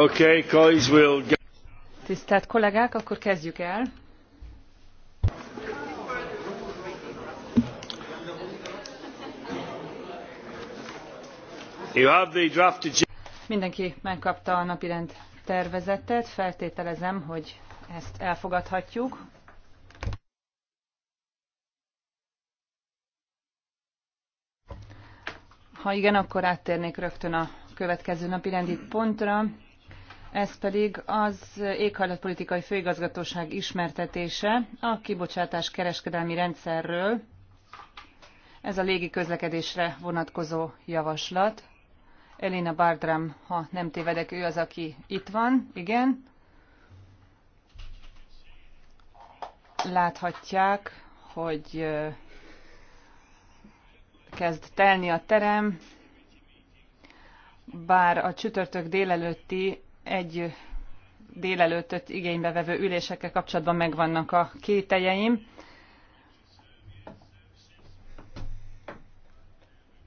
Okay, we'll get... Tisztelt kollégák, akkor kezdjük el. You have the Mindenki megkapta a napirend tervezetet, feltételezem, hogy ezt elfogadhatjuk. Ha igen, akkor áttérnék rögtön a következő napirendi pontra ez pedig az éghajlatpolitikai főigazgatóság ismertetése a kibocsátás kereskedelmi rendszerről. Ez a légi közlekedésre vonatkozó javaslat. Elina Bardram, ha nem tévedek, ő az, aki itt van. Igen. Láthatják, hogy kezd telni a terem, bár a csütörtök délelőtti egy délelőttöt igénybe vevő ülésekkel kapcsolatban megvannak a kételjeim.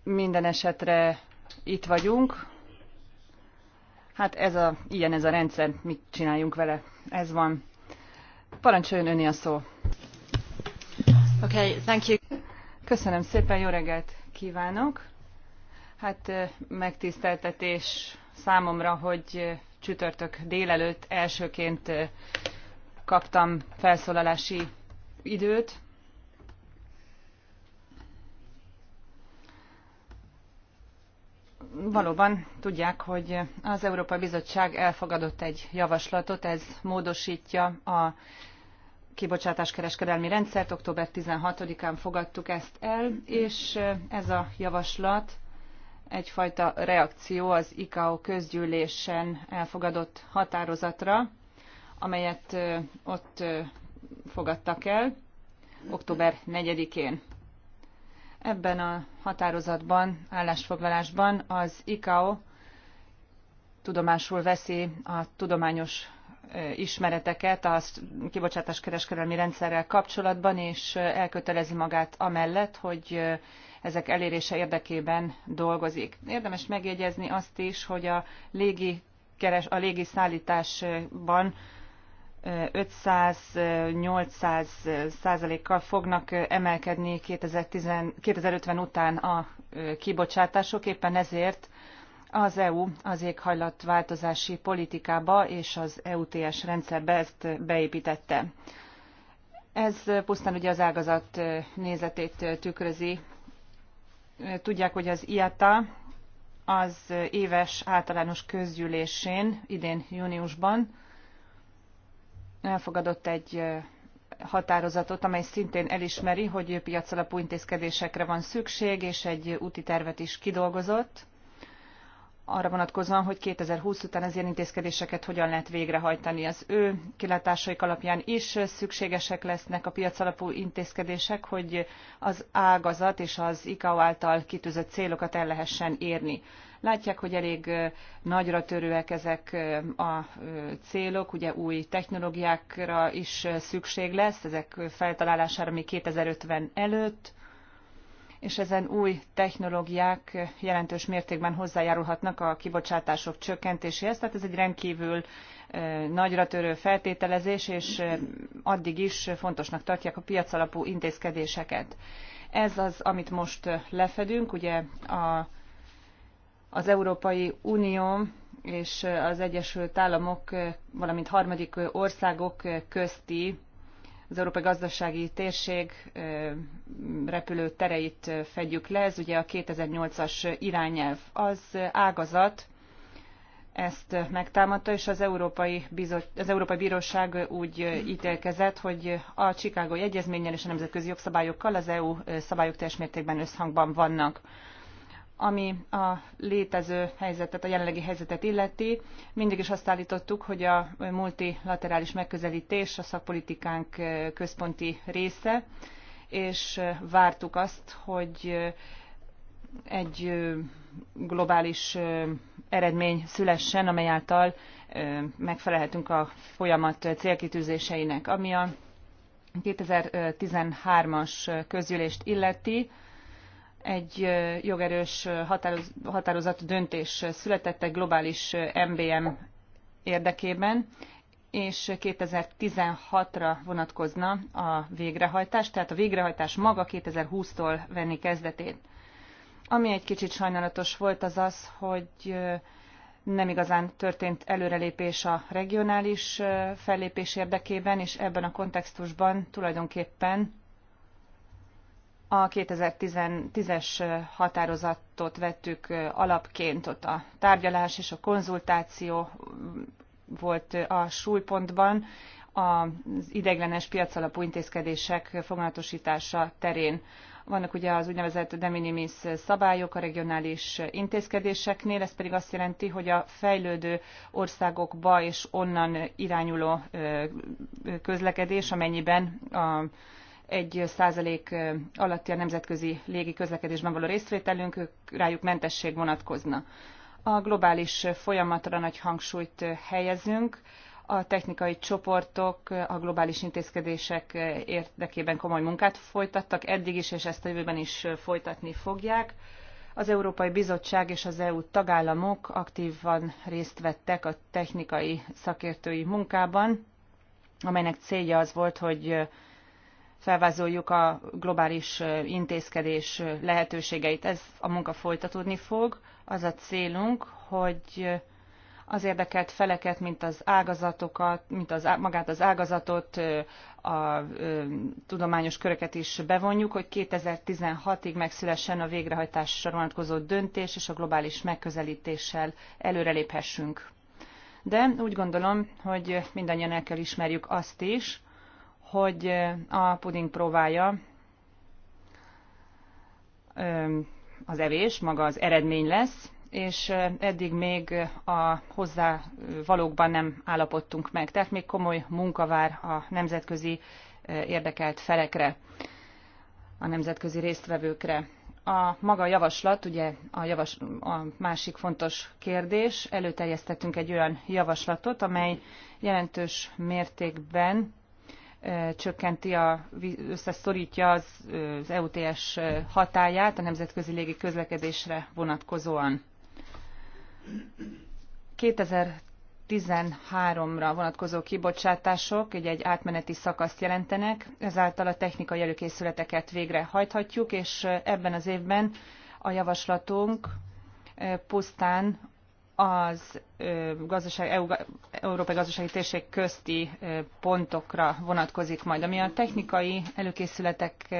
Minden esetre itt vagyunk. Hát ez a, ilyen ez a rendszer, mit csináljunk vele? Ez van. Parancsoljon öné a szó. Okay, thank you. Köszönöm szépen, jó reggelt kívánok. Hát megtiszteltetés számomra, hogy csütörtök délelőtt elsőként kaptam felszólalási időt. Valóban tudják, hogy az Európai Bizottság elfogadott egy javaslatot, ez módosítja a kibocsátáskereskedelmi rendszert. Október 16-án fogadtuk ezt el, és ez a javaslat egyfajta reakció az ICAO közgyűlésen elfogadott határozatra, amelyet ott fogadtak el október 4-én. Ebben a határozatban, állásfoglalásban az ICAO tudomásul veszi a tudományos ismereteket a kibocsátáskereskedelmi rendszerrel kapcsolatban, és elkötelezi magát amellett, hogy ezek elérése érdekében dolgozik. Érdemes megjegyezni azt is, hogy a légi, keres, a légi szállításban 500-800 százalékkal fognak emelkedni 2010, 2050 után a kibocsátások, éppen ezért az EU az éghajlatváltozási politikába és az EUTS rendszerbe ezt beépítette. Ez pusztán ugye az ágazat nézetét tükrözi Tudják, hogy az IATA az éves általános közgyűlésén idén júniusban elfogadott egy határozatot, amely szintén elismeri, hogy piacalapú intézkedésekre van szükség, és egy úti tervet is kidolgozott arra vonatkozóan, hogy 2020 után az ilyen intézkedéseket hogyan lehet végrehajtani. Az ő kilátásaik alapján is szükségesek lesznek a piacalapú intézkedések, hogy az ágazat és az ICAO által kitűzött célokat el lehessen érni. Látják, hogy elég nagyra törőek ezek a célok, ugye új technológiákra is szükség lesz, ezek feltalálására még 2050 előtt és ezen új technológiák jelentős mértékben hozzájárulhatnak a kibocsátások csökkentéséhez. Tehát ez egy rendkívül e, nagyra törő feltételezés, és e, addig is fontosnak tartják a piacalapú intézkedéseket. Ez az, amit most lefedünk, ugye a, az Európai Unió és az Egyesült Államok, e, valamint harmadik országok közti az Európai Gazdasági Térség repülő fedjük le, ez ugye a 2008-as irányelv. Az ágazat ezt megtámadta, és az Európai, Bizot, az Európai Bíróság úgy ítélkezett, hogy a Csikágoi Egyezménnyel és a nemzetközi jogszabályokkal az EU szabályok teljes mértékben összhangban vannak ami a létező helyzetet, a jelenlegi helyzetet illeti. Mindig is azt állítottuk, hogy a multilaterális megközelítés a szakpolitikánk központi része, és vártuk azt, hogy egy globális eredmény szülessen, amely által megfelelhetünk a folyamat célkitűzéseinek. Ami a 2013-as közgyűlést illeti, egy jogerős határoz, határozat döntés született egy globális MBM érdekében, és 2016-ra vonatkozna a végrehajtás, tehát a végrehajtás maga 2020-tól venni kezdetét. Ami egy kicsit sajnálatos volt az az, hogy nem igazán történt előrelépés a regionális fellépés érdekében, és ebben a kontextusban tulajdonképpen a 2010-es határozatot vettük alapként, ott a tárgyalás és a konzultáció volt a súlypontban az ideiglenes piacalapú intézkedések foglalatosítása terén. Vannak ugye az úgynevezett de minimis szabályok a regionális intézkedéseknél, ez pedig azt jelenti, hogy a fejlődő országokba és onnan irányuló közlekedés, amennyiben a egy százalék alatti a nemzetközi légi közlekedésben való részvételünk, ők, rájuk mentesség vonatkozna. A globális folyamatra nagy hangsúlyt helyezünk, a technikai csoportok a globális intézkedések érdekében komoly munkát folytattak eddig is, és ezt a jövőben is folytatni fogják. Az Európai Bizottság és az EU tagállamok aktívan részt vettek a technikai szakértői munkában, amelynek célja az volt, hogy felvázoljuk a globális intézkedés lehetőségeit. Ez a munka folytatódni fog. Az a célunk, hogy az érdekelt feleket, mint az ágazatokat, mint az, magát az ágazatot, a tudományos köröket is bevonjuk, hogy 2016-ig megszülessen a végrehajtásra vonatkozó döntés, és a globális megközelítéssel előreléphessünk. De úgy gondolom, hogy mindannyian el kell ismerjük azt is, hogy a puding próbája az evés, maga az eredmény lesz, és eddig még a hozzá valókban nem állapodtunk meg. Tehát még komoly munka vár a nemzetközi érdekelt felekre, a nemzetközi résztvevőkre. A maga javaslat, ugye a, javas, a másik fontos kérdés, előterjesztettünk egy olyan javaslatot, amely jelentős mértékben csökkenti, a, összeszorítja az, az EUTS hatáját a nemzetközi légi közlekedésre vonatkozóan. 2013-ra vonatkozó kibocsátások egy, egy átmeneti szakaszt jelentenek, ezáltal a technikai előkészületeket végrehajthatjuk, és ebben az évben a javaslatunk pusztán az gazdaság, EU, Európai Gazdasági Térség közti pontokra vonatkozik majd, ami a technikai előkészületek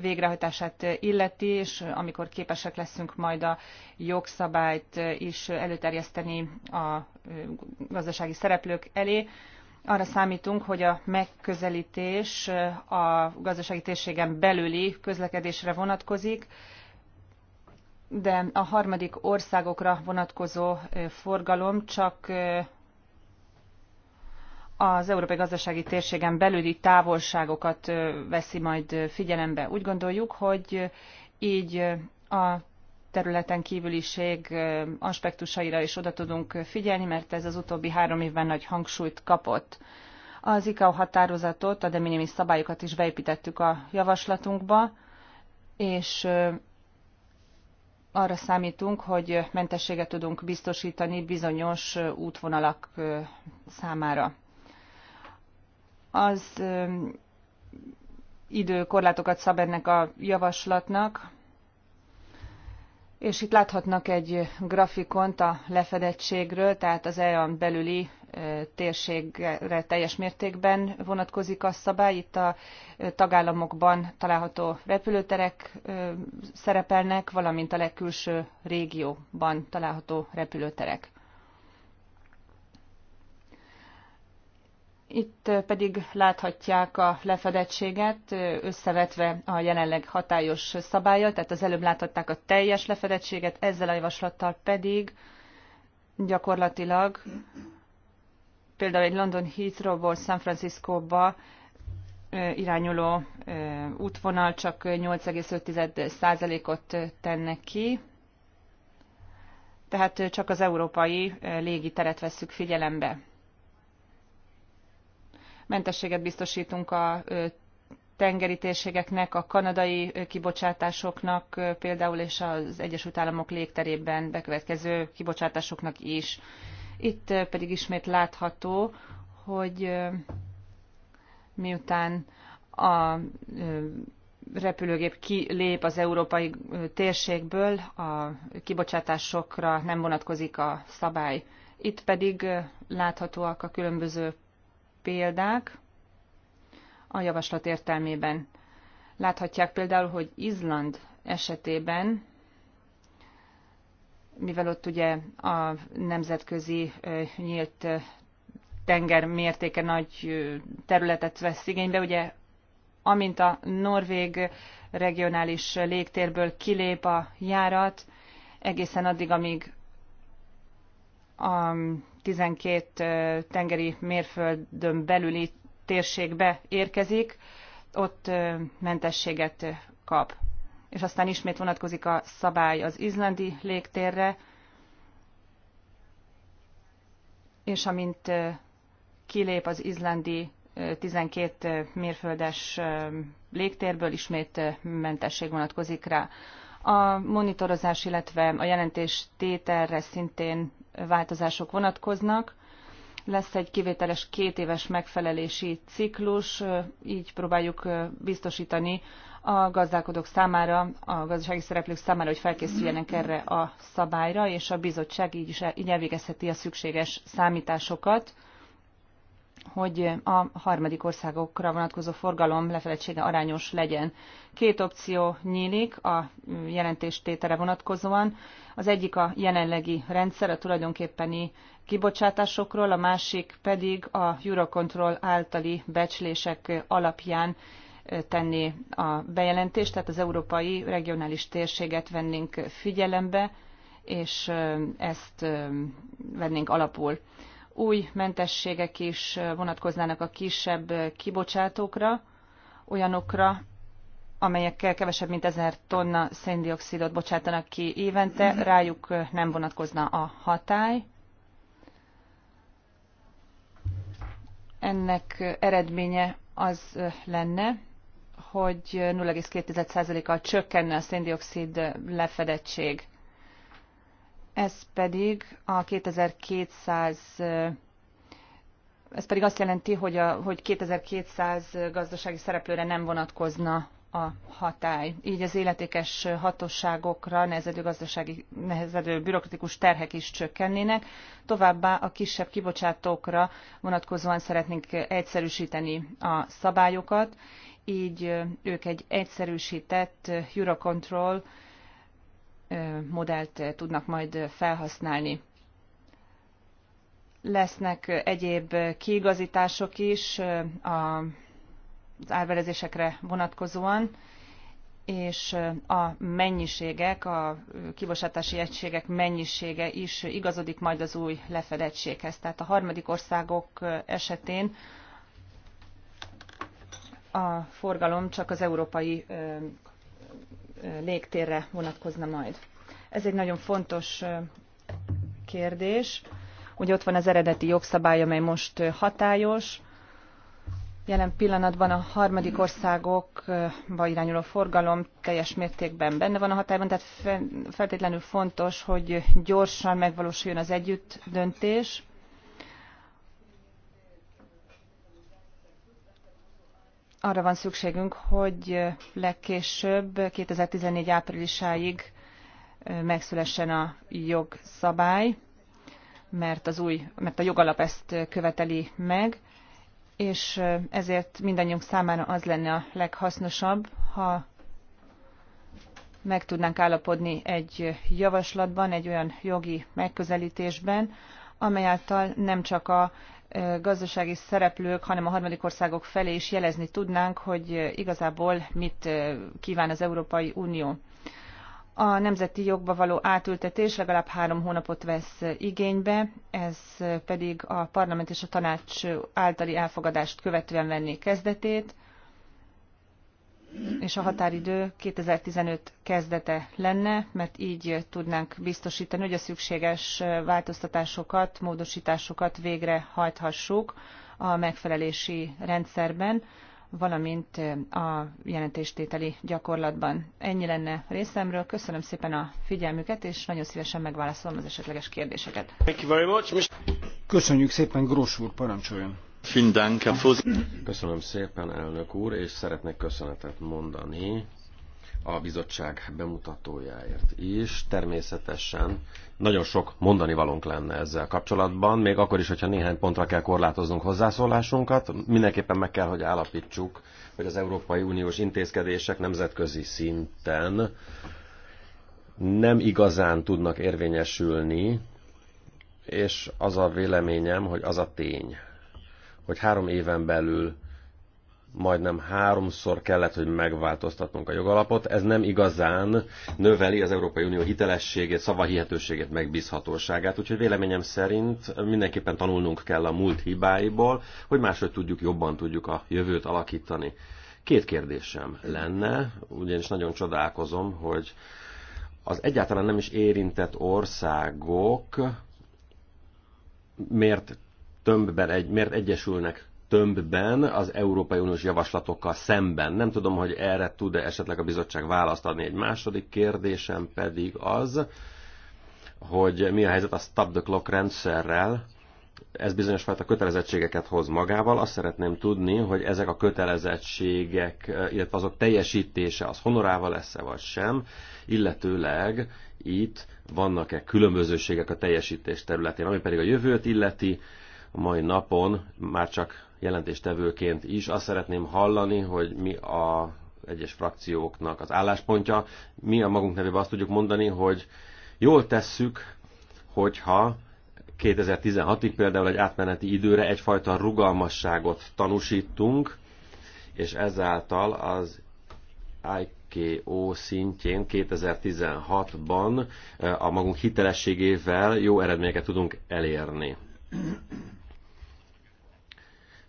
végrehajtását illeti, és amikor képesek leszünk majd a jogszabályt is előterjeszteni a gazdasági szereplők elé, arra számítunk, hogy a megközelítés a gazdasági térségen belüli közlekedésre vonatkozik, de a harmadik országokra vonatkozó forgalom csak az európai gazdasági térségen belüli távolságokat veszi majd figyelembe. Úgy gondoljuk, hogy így a területen kívüliség aspektusaira is oda tudunk figyelni, mert ez az utóbbi három évben nagy hangsúlyt kapott. Az ICAO határozatot, a de minimis szabályokat is beépítettük a javaslatunkba, és arra számítunk, hogy mentességet tudunk biztosítani bizonyos útvonalak számára. Az időkorlátokat szab ennek a javaslatnak, és itt láthatnak egy grafikont a lefedettségről, tehát az EAN belüli térségre teljes mértékben vonatkozik a szabály. Itt a tagállamokban található repülőterek szerepelnek, valamint a legkülső régióban található repülőterek. Itt pedig láthatják a lefedettséget összevetve a jelenleg hatályos szabálya, tehát az előbb láthatták a teljes lefedettséget, ezzel a javaslattal pedig gyakorlatilag például egy London Heathrow-ból San Francisco-ba irányuló útvonal csak 8,5%-ot tenne ki, tehát csak az európai légiteret vesszük figyelembe. Mentességet biztosítunk a tengeri térségeknek, a kanadai kibocsátásoknak például, és az Egyesült Államok légterében bekövetkező kibocsátásoknak is. Itt pedig ismét látható, hogy miután a repülőgép kilép az európai térségből, a kibocsátásokra nem vonatkozik a szabály. Itt pedig láthatóak a különböző példák a javaslat értelmében. Láthatják például, hogy Izland esetében mivel ott ugye a nemzetközi nyílt tenger mértéke nagy területet vesz igénybe, ugye amint a norvég regionális légtérből kilép a járat, egészen addig, amíg a 12 tengeri mérföldön belüli térségbe érkezik, ott mentességet kap és aztán ismét vonatkozik a szabály az izlandi légtérre, és amint kilép az izlandi 12 mérföldes légtérből, ismét mentesség vonatkozik rá. A monitorozás, illetve a jelentés tételre szintén változások vonatkoznak. Lesz egy kivételes két éves megfelelési ciklus, így próbáljuk biztosítani a gazdálkodók számára, a gazdasági szereplők számára, hogy felkészüljenek erre a szabályra, és a bizottság így, is, így elvégezheti a szükséges számításokat, hogy a harmadik országokra vonatkozó forgalom lefeledtsége arányos legyen. Két opció nyílik a jelentéstétele vonatkozóan. Az egyik a jelenlegi rendszer a tulajdonképpeni kibocsátásokról, a másik pedig a Eurocontrol általi becslések alapján tenni a bejelentést, tehát az európai regionális térséget vennénk figyelembe, és ezt vennénk alapul. Új mentességek is vonatkoznának a kisebb kibocsátókra, olyanokra, amelyekkel kevesebb mint 1000 tonna széndiokszidot bocsátanak ki évente, rájuk nem vonatkozna a hatály. Ennek eredménye az lenne, hogy 0,2%-kal csökkenne a széndiokszid lefedettség. Ez pedig a 2200 ez pedig azt jelenti, hogy, a, hogy 2200 gazdasági szereplőre nem vonatkozna a hatály. Így az életékes hatóságokra nehezedő, gazdasági, nehezedő bürokratikus terhek is csökkennének. Továbbá a kisebb kibocsátókra vonatkozóan szeretnénk egyszerűsíteni a szabályokat, így ők egy egyszerűsített Eurocontrol modellt tudnak majd felhasználni. Lesznek egyéb kiigazítások is az árverezésekre vonatkozóan, és a mennyiségek, a kibocsátási egységek mennyisége is igazodik majd az új lefedettséghez. Tehát a harmadik országok esetén a forgalom csak az európai légtérre vonatkozna majd. Ez egy nagyon fontos kérdés. Ugye ott van az eredeti jogszabály, amely most hatályos. Jelen pillanatban a harmadik országokba irányuló forgalom teljes mértékben benne van a hatályban, tehát feltétlenül fontos, hogy gyorsan megvalósuljon az együtt döntés. arra van szükségünk, hogy legkésőbb 2014 áprilisáig megszülessen a jogszabály, mert, az új, mert a jogalap ezt követeli meg, és ezért mindannyiunk számára az lenne a leghasznosabb, ha meg tudnánk állapodni egy javaslatban, egy olyan jogi megközelítésben, amely által nem csak a gazdasági szereplők, hanem a harmadik országok felé is jelezni tudnánk, hogy igazából mit kíván az Európai Unió. A nemzeti jogba való átültetés legalább három hónapot vesz igénybe, ez pedig a parlament és a tanács általi elfogadást követően venné kezdetét és a határidő 2015 kezdete lenne, mert így tudnánk biztosítani, hogy a szükséges változtatásokat, módosításokat végrehajthassuk a megfelelési rendszerben, valamint a jelentéstételi gyakorlatban. Ennyi lenne részemről. Köszönöm szépen a figyelmüket, és nagyon szívesen megválaszolom az esetleges kérdéseket. Köszönjük szépen, Gross úr, parancsoljon! Köszönöm szépen, elnök úr, és szeretnék köszönetet mondani a bizottság bemutatójáért is. Természetesen nagyon sok mondani valónk lenne ezzel kapcsolatban, még akkor is, hogyha néhány pontra kell korlátoznunk hozzászólásunkat, mindenképpen meg kell, hogy állapítsuk, hogy az Európai Uniós intézkedések nemzetközi szinten nem igazán tudnak érvényesülni, és az a véleményem, hogy az a tény, hogy három éven belül majdnem háromszor kellett, hogy megváltoztatnunk a jogalapot. Ez nem igazán növeli az Európai Unió hitelességét, szavahihetőségét, megbízhatóságát, úgyhogy véleményem szerint mindenképpen tanulnunk kell a múlt hibáiból, hogy máshogy tudjuk, jobban tudjuk a jövőt alakítani. Két kérdésem lenne, ugyanis nagyon csodálkozom, hogy az egyáltalán nem is érintett országok miért tömbben egy, miért egyesülnek tömbben az Európai Uniós javaslatokkal szemben. Nem tudom, hogy erre tud-e esetleg a bizottság választ adni. Egy második kérdésem pedig az, hogy mi a helyzet a Stop the Clock rendszerrel, ez bizonyos fajta kötelezettségeket hoz magával. Azt szeretném tudni, hogy ezek a kötelezettségek, illetve azok teljesítése az honorával lesz-e vagy sem, illetőleg itt vannak-e különbözőségek a teljesítés területén, ami pedig a jövőt illeti, a mai napon, már csak jelentéstevőként is. Azt szeretném hallani, hogy mi a egyes frakcióknak az álláspontja. Mi a magunk nevében azt tudjuk mondani, hogy jól tesszük, hogyha 2016-ig például egy átmeneti időre egyfajta rugalmasságot tanúsítunk, és ezáltal az IKO szintjén 2016-ban eh, a magunk hitelességével jó eredményeket tudunk elérni.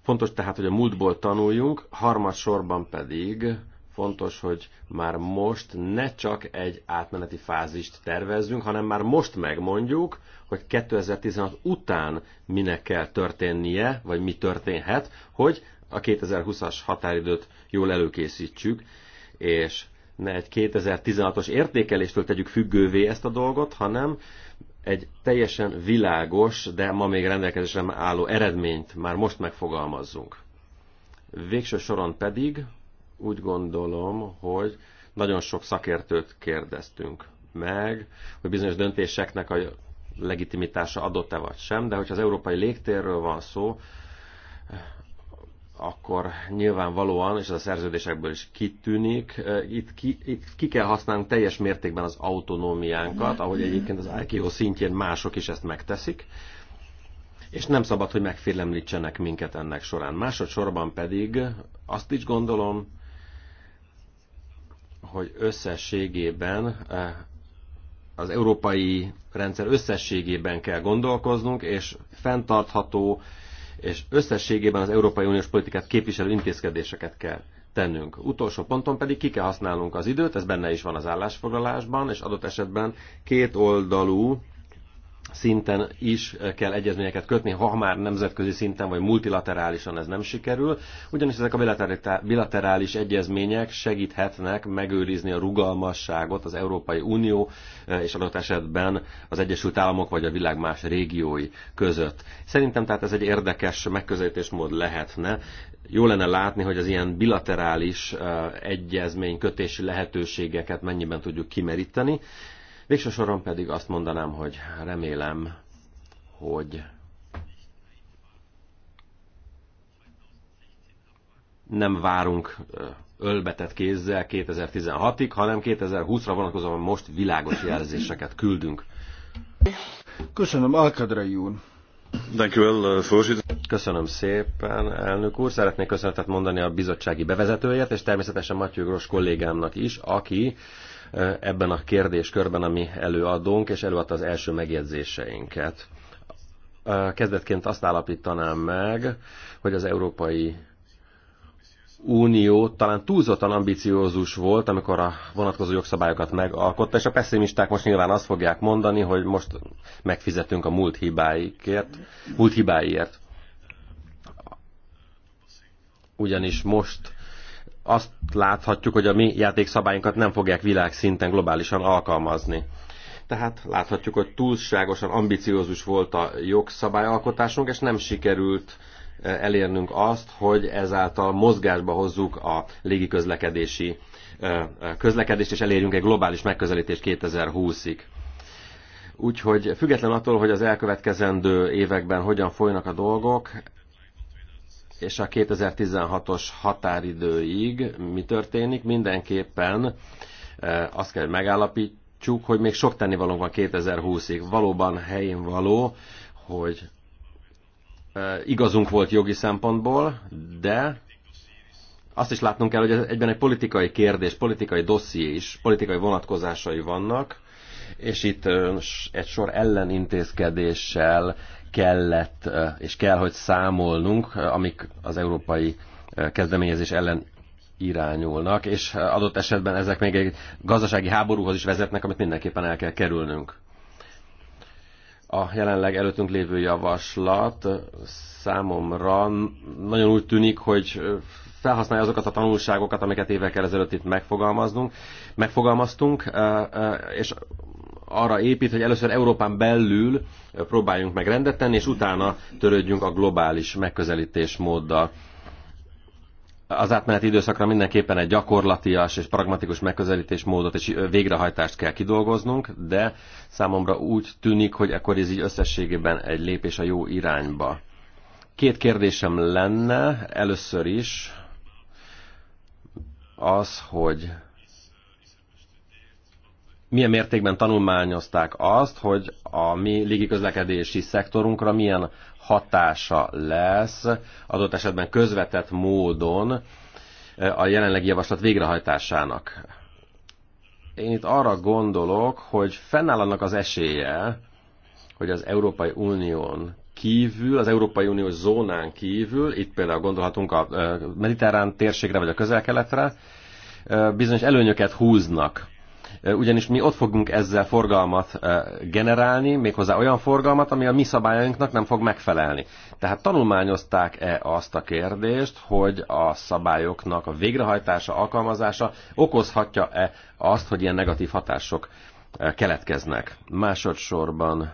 Fontos tehát, hogy a múltból tanuljunk, harmadsorban pedig fontos, hogy már most ne csak egy átmeneti fázist tervezzünk, hanem már most megmondjuk, hogy 2016 után minek kell történnie, vagy mi történhet, hogy a 2020-as határidőt jól előkészítsük, és ne egy 2016-os értékeléstől tegyük függővé ezt a dolgot, hanem egy teljesen világos, de ma még rendelkezésre álló eredményt már most megfogalmazzunk. Végső soron pedig úgy gondolom, hogy nagyon sok szakértőt kérdeztünk meg, hogy bizonyos döntéseknek a legitimitása adott-e vagy sem, de hogyha az európai légtérről van szó, akkor nyilvánvalóan, és ez a szerződésekből is kitűnik, itt ki, itt ki kell használnunk teljes mértékben az autonómiánkat, ahogy egyébként az IKO szintjén mások is ezt megteszik, és nem szabad, hogy megfélemlítsenek minket ennek során. Másodszorban pedig azt is gondolom, hogy összességében az európai rendszer összességében kell gondolkoznunk, és fenntartható, és összességében az Európai Uniós politikát képviselő intézkedéseket kell tennünk. Utolsó ponton pedig ki kell használnunk az időt, ez benne is van az állásfoglalásban, és adott esetben két oldalú szinten is kell egyezményeket kötni, ha már nemzetközi szinten vagy multilaterálisan ez nem sikerül, ugyanis ezek a bilaterális egyezmények segíthetnek megőrizni a rugalmasságot az Európai Unió eh, és adott esetben az Egyesült Államok vagy a világ más régiói között. Szerintem tehát ez egy érdekes megközelítésmód lehetne. Jó lenne látni, hogy az ilyen bilaterális eh, egyezménykötési lehetőségeket mennyiben tudjuk kimeríteni, Végső soron pedig azt mondanám, hogy remélem, hogy nem várunk ölbetett kézzel 2016-ig, hanem 2020-ra vonatkozóan most világos jelzéseket küldünk. Köszönöm, Alkadrai úr. Uh, Köszönöm szépen, elnök úr. Szeretnék köszönetet mondani a bizottsági bevezetőjét, és természetesen Matyő Gros kollégámnak is, aki Eh, ebben a kérdéskörben, ami előadónk, és előadta az első megjegyzéseinket. Eh, kezdetként azt állapítanám meg, hogy az Európai Unió talán túlzottan ambiciózus volt, amikor a vonatkozó jogszabályokat megalkotta, és a pessimisták most nyilván azt fogják mondani, hogy most megfizetünk a múlt hibáikért, múlt hibáiért. Ugyanis most azt láthatjuk, hogy a mi játékszabályunkat nem fogják világszinten globálisan alkalmazni. Tehát láthatjuk, hogy túlságosan ambiciózus volt a jogszabályalkotásunk, és nem sikerült e, elérnünk azt, hogy ezáltal mozgásba hozzuk a légiközlekedési e, e, közlekedést, és elérjünk egy globális megközelítést 2020-ig. Úgyhogy független attól, hogy az elkövetkezendő években hogyan folynak a dolgok, és a 2016-os határidőig mi történik. Mindenképpen e, azt kell, hogy megállapítsuk, hogy még sok tennivalónk van 2020-ig. Valóban helyén való, hogy e, igazunk volt jogi szempontból, de azt is látnunk kell, hogy ez egyben egy politikai kérdés, politikai dosszié is, politikai vonatkozásai vannak, és itt egy sor ellenintézkedéssel kellett és kell, hogy számolnunk, amik az európai kezdeményezés ellen irányulnak, és adott esetben ezek még egy gazdasági háborúhoz is vezetnek, amit mindenképpen el kell kerülnünk. A jelenleg előttünk lévő javaslat számomra nagyon úgy tűnik, hogy felhasználja azokat a tanulságokat, amiket évekkel ezelőtt itt megfogalmaztunk, és arra épít, hogy először Európán belül próbáljunk meg rendet tenni, és utána törődjünk a globális megközelítés móddal. Az átmeneti időszakra mindenképpen egy gyakorlatias és pragmatikus megközelítésmódot és végrehajtást kell kidolgoznunk, de számomra úgy tűnik, hogy akkor ez így összességében egy lépés a jó irányba. Két kérdésem lenne, először is az, hogy milyen mértékben tanulmányozták azt, hogy a mi légiközlekedési szektorunkra milyen hatása lesz adott esetben közvetett módon eh, a jelenlegi javaslat végrehajtásának. Én itt arra gondolok, hogy fennáll annak az esélye, hogy az Európai Unión kívül, az Európai Unió zónán kívül, itt például gondolhatunk a eh, mediterrán térségre vagy a közel-keletre, eh, bizonyos előnyöket húznak ugyanis mi ott fogunk ezzel forgalmat generálni, méghozzá olyan forgalmat, ami a mi szabályainknak nem fog megfelelni. Tehát tanulmányozták-e azt a kérdést, hogy a szabályoknak a végrehajtása, alkalmazása okozhatja-e azt, hogy ilyen negatív hatások keletkeznek. Másodszorban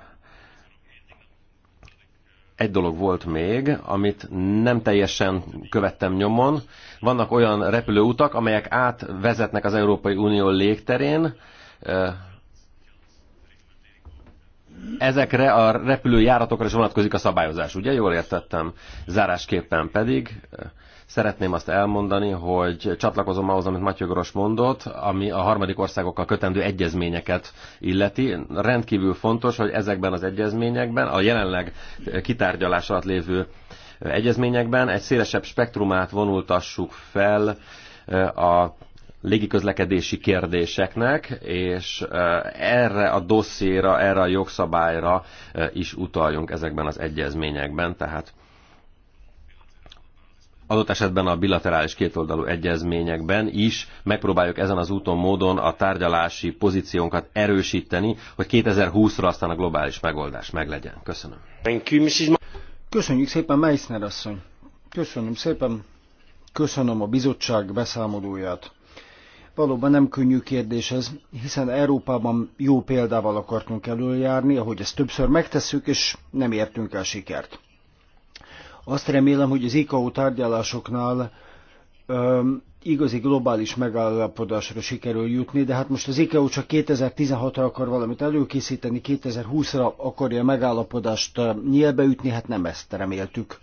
egy dolog volt még, amit nem teljesen követtem nyomon. Vannak olyan repülőutak, amelyek átvezetnek az Európai Unió légterén. Ezekre a repülőjáratokra is vonatkozik a szabályozás, ugye? Jól értettem. Zárásképpen pedig Szeretném azt elmondani, hogy csatlakozom ahhoz, amit Matyő Goros mondott, ami a harmadik országokkal kötendő egyezményeket illeti. Rendkívül fontos, hogy ezekben az egyezményekben, a jelenleg kitárgyalás alatt lévő egyezményekben egy szélesebb spektrumát vonultassuk fel a légiközlekedési kérdéseknek, és erre a dosszéra, erre a jogszabályra is utaljunk ezekben az egyezményekben, tehát adott esetben a bilaterális kétoldalú egyezményekben is megpróbáljuk ezen az úton módon a tárgyalási pozíciónkat erősíteni, hogy 2020-ra aztán a globális megoldás meglegyen. Köszönöm. Köszönjük szépen, Meissner asszony. Köszönöm szépen. Köszönöm a bizottság beszámolóját. Valóban nem könnyű kérdés ez, hiszen Európában jó példával akartunk előjárni, ahogy ezt többször megtesszük, és nem értünk el sikert. Azt remélem, hogy az IKO tárgyalásoknál öm, igazi globális megállapodásra sikerül jutni, de hát most az IKO csak 2016-ra akar valamit előkészíteni, 2020-ra akarja megállapodást nyílbeütni, hát nem ezt reméltük.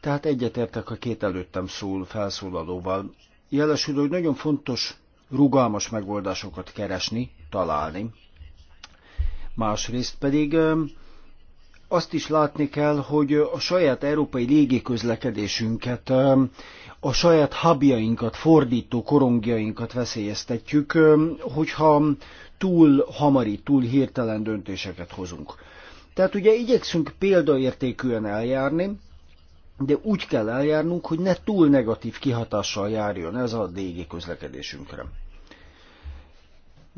Tehát egyetértek a két előttem szól felszólalóval. Jelesül, hogy nagyon fontos rugalmas megoldásokat keresni, találni. Másrészt pedig azt is látni kell, hogy a saját európai légiközlekedésünket, a saját habjainkat, fordító korongjainkat veszélyeztetjük, hogyha túl hamari, túl hirtelen döntéseket hozunk. Tehát ugye igyekszünk példaértékűen eljárni, de úgy kell eljárnunk, hogy ne túl negatív kihatással járjon ez a légiközlekedésünkre. közlekedésünkre.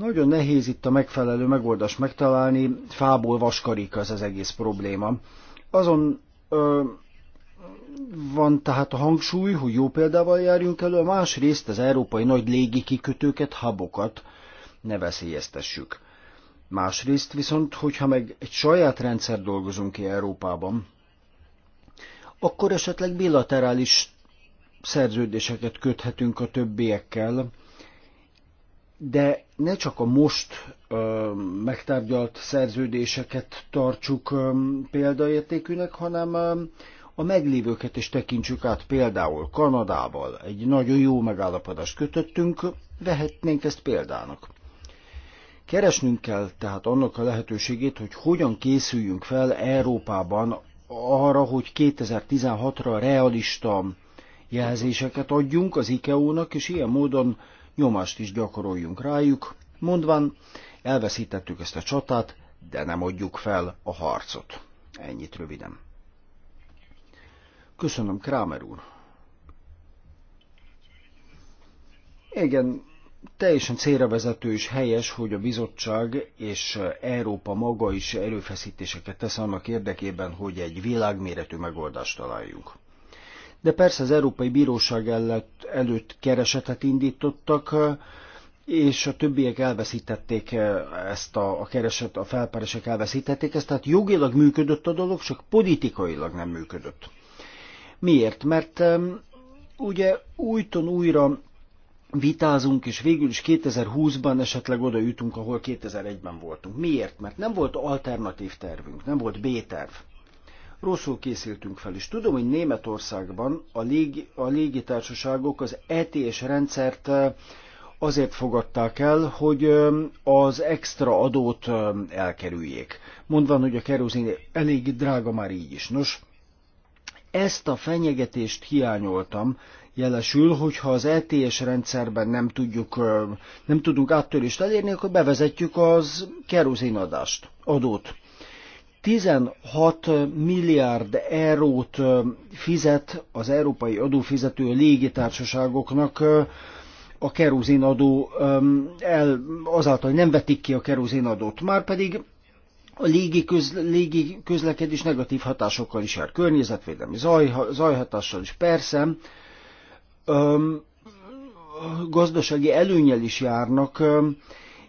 Nagyon nehéz itt a megfelelő megoldást megtalálni, fából vaskarik az az egész probléma. Azon ö, van tehát a hangsúly, hogy jó példával járjunk elő, a másrészt az európai nagy légi kikötőket, habokat ne veszélyeztessük. Másrészt viszont, hogyha meg egy saját rendszer dolgozunk ki Európában, akkor esetleg bilaterális szerződéseket köthetünk a többiekkel, de ne csak a most ö, megtárgyalt szerződéseket tartsuk ö, példaértékűnek, hanem ö, a meglévőket is tekintsük át. Például Kanadával egy nagyon jó megállapodást kötöttünk, vehetnénk ezt példának. Keresnünk kell tehát annak a lehetőségét, hogy hogyan készüljünk fel Európában arra, hogy 2016-ra realista jelzéseket adjunk az ICAO-nak, e és ilyen módon nyomást is gyakoroljunk rájuk, mondván elveszítettük ezt a csatát, de nem adjuk fel a harcot. Ennyit röviden. Köszönöm, Krámer úr. Igen, teljesen vezető és helyes, hogy a bizottság és Európa maga is erőfeszítéseket tesz annak érdekében, hogy egy világméretű megoldást találjunk de persze az Európai Bíróság előtt, előtt keresetet indítottak, és a többiek elveszítették eh, ezt a, a kereset, a felperesek elveszítették ezt, tehát jogilag működött a dolog, csak politikailag nem működött. Miért? Mert ugye újton újra vitázunk, és végül is 2020-ban esetleg oda jutunk, ahol 2001-ben voltunk. Miért? Mert nem volt alternatív tervünk, nem volt B-terv rosszul készültünk fel. És tudom, hogy Németországban a, légi, a légitársaságok az ETS rendszert azért fogadták el, hogy az extra adót elkerüljék. Mondván, hogy a kerozin elég drága már így is. Nos, ezt a fenyegetést hiányoltam, jelesül, hogyha az ETS rendszerben nem, tudjuk, nem tudunk áttörést elérni, akkor bevezetjük az kerozinadást, adót. 16 milliárd eurót fizet az európai adófizető légitársaságoknak a kerozinadó el, azáltal, hogy nem vetik ki a kerozinadót. Márpedig a légi, köz, légi közlekedés negatív hatásokkal is jár, környezetvédelmi zaj, zajhatással is, persze, öm, gazdasági előnyel is járnak, öm,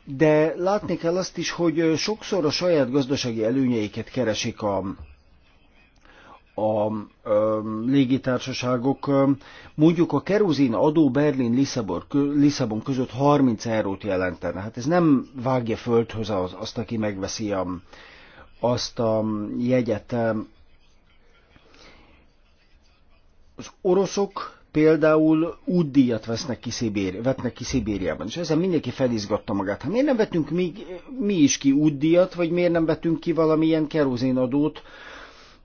de látni kell azt is, hogy sokszor a saját gazdasági előnyeiket keresik a, a a légitársaságok. Mondjuk a kerozin adó Berlin-Lisszabon között 30 eurót jelentene. Hát ez nem vágja földhöz az, azt, aki megveszi a, azt a jegyet. Az oroszok például útdíjat vesznek ki Szibéri, vetnek ki Szibériában, és ezen mindenki felizgatta magát. Hát miért nem vetünk mi, mi is ki útdíjat, vagy miért nem vetünk ki valamilyen kerozénadót,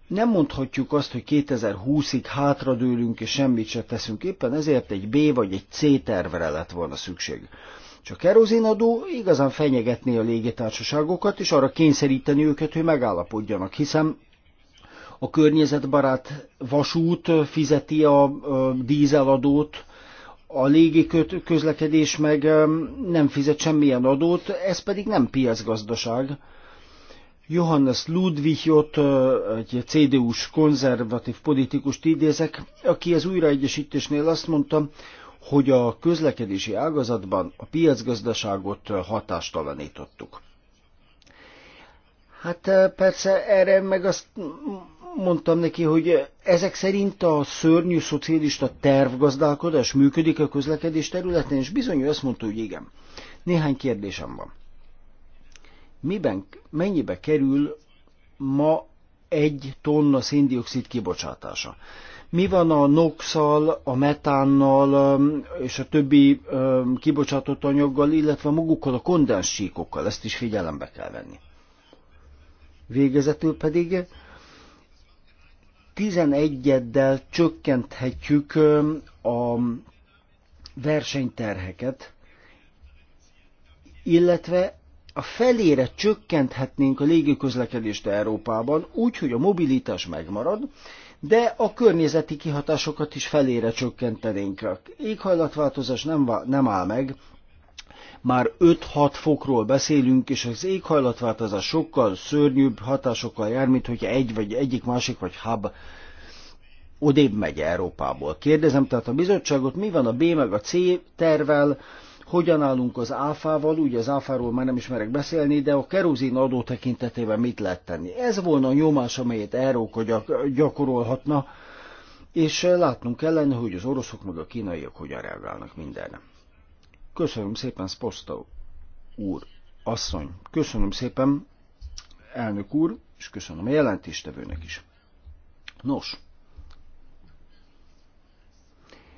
nem mondhatjuk azt, hogy 2020-ig hátradőlünk és semmit se teszünk, éppen ezért egy B vagy egy C tervre lett volna szükség. És a kerozinadó igazán fenyegetné a légitársaságokat, és arra kényszeríteni őket, hogy megállapodjanak, hiszen a környezetbarát vasút fizeti a dízeladót, a légi közlekedés meg nem fizet semmilyen adót, ez pedig nem piacgazdaság. Johannes Ludwigot, egy CDU-s konzervatív politikust idézek, aki az újraegyesítésnél azt mondta, hogy a közlekedési ágazatban a piacgazdaságot hatástalanítottuk. Hát persze erre meg azt mondtam neki, hogy ezek szerint a szörnyű szocialista tervgazdálkodás működik a közlekedés területén, és bizony azt mondta, hogy igen. Néhány kérdésem van. Miben, mennyibe kerül ma egy tonna széndiokszid kibocsátása? Mi van a nox a metánnal és a többi kibocsátott anyaggal, illetve magukkal a kondenssíkokkal? Ezt is figyelembe kell venni. Végezetül pedig 11-eddel csökkenthetjük a versenyterheket, illetve a felére csökkenthetnénk a légiközlekedést Európában, úgy, hogy a mobilitás megmarad, de a környezeti kihatásokat is felére csökkentenénk. Éghajlatváltozás nem, nem áll meg, már 5-6 fokról beszélünk, és az éghajlatváltozás sokkal szörnyűbb hatásokkal jár, mint hogyha egy vagy egyik, másik vagy hub odébb megy Európából. Kérdezem tehát a bizottságot, mi van a B meg a C tervel, hogyan állunk az áfával, ugye az áfáról már nem ismerek beszélni, de a kerozin adó tekintetében mit lehet tenni? Ez volna a nyomás, amelyet Európa gyakorolhatna, és látnunk kellene, hogy az oroszok meg a kínaiak hogyan reagálnak mindenre. Köszönöm szépen, Sposta úr, asszony. Köszönöm szépen, elnök úr, és köszönöm a jelentéstevőnek is. Nos,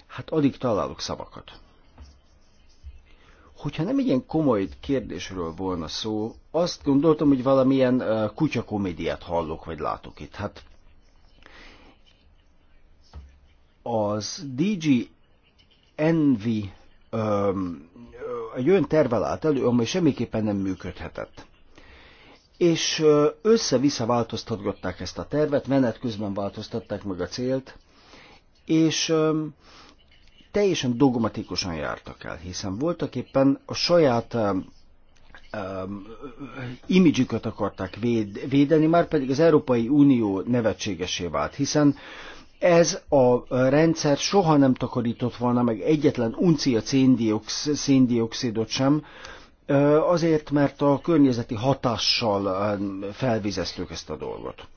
hát addig találok szavakat. Hogyha nem ilyen komoly kérdésről volna szó, azt gondoltam, hogy valamilyen kutyakomédiát hallok, vagy látok itt. Hát az DG Envy egy olyan tervel állt elő, amely semmiképpen nem működhetett. És össze-vissza változtatgatták ezt a tervet, menet közben változtatták meg a célt, és teljesen dogmatikusan jártak el, hiszen voltak éppen a saját imidzsüket akarták véd, védeni, már pedig az Európai Unió nevetségesé vált, hiszen ez a rendszer soha nem takarított volna meg egyetlen uncia széndiokszidot sem, azért, mert a környezeti hatással felvizeztük ezt a dolgot.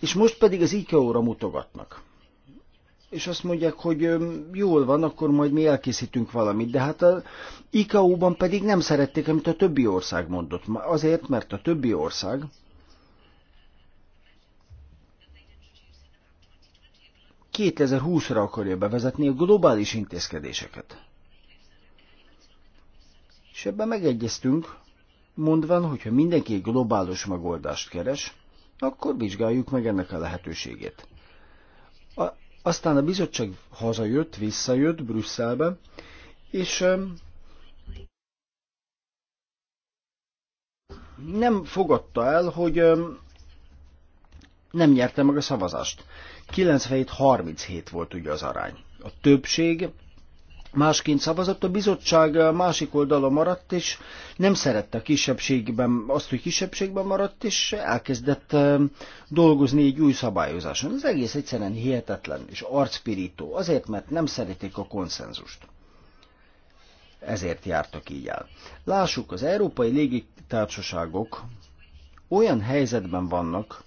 És most pedig az IKEA-ra mutogatnak és azt mondják, hogy jól van, akkor majd mi elkészítünk valamit. De hát az ikea ban pedig nem szerették, amit a többi ország mondott. Azért, mert a többi ország 2020-ra akarja bevezetni a globális intézkedéseket. És ebben megegyeztünk, mondván, hogyha mindenki egy globális megoldást keres, akkor vizsgáljuk meg ennek a lehetőségét. A, aztán a bizottság hazajött, visszajött Brüsszelbe, és nem fogadta el, hogy nem nyerte meg a szavazást. 97-37 volt ugye az arány. A többség másként szavazott, a bizottság másik oldala maradt, és nem szerette a kisebbségben azt, hogy kisebbségben maradt, és elkezdett dolgozni egy új szabályozáson. Ez egész egyszerűen hihetetlen és arcpirító, azért, mert nem szeretik a konszenzust. Ezért jártak így el. Lássuk, az európai légitársaságok olyan helyzetben vannak,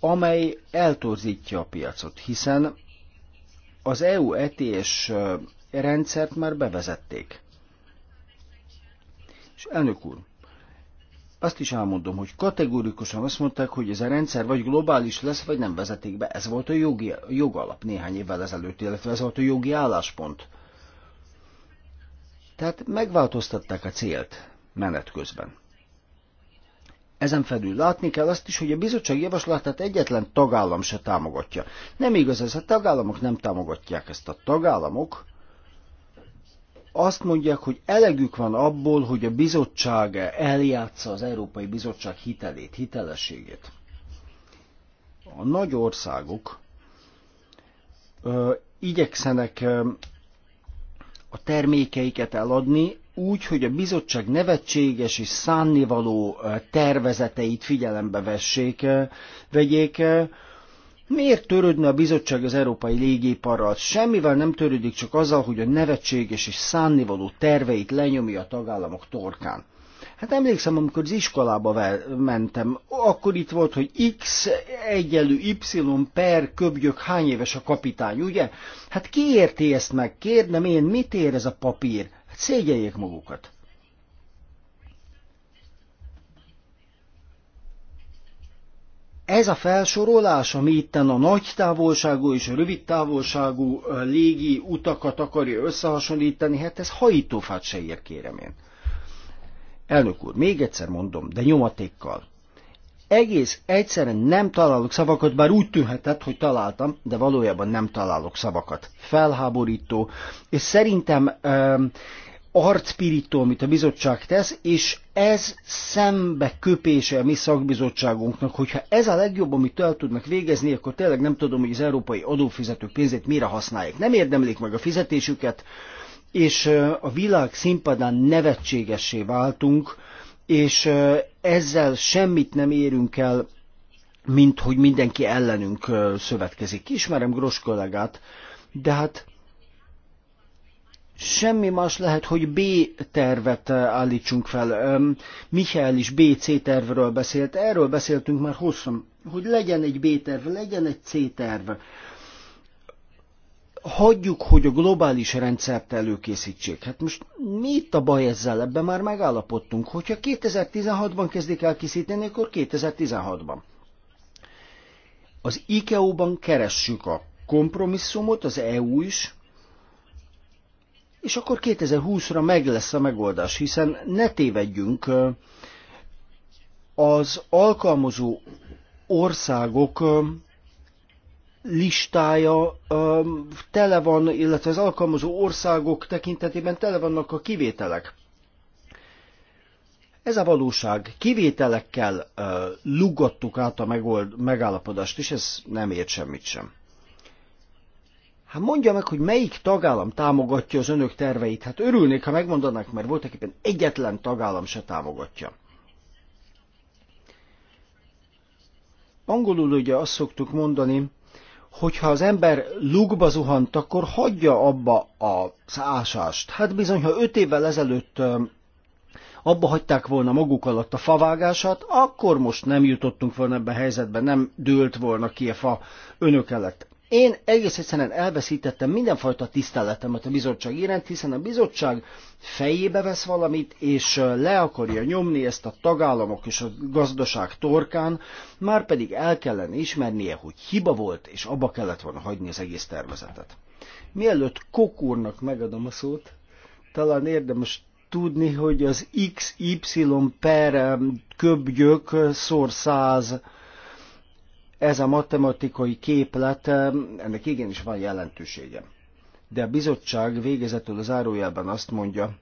amely eltorzítja a piacot, hiszen az EU ETS rendszert már bevezették. És elnök úr, azt is elmondom, hogy kategórikusan azt mondták, hogy ez a rendszer vagy globális lesz, vagy nem vezetik be. Ez volt a jogi, a jogalap néhány évvel ezelőtt, illetve ez volt a jogi álláspont. Tehát megváltoztatták a célt menet közben. Ezen felül látni kell azt is, hogy a bizottság javaslatát egyetlen tagállam se támogatja. Nem igaz ez, a tagállamok nem támogatják ezt. A tagállamok azt mondják, hogy elegük van abból, hogy a bizottság eljátsza az Európai Bizottság hitelét, hitelességét. A nagy országok ö, igyekszenek ö, a termékeiket eladni, úgy, hogy a bizottság nevetséges és szánnivaló tervezeteit figyelembe vessék, vegyék. Miért törődne a bizottság az európai légiparral? Semmivel nem törődik, csak azzal, hogy a nevetséges és szánnivaló terveit lenyomja a tagállamok torkán. Hát emlékszem, amikor az iskolába mentem, akkor itt volt, hogy X egyelő Y per köbgyök hány éves a kapitány, ugye? Hát ki érti ezt meg? Kérdem én, mit ér ez a papír? Szégyeljék magukat. Ez a felsorolás, ami itt a nagy távolságú és a rövid távolságú légi utakat akarja összehasonlítani, hát ez hajítófát se ér, kérem én. Elnök úr, még egyszer mondom, de nyomatékkal. Egész egyszerűen nem találok szavakat, bár úgy tűnhetett, hogy találtam, de valójában nem találok szavakat. Felháborító, és szerintem... Um, arcpirító, amit a bizottság tesz, és ez szembe köpése a mi szakbizottságunknak, hogyha ez a legjobb, amit el tudnak végezni, akkor tényleg nem tudom, hogy az európai adófizetők pénzét mire használják. Nem érdemlik meg a fizetésüket, és a világ színpadán nevetségessé váltunk, és ezzel semmit nem érünk el, mint hogy mindenki ellenünk szövetkezik. Ismerem Gros kollégát, de hát semmi más lehet, hogy B tervet eh, állítsunk fel. Michael is BC tervről beszélt, erről beszéltünk már hosszan, hogy legyen egy B terv, legyen egy C terv. Hagyjuk, hogy a globális rendszert előkészítsék. Hát most mi itt a baj ezzel? Ebben már megállapodtunk. Hogyha 2016-ban kezdik el készíteni, akkor 2016-ban. Az ICAO-ban e keressük a kompromisszumot, az EU is, és akkor 2020-ra meg lesz a megoldás, hiszen ne tévedjünk, az alkalmazó országok listája tele van, illetve az alkalmazó országok tekintetében tele vannak a kivételek. Ez a valóság. Kivételekkel lugattuk át a megold, megállapodást, és ez nem ért semmit sem. Hát mondja meg, hogy melyik tagállam támogatja az önök terveit. Hát örülnék, ha megmondanák, mert voltak éppen egyetlen tagállam se támogatja. Angolul ugye azt szoktuk mondani, hogyha az ember lukba zuhant, akkor hagyja abba a ásást. Hát bizony, ha öt évvel ezelőtt abba hagyták volna maguk alatt a favágását, akkor most nem jutottunk volna ebbe a helyzetbe, nem dőlt volna ki a fa önök elett. Én egész egyszerűen elveszítettem mindenfajta tiszteletemet a bizottság iránt, hiszen a bizottság fejébe vesz valamit, és le akarja nyomni ezt a tagállamok és a gazdaság torkán, már pedig el kellene ismernie, hogy hiba volt, és abba kellett volna hagyni az egész tervezetet. Mielőtt Kokúrnak megadom a szót, talán érdemes tudni, hogy az XY per köbgyök szor 100 ez a matematikai képlet, eh, ennek igenis van jelentősége. De a bizottság végezetül az zárójelben azt mondja,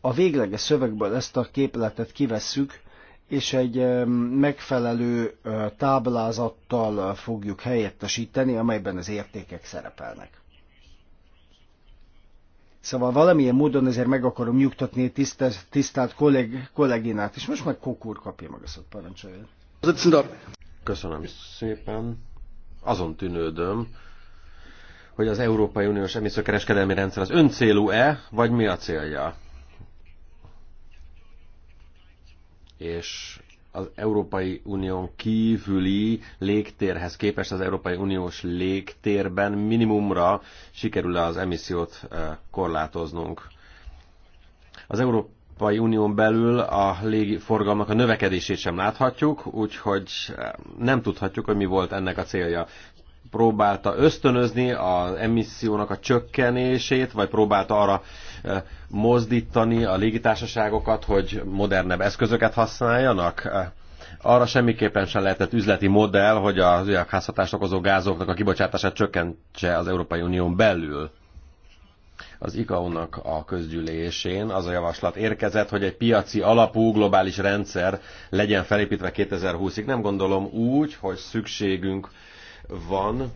a végleges szövegből ezt a képletet kivesszük, és egy eh, megfelelő eh, táblázattal fogjuk helyettesíteni, amelyben az értékek szerepelnek. Szóval valamilyen módon azért meg akarom nyugtatni tisztelt, tisztelt kolleg, kolleginát, és most meg Kokúr kapja meg a szót, parancsoljon. Köszönöm szépen. Azon tűnődöm, hogy az Európai Uniós emisszőkereskedelmi rendszer az öncélú-e, vagy mi a célja? És az Európai Unión kívüli légtérhez képest az Európai Uniós légtérben minimumra sikerül-e az emissziót e, korlátoznunk. Az Európai Unión belül a légiforgalmak a növekedését sem láthatjuk, úgyhogy e, nem tudhatjuk, hogy mi volt ennek a célja próbálta ösztönözni az emissziónak a csökkenését, vagy próbálta arra mozdítani a légitársaságokat, hogy modernebb eszközöket használjanak? Arra semmiképpen sem lehetett üzleti modell, hogy az üvegházhatást okozó gázoknak a kibocsátását csökkentse az Európai Unión belül az ICAO-nak a közgyűlésén az a javaslat érkezett, hogy egy piaci alapú globális rendszer legyen felépítve 2020-ig. Nem gondolom úgy, hogy szükségünk van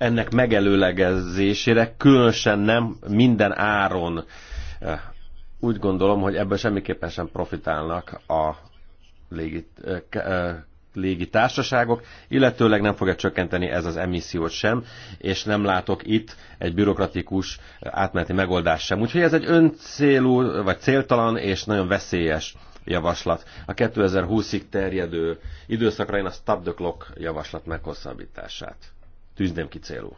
ennek megelőlegezésére, különösen nem minden áron. Úgy gondolom, hogy ebből semmiképpen sem profitálnak a légi, légi társaságok, illetőleg nem fogja csökkenteni ez az emissziót sem, és nem látok itt egy bürokratikus átmeneti megoldást sem. Úgyhogy ez egy öncélú, vagy céltalan és nagyon veszélyes javaslat. A 2020-ig terjedő időszakra én a stop the clock javaslat meghosszabbítását tűzném ki célul.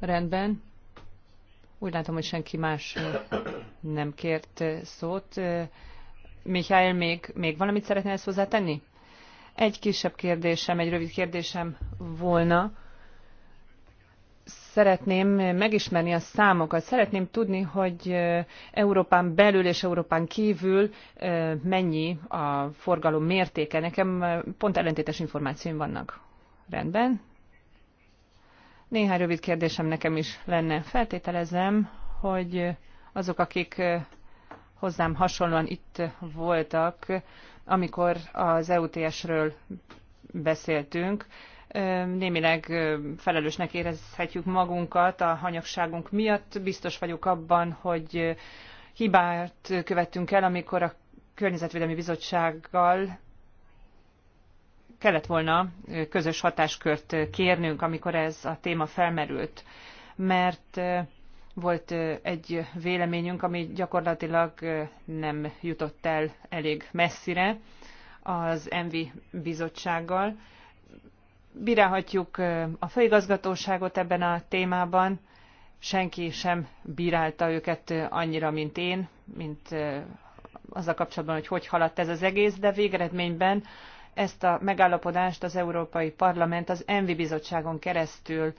Rendben. Úgy látom, hogy senki más nem kért szót. Mihály, még, még valamit szeretnél ezt hozzátenni? Egy kisebb kérdésem, egy rövid kérdésem volna. Szeretném megismerni a számokat. Szeretném tudni, hogy Európán belül és Európán kívül mennyi a forgalom mértéke. Nekem pont ellentétes információim vannak. Rendben, néhány rövid kérdésem nekem is lenne. Feltételezem, hogy azok, akik hozzám hasonlóan itt voltak, amikor az EUTS-ről beszéltünk, némileg felelősnek érezhetjük magunkat a hanyagságunk miatt. Biztos vagyok abban, hogy hibát követtünk el, amikor a Környezetvédelmi Bizottsággal kellett volna közös hatáskört kérnünk, amikor ez a téma felmerült, mert volt egy véleményünk, ami gyakorlatilag nem jutott el elég messzire az ENVI bizottsággal. Bírálhatjuk a főigazgatóságot ebben a témában, senki sem bírálta őket annyira, mint én, mint az a kapcsolatban, hogy hogy haladt ez az egész, de végeredményben ezt a megállapodást az Európai Parlament az Envi Bizottságon keresztül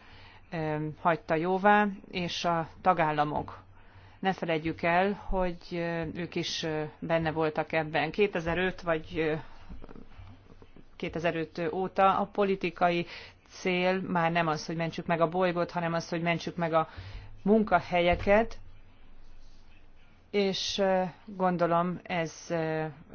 hagyta jóvá, és a tagállamok. Ne felejtjük el, hogy ők is benne voltak ebben. 2005 vagy 2005 óta a politikai cél már nem az, hogy mentsük meg a bolygót, hanem az, hogy mentsük meg a munkahelyeket, és gondolom ez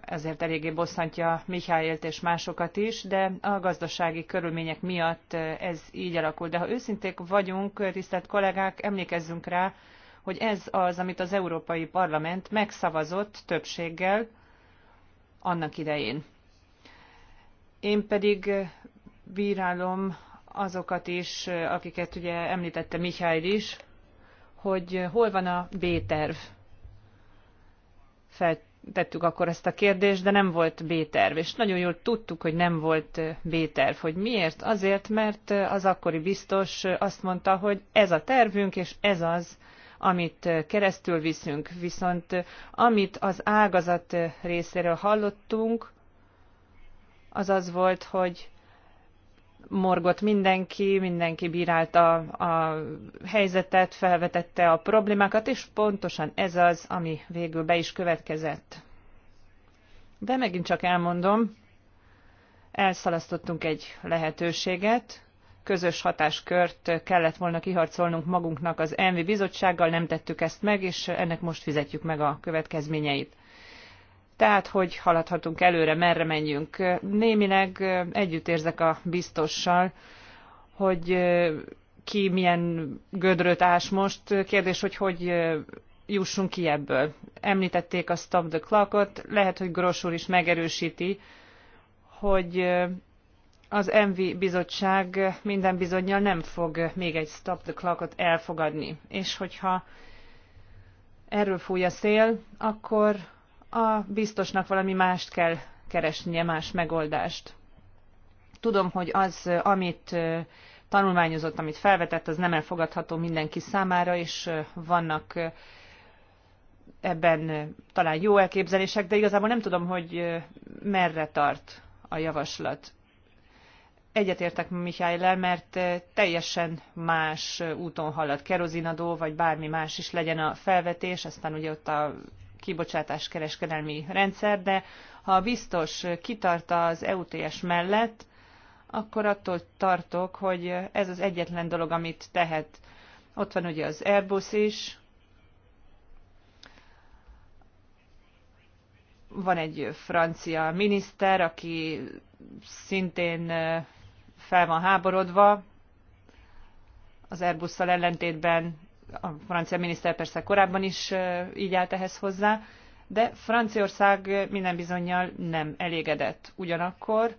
ezért eléggé bosszantja Mihályt és másokat is, de a gazdasági körülmények miatt ez így alakul. De ha őszinték vagyunk, tisztelt kollégák, emlékezzünk rá, hogy ez az, amit az Európai Parlament megszavazott többséggel annak idején. Én pedig bírálom azokat is, akiket ugye említette Mihály is, hogy hol van a B-terv feltettük akkor ezt a kérdést, de nem volt B-terv, és nagyon jól tudtuk, hogy nem volt B-terv. Hogy miért? Azért, mert az akkori biztos azt mondta, hogy ez a tervünk, és ez az, amit keresztül viszünk. Viszont amit az ágazat részéről hallottunk, az az volt, hogy morgott mindenki, mindenki bírálta a helyzetet, felvetette a problémákat, és pontosan ez az, ami végül be is következett. De megint csak elmondom, elszalasztottunk egy lehetőséget, közös hatáskört kellett volna kiharcolnunk magunknak az ENVI bizottsággal, nem tettük ezt meg, és ennek most fizetjük meg a következményeit tehát hogy haladhatunk előre, merre menjünk. Némileg együtt érzek a biztossal, hogy ki milyen gödröt ás most. Kérdés, hogy hogy jussunk ki ebből. Említették a Stop the Clockot, lehet, hogy Gross is megerősíti, hogy az MV bizottság minden bizonyal nem fog még egy Stop the Clockot elfogadni. És hogyha erről fúj a szél, akkor a biztosnak valami mást kell keresnie, más megoldást. Tudom, hogy az, amit tanulmányozott, amit felvetett, az nem elfogadható mindenki számára, és vannak ebben talán jó elképzelések, de igazából nem tudom, hogy merre tart a javaslat. Egyetértek Mihály mert teljesen más úton halad kerozinadó, vagy bármi más is legyen a felvetés, aztán ugye ott a kibocsátás kereskedelmi rendszer, de ha biztos kitart az EUTS mellett, akkor attól tartok, hogy ez az egyetlen dolog, amit tehet. Ott van ugye az Airbus is, van egy francia miniszter, aki szintén fel van háborodva, az airbus ellentétben a francia miniszter persze korábban is így állt ehhez hozzá, de Franciaország minden bizonyal nem elégedett. Ugyanakkor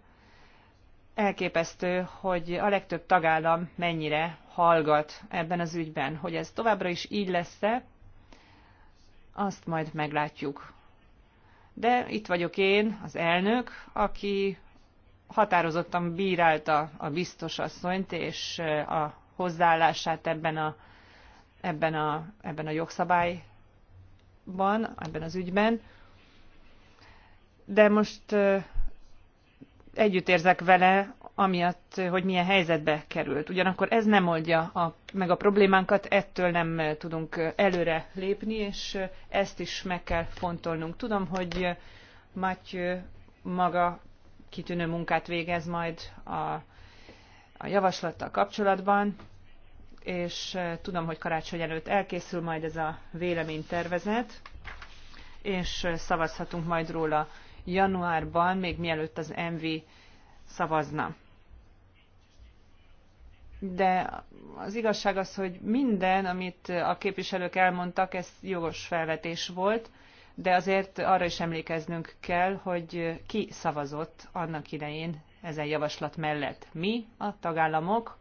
elképesztő, hogy a legtöbb tagállam mennyire hallgat ebben az ügyben. Hogy ez továbbra is így lesz-e, azt majd meglátjuk. De itt vagyok én, az elnök, aki határozottan bírálta a asszonyt és a hozzáállását ebben a ebben a, ebben a jogszabályban, ebben az ügyben. De most együtt érzek vele, amiatt, hogy milyen helyzetbe került. Ugyanakkor ez nem oldja a, meg a problémánkat, ettől nem tudunk előre lépni, és ezt is meg kell fontolnunk. Tudom, hogy Matyő maga kitűnő munkát végez majd a, a javaslattal kapcsolatban, és eh, tudom, hogy karácsony előtt elkészül majd ez a véleménytervezet, és eh, szavazhatunk majd róla januárban, még mielőtt az MV szavazna. De az igazság az, hogy minden, amit a képviselők elmondtak, ez jogos felvetés volt, de azért arra is emlékeznünk kell, hogy ki szavazott annak idején ezen javaslat mellett. Mi, a tagállamok,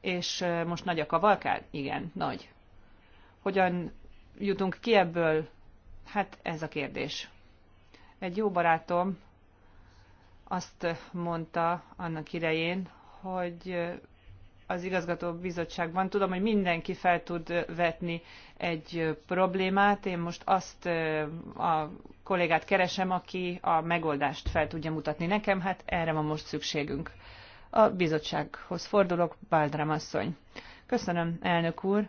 és most nagy a kavalkád? Igen, nagy. Hogyan jutunk ki ebből? Hát ez a kérdés. Egy jó barátom azt mondta annak idején, hogy az igazgató bizottságban. Tudom, hogy mindenki fel tud vetni egy problémát. Én most azt a kollégát keresem, aki a megoldást fel tudja mutatni nekem. Hát erre van most szükségünk. A bizottsághoz fordulok, Báldrám asszony. Köszönöm, elnök úr,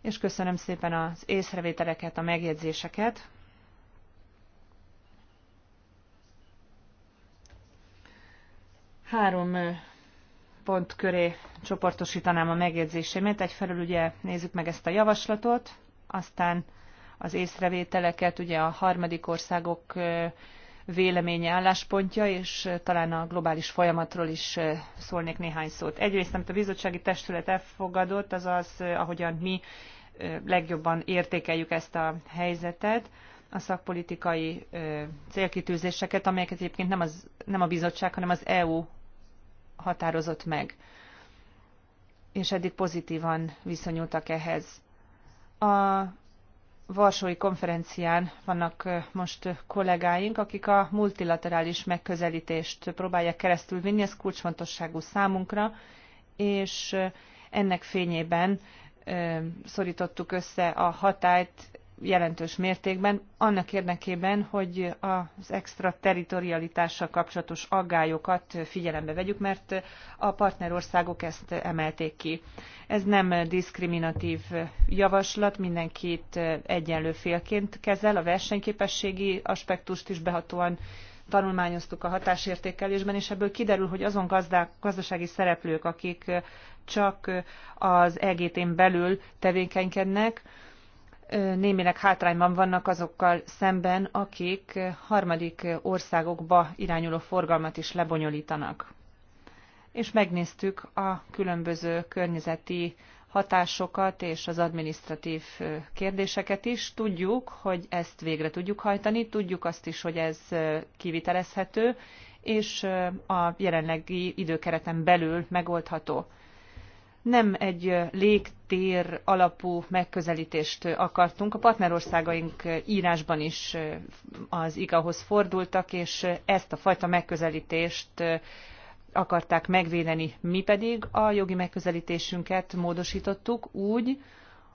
és köszönöm szépen az észrevételeket, a megjegyzéseket. Három pont köré csoportosítanám a megjegyzésemet. Egyfelől ugye nézzük meg ezt a javaslatot, aztán az észrevételeket, ugye a harmadik országok véleménye, álláspontja, és talán a globális folyamatról is szólnék néhány szót. Egyrészt, amit a bizottsági testület elfogadott, az az, ahogyan mi legjobban értékeljük ezt a helyzetet, a szakpolitikai célkitűzéseket, amelyeket egyébként nem, az, nem a bizottság, hanem az EU határozott meg. És eddig pozitívan viszonyultak ehhez. A Varsói konferencián vannak most kollégáink, akik a multilaterális megközelítést próbálják keresztül vinni, ez kulcsfontosságú számunkra, és ennek fényében szorítottuk össze a hatályt jelentős mértékben annak érdekében, hogy az extra territorialitással kapcsolatos aggályokat figyelembe vegyük, mert a partnerországok ezt emelték ki. Ez nem diszkriminatív javaslat, mindenkit egyenlő félként kezel, a versenyképességi aspektust is behatóan tanulmányoztuk a hatásértékelésben, és ebből kiderül, hogy azon gazdák, gazdasági szereplők, akik csak az EGT-n belül tevékenykednek, némileg hátrányban vannak azokkal szemben, akik harmadik országokba irányuló forgalmat is lebonyolítanak. És megnéztük a különböző környezeti hatásokat és az administratív kérdéseket is. Tudjuk, hogy ezt végre tudjuk hajtani, tudjuk azt is, hogy ez kivitelezhető, és a jelenlegi időkereten belül megoldható nem egy légtér alapú megközelítést akartunk. A partnerországaink írásban is az igahoz fordultak, és ezt a fajta megközelítést akarták megvédeni. Mi pedig a jogi megközelítésünket módosítottuk úgy,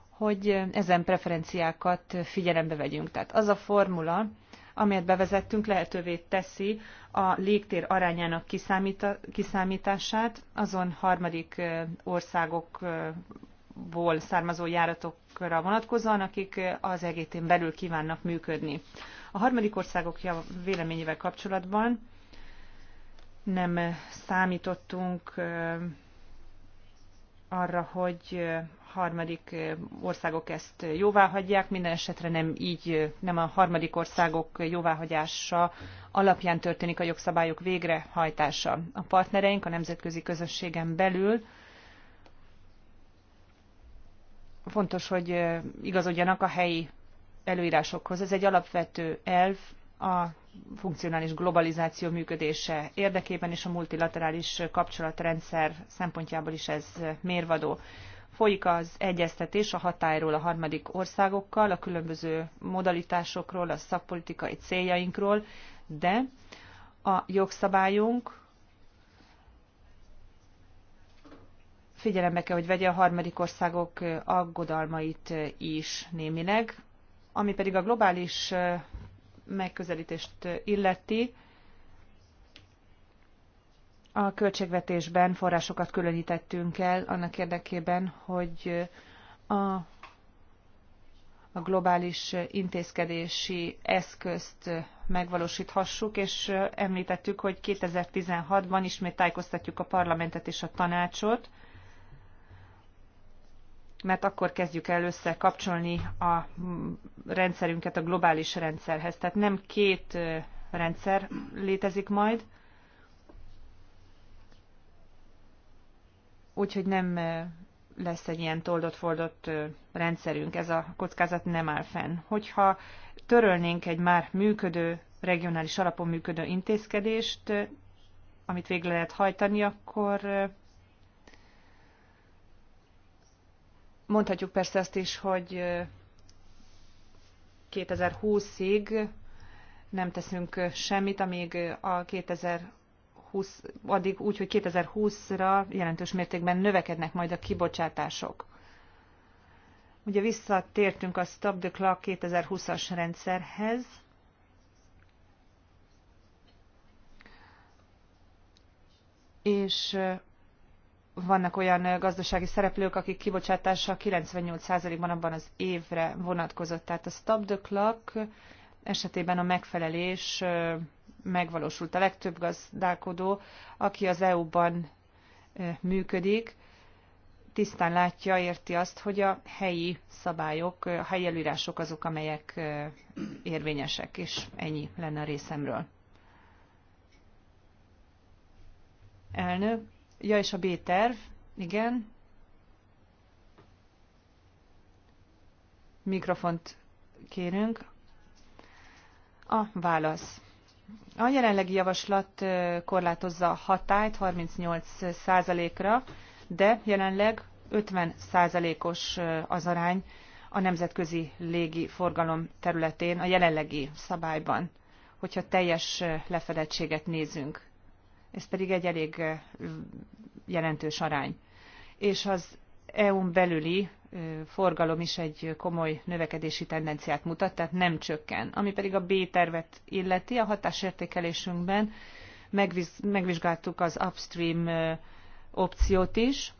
hogy ezen preferenciákat figyelembe vegyünk. Tehát az a formula, amelyet bevezettünk, lehetővé teszi a légtér arányának kiszámítását azon harmadik országokból származó járatokra vonatkozóan, akik az EGT-n belül kívánnak működni. A harmadik országok véleményével kapcsolatban nem számítottunk arra, hogy harmadik országok ezt jóvá hagyják, minden esetre nem így, nem a harmadik országok jóváhagyása alapján történik a jogszabályok végrehajtása. A partnereink a nemzetközi közösségen belül fontos, hogy igazodjanak a helyi előírásokhoz. Ez egy alapvető elv a funkcionális globalizáció működése érdekében és a multilaterális kapcsolatrendszer szempontjából is ez mérvadó. Folyik az egyeztetés a hatályról a harmadik országokkal, a különböző modalitásokról, a szakpolitikai céljainkról, de a jogszabályunk figyelembe kell, hogy vegye a harmadik országok aggodalmait is némileg, ami pedig a globális megközelítést illeti, a költségvetésben forrásokat különítettünk el annak érdekében, hogy a, a globális intézkedési eszközt megvalósíthassuk, és említettük, hogy 2016-ban ismét tájékoztatjuk a parlamentet és a tanácsot, mert akkor kezdjük el összekapcsolni a rendszerünket a globális rendszerhez. Tehát nem két rendszer létezik majd, úgyhogy nem lesz egy ilyen toldott-foldott rendszerünk, ez a kockázat nem áll fenn. Hogyha törölnénk egy már működő, regionális alapon működő intézkedést, amit végre lehet hajtani, akkor mondhatjuk persze azt is, hogy 2020-ig nem teszünk semmit, amíg a 2000 20, addig úgy, hogy 2020-ra jelentős mértékben növekednek majd a kibocsátások. Ugye visszatértünk a Stop the Clock 2020-as rendszerhez, és vannak olyan gazdasági szereplők, akik kibocsátása 98%-ban abban az évre vonatkozott. Tehát a Stop the Clock esetében a megfelelés megvalósult. A legtöbb gazdálkodó, aki az EU-ban működik, tisztán látja, érti azt, hogy a helyi szabályok, a helyi előírások azok, amelyek érvényesek, és ennyi lenne a részemről. Elnök. Ja, és a B-terv, igen. Mikrofont kérünk. A válasz. A jelenlegi javaslat korlátozza a hatályt 38%-ra, de jelenleg 50%-os az arány a nemzetközi légi forgalom területén a jelenlegi szabályban, hogyha teljes lefedettséget nézünk. Ez pedig egy elég jelentős arány. És az EU-n belüli forgalom is egy komoly növekedési tendenciát mutat, tehát nem csökken. Ami pedig a B-tervet illeti, a hatásértékelésünkben megviz, megvizsgáltuk az upstream opciót is.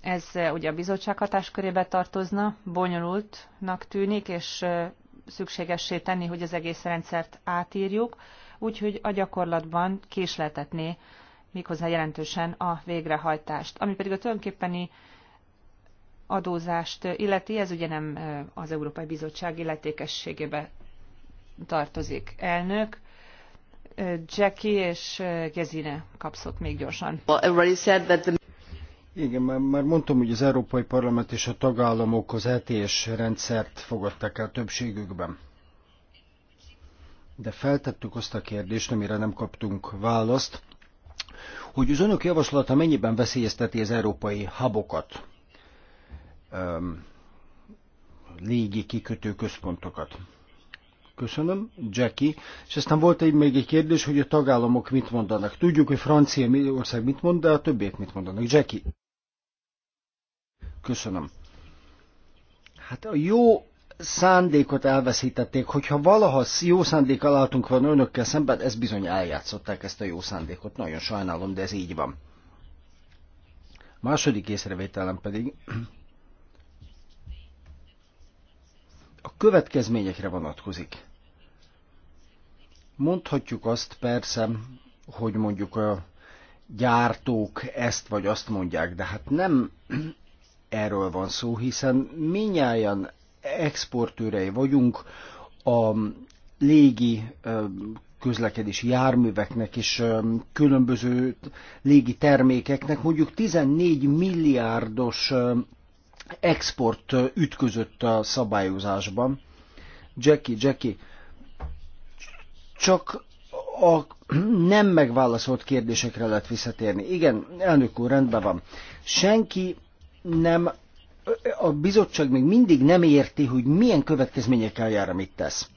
Ez ugye a bizottság hatáskörébe tartozna, bonyolultnak tűnik, és szükségessé tenni, hogy az egész rendszert átírjuk, úgyhogy a gyakorlatban késletetné méghozzá jelentősen a végrehajtást. Ami pedig a tulajdonképpeni adózást illeti, ez ugye nem az Európai Bizottság illetékességébe tartozik. Elnök, Jackie és Gezine kapszott még gyorsan. Igen, már, már mondtam, hogy az Európai Parlament és a tagállamok az ETS rendszert fogadták el többségükben. De feltettük azt a kérdést, amire nem kaptunk választ, hogy az önök javaslata mennyiben veszélyezteti az európai habokat, légi kikötő központokat. Köszönöm, Jackie. És aztán volt egy, még egy kérdés, hogy a tagállamok mit mondanak. Tudjuk, hogy francia ország mit mond, de a többiek mit mondanak. Jackie. Köszönöm. Hát a jó szándékot elveszítették, hogyha valaha jó szándék álltunk van önökkel szemben, ez bizony eljátszották ezt a jó szándékot. Nagyon sajnálom, de ez így van. Második észrevételem pedig a következményekre vonatkozik. Mondhatjuk azt persze, hogy mondjuk a gyártók ezt vagy azt mondják, de hát nem erről van szó, hiszen minnyáján exportőrei vagyunk, a légi közlekedési járműveknek és különböző légi termékeknek mondjuk 14 milliárdos export ütközött a szabályozásban. Jackie, Jackie, csak a nem megválaszolt kérdésekre lehet visszatérni. Igen, elnök úr, rendben van. Senki nem a bizottság még mindig nem érti, hogy milyen következményekkel jár, amit tesz.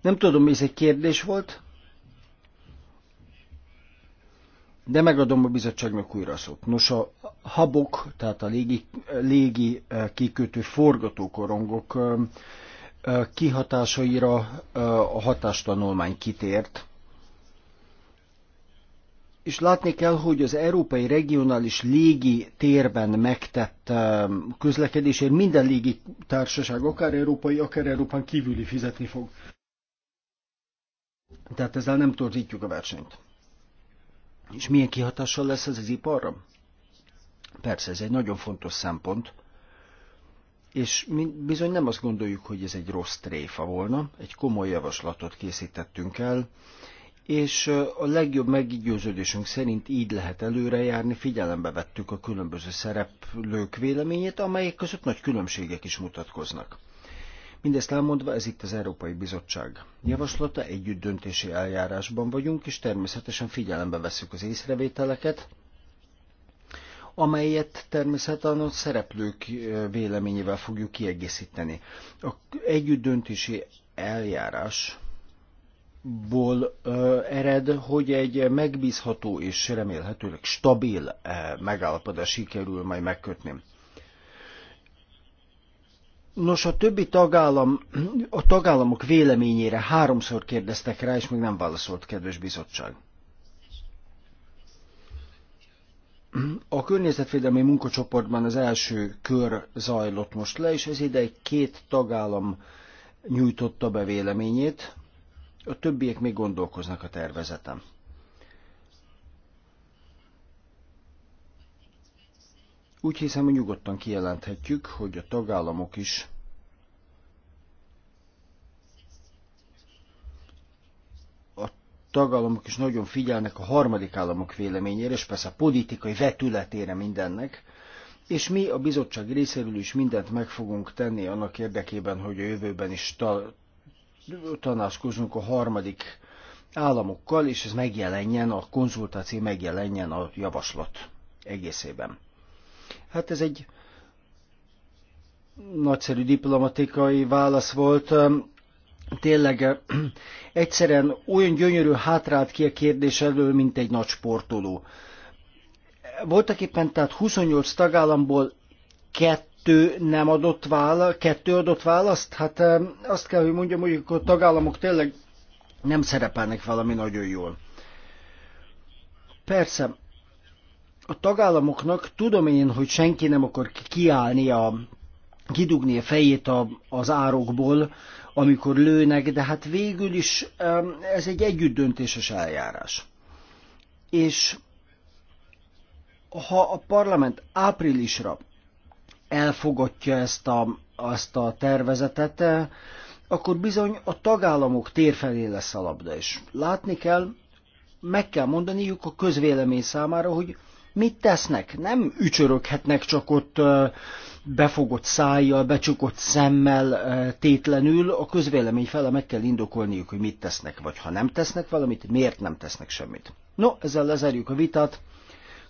Nem tudom, ez egy kérdés volt, de megadom a bizottságnak újra a szót. Nos, a habok, tehát a légi, légi eh, kikötő forgatókorongok eh, eh, kihatásaira a hatástanulmány kitért és látni kell, hogy az európai regionális légi térben megtett közlekedésért minden légi társaság, akár európai, akár Európán kívüli fizetni fog. Tehát ezzel nem torzítjuk a versenyt. És milyen kihatással lesz ez az iparra? Persze, ez egy nagyon fontos szempont, és mi bizony nem azt gondoljuk, hogy ez egy rossz tréfa volna, egy komoly javaslatot készítettünk el, és a legjobb meggyőződésünk szerint így lehet előrejárni, figyelembe vettük a különböző szereplők véleményét, amelyek között nagy különbségek is mutatkoznak. Mindezt elmondva, ez itt az Európai Bizottság javaslata, együtt döntési eljárásban vagyunk, és természetesen figyelembe veszük az észrevételeket, amelyet természetesen a szereplők véleményével fogjuk kiegészíteni. A együttdöntési eljárás ból ered, hogy egy megbízható és remélhetőleg stabil megállapodás sikerül majd megkötni. Nos, a többi tagállam, a tagállamok véleményére háromszor kérdeztek rá, és még nem válaszolt, kedves bizottság. A környezetvédelmi munkacsoportban az első kör zajlott most le, és ez ide egy két tagállam nyújtotta be véleményét, a többiek még gondolkoznak a tervezetem. Úgy hiszem, hogy nyugodtan kijelenthetjük, hogy a tagállamok is a tagállamok is nagyon figyelnek a harmadik államok véleményére, és persze a politikai vetületére mindennek, és mi a bizottság részéről is mindent meg fogunk tenni annak érdekében, hogy a jövőben is ta- tanácskozunk a harmadik államokkal, és ez megjelenjen, a konzultáció megjelenjen a javaslat egészében. Hát ez egy nagyszerű diplomatikai válasz volt. Tényleg eh, egyszerűen olyan gyönyörű hátrált ki a kérdés elől, mint egy nagy sportoló. Voltak éppen tehát 28 tagállamból kettő kettő nem adott választ, kettő adott választ, hát azt kell, hogy mondjam, hogy a tagállamok tényleg nem szerepelnek valami nagyon jól. Persze, a tagállamoknak tudom én, hogy senki nem akar kiállni a kidugni a fejét a, az árokból, amikor lőnek, de hát végül is ez egy együttdöntéses eljárás. És ha a parlament áprilisra elfogadja ezt a, azt a tervezetet, eh, akkor bizony a tagállamok térfelé lesz a labda, és látni kell, meg kell mondaniuk a közvélemény számára, hogy mit tesznek. Nem ücsöröghetnek csak ott eh, befogott szájjal, becsukott szemmel eh, tétlenül, a közvélemény fele meg kell indokolniuk, hogy mit tesznek, vagy ha nem tesznek valamit, miért nem tesznek semmit. No, ezzel lezárjuk a vitát,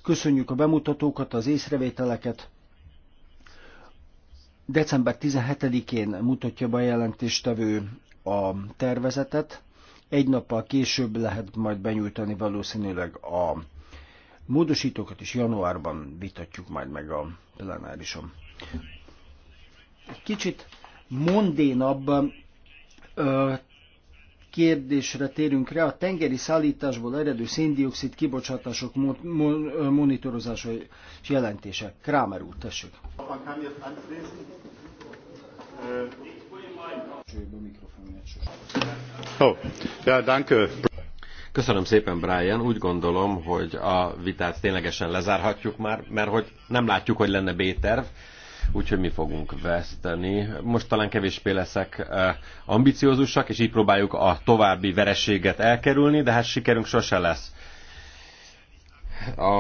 köszönjük a bemutatókat, az észrevételeket, December 17-én mutatja be a jelentéstevő a tervezetet, egy nappal később lehet majd benyújtani valószínűleg a módosítókat, és januárban vitatjuk majd meg a plenárison. Kicsit mondénabb kérdésre térünk rá, a tengeri szállításból eredő széndiokszid kibocsátások monitorozása és jelentése. Krámer úr, tessék. Oh, ja, danke. Köszönöm szépen, Brian. Úgy gondolom, hogy a vitát ténylegesen lezárhatjuk már, mert hogy nem látjuk, hogy lenne B-terv úgyhogy mi fogunk veszteni. Most talán kevésbé leszek eh, ambiciózusak, és így próbáljuk a további vereséget elkerülni, de hát sikerünk sose lesz. A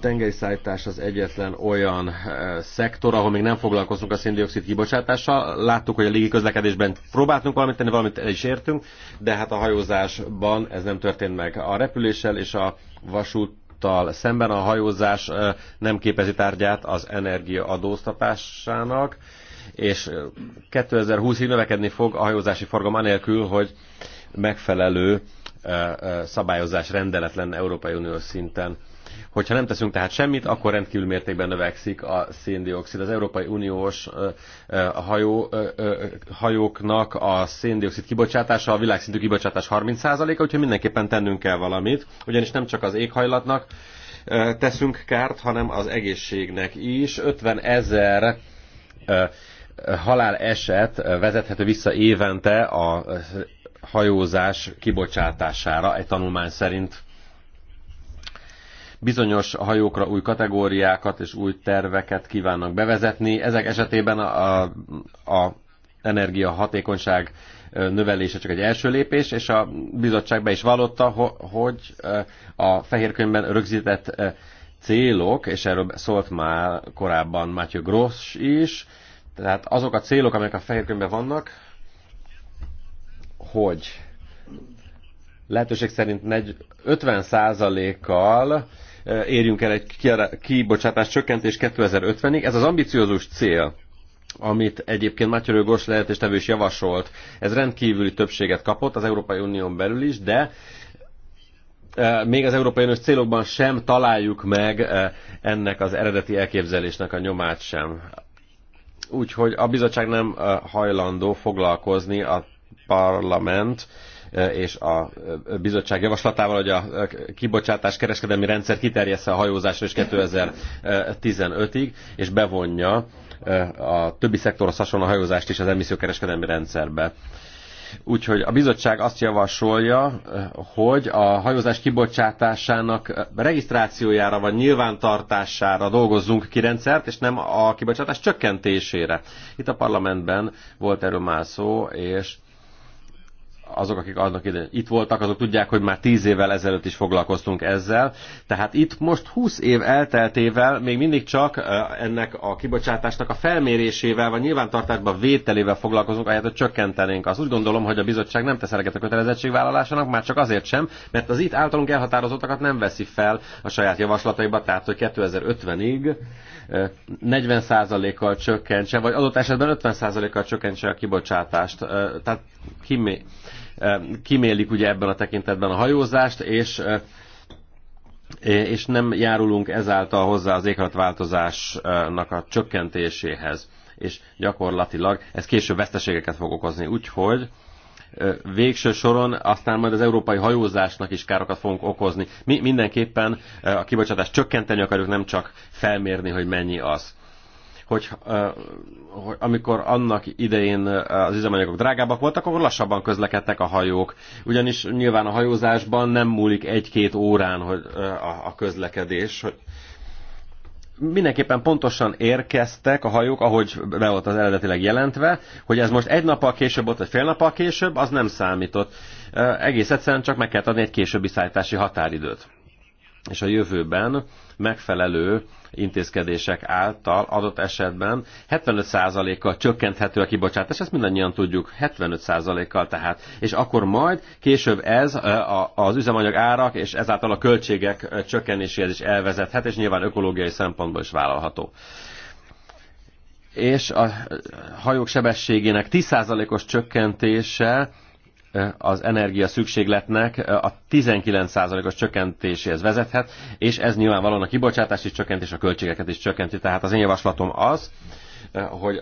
tengerészállítás az egyetlen olyan eh, szektor, ahol még nem foglalkozunk a széndiokszid kibocsátással. Láttuk, hogy a légi közlekedésben próbáltunk valamit tenni, valamit el is értünk, de hát a hajózásban ez nem történt meg. A repüléssel és a vasút ágazattal szemben a hajózás nem képezi tárgyát az energia adóztatásának, és 2020-ig növekedni fog a hajózási forgalom anélkül, hogy megfelelő szabályozás rendeletlen Európai Unió szinten Hogyha nem teszünk tehát semmit, akkor rendkívül mértékben növekszik a széndiokszid. Az Európai Uniós hajó, hajóknak a széndiokszid kibocsátása, a világszintű kibocsátás 30%-a, úgyhogy mindenképpen tennünk kell valamit, ugyanis nem csak az éghajlatnak teszünk kárt, hanem az egészségnek is. 50 ezer haláleset vezethető vissza évente a hajózás kibocsátására egy tanulmány szerint. Bizonyos hajókra új kategóriákat és új terveket kívánnak bevezetni. Ezek esetében a, a energia hatékonyság növelése csak egy első lépés, és a bizottság be is vallotta, hogy a fehérkönyvben rögzített célok, és erről szólt már korábban Matthew Gross is, tehát azok a célok, amelyek a fehérkönyvben vannak, hogy lehetőség szerint 50%-kal Eh, érjünk el egy kibocsátás csökkentés 2050-ig. Ez az ambiciózus cél amit egyébként Matyörő Gors lehetéstevő is javasolt. Ez rendkívüli többséget kapott az Európai Unión belül is, de eh, még az Európai Uniós célokban sem találjuk meg eh, ennek az eredeti elképzelésnek a nyomát sem. Úgyhogy a bizottság nem hajlandó foglalkozni a parlament Eh, és a eh, bizottság javaslatával, hogy a eh, kibocsátás kereskedelmi rendszer kiterjessze a hajózásra is 2015-ig, és bevonja a többi szektorhoz hasonló hajózást is az emissziókereskedelmi rendszerbe. Úgyhogy a bizottság azt javasolja, hogy a hajózás kibocsátásának regisztrációjára vagy nyilvántartására dolgozzunk ki rendszert, és nem a kibocsátás csökkentésére. Itt a parlamentben volt erről már szó, és azok, akik adnak ide, itt voltak, azok tudják, hogy már tíz évvel ezelőtt is foglalkoztunk ezzel. Tehát itt most 20 év elteltével még mindig csak ennek a kibocsátásnak a felmérésével, vagy nyilvántartásba vételével foglalkozunk, ahelyett, hogy csökkentenénk. Azt úgy gondolom, hogy a bizottság nem tesz eleget a kötelezettségvállalásának, már csak azért sem, mert az itt általunk elhatározottakat nem veszi fel a saját javaslataiba, tehát hogy 2050-ig 40%-kal csökkentse, vagy adott esetben 50%-kal csökkentse a kibocsátást. Tehát kimé kimélik ugye ebben a tekintetben a hajózást, és és nem járulunk ezáltal hozzá az éghajlatváltozásnak a csökkentéséhez, és gyakorlatilag ez később veszteségeket fog okozni. Úgyhogy végső soron aztán majd az európai hajózásnak is károkat fogunk okozni. Mi mindenképpen a kibocsátást csökkenteni akarjuk, nem csak felmérni, hogy mennyi az hogy, uh, amikor annak idején az üzemanyagok drágábbak voltak, akkor lassabban közlekedtek a hajók. Ugyanis nyilván a hajózásban nem múlik egy-két órán hogy a, a közlekedés. Hogy mindenképpen pontosan érkeztek a hajók, ahogy be volt az eredetileg jelentve, hogy ez most egy nappal később volt, vagy fél nappal később, az nem számított. Egész egyszerűen csak meg kell adni egy későbbi szállítási határidőt. És a jövőben megfelelő intézkedések által adott esetben 75%-kal csökkenthető a kibocsátás, ezt mindannyian tudjuk, 75%-kal tehát. És akkor majd később ez az üzemanyag árak és ezáltal a költségek csökkenéséhez is elvezethet, és nyilván ökológiai szempontból is vállalható és a hajók sebességének 10%-os csökkentése az energia szükségletnek a 19%-os csökkentéséhez vezethet, és ez nyilvánvalóan a kibocsátást is csökkent, és a költségeket is csökkenti. Tehát az én javaslatom az, hogy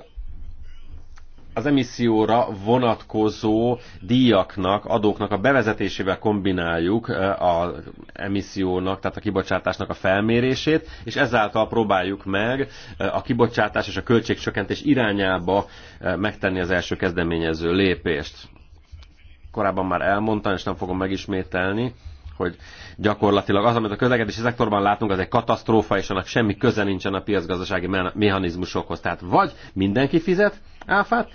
az emisszióra vonatkozó díjaknak, adóknak a bevezetésével kombináljuk az emissziónak, tehát a kibocsátásnak a felmérését, és ezáltal próbáljuk meg a kibocsátás és a költségcsökkentés irányába megtenni az első kezdeményező lépést korábban már elmondtam, és nem fogom megismételni, hogy gyakorlatilag az, amit a közlekedési szektorban látunk, az egy katasztrófa, és annak semmi köze nincsen a piacgazdasági mechanizmusokhoz. Tehát vagy mindenki fizet áfát,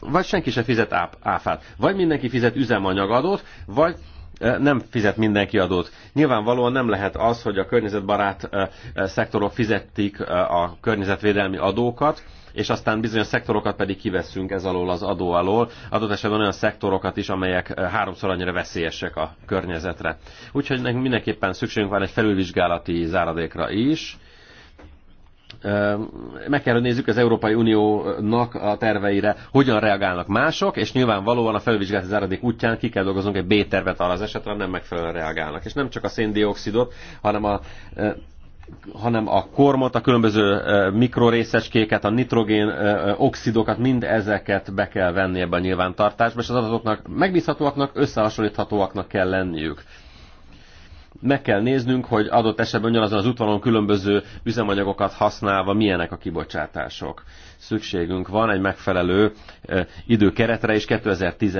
vagy senki sem fizet áfát. Vagy mindenki fizet üzemanyagadót, vagy e, nem fizet mindenki adót. Nyilvánvalóan nem lehet az, hogy a környezetbarát e, e, szektorok fizetik a környezetvédelmi adókat, és aztán bizonyos szektorokat pedig kiveszünk ez alól az adó alól, adott esetben olyan szektorokat is, amelyek eh, háromszor annyira veszélyesek a környezetre. Úgyhogy nekünk mindenképpen szükségünk van egy felülvizsgálati záradékra is, eh, meg kell, hogy nézzük az Európai Uniónak a terveire, hogyan reagálnak mások, és nyilvánvalóan a felvizsgálati záradék útján ki kell dolgoznunk egy B-tervet arra az esetre, nem megfelelően reagálnak. És nem csak a széndiokszidot, hanem a eh, hanem a kormot, a különböző mikrorészecskéket, a nitrogén oxidokat, mind ezeket be kell venni ebbe a nyilvántartásba, és az adatoknak megbízhatóaknak, összehasonlíthatóaknak kell lenniük. Meg kell néznünk, hogy adott esetben ugyanazon az útvonalon különböző üzemanyagokat használva milyenek a kibocsátások. Szükségünk van egy megfelelő időkeretre, és 2010,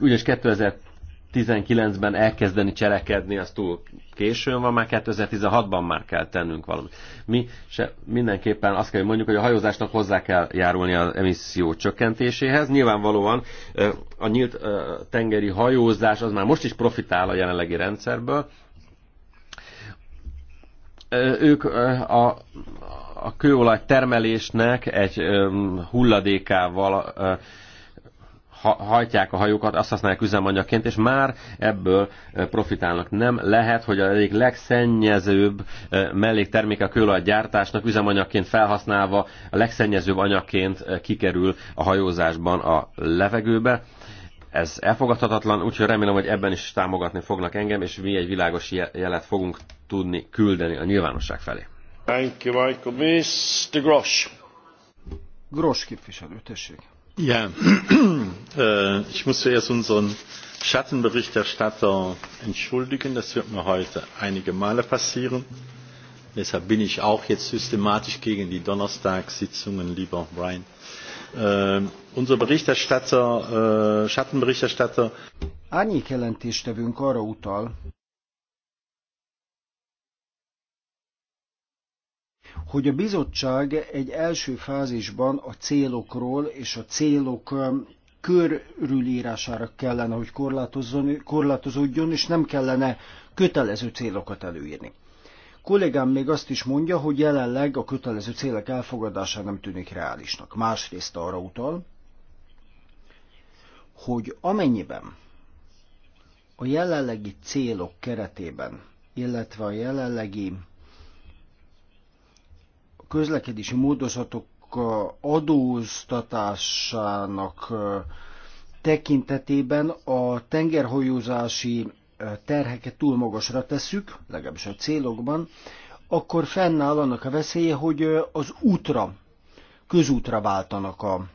ugyanis 2019-ben elkezdeni cselekedni, az túl későn van, már 2016-ban már kell tennünk valamit. Mi se, mindenképpen azt kell, hogy mondjuk, hogy a hajózásnak hozzá kell járulni az emisszió csökkentéséhez. Nyilvánvalóan a nyílt tengeri hajózás az már most is profitál a jelenlegi rendszerből. Ők a, a kőolaj termelésnek egy hulladékával hajtják a hajókat, azt használják üzemanyagként, és már ebből profitálnak. Nem lehet, hogy a egyik legszennyezőbb mellékterméke a kőolaj gyártásnak üzemanyagként felhasználva a legszennyezőbb anyagként kikerül a hajózásban a levegőbe. Ez elfogadhatatlan, úgyhogy remélem, hogy ebben is támogatni fognak engem, és mi egy világos jelet fogunk tudni küldeni a nyilvánosság felé. Thank you, Michael. Mr. Grosch. Grosch képviselő, tessék. Ja, äh, ich muss zuerst unseren Schattenberichterstatter entschuldigen. Das wird mir heute einige Male passieren. Deshalb bin ich auch jetzt systematisch gegen die Donnerstagssitzungen, lieber Brian. Uh, unser Berichterstatter, uh, Schattenberichterstatter. Annyi jelentéstevünk arra utal, hogy a bizottság egy első fázisban a célokról és a célok um, körülírására kellene, hogy korlátozódjon, és nem kellene kötelező célokat előírni. Kollégám még azt is mondja, hogy jelenleg a kötelező célek elfogadása nem tűnik reálisnak. Másrészt arra utal, hogy amennyiben a jelenlegi célok keretében, illetve a jelenlegi közlekedési módozatok adóztatásának tekintetében a tengerhajózási terheket túl magasra tesszük, legalábbis a célokban, akkor fennáll annak a veszélye, hogy az útra, közútra váltanak a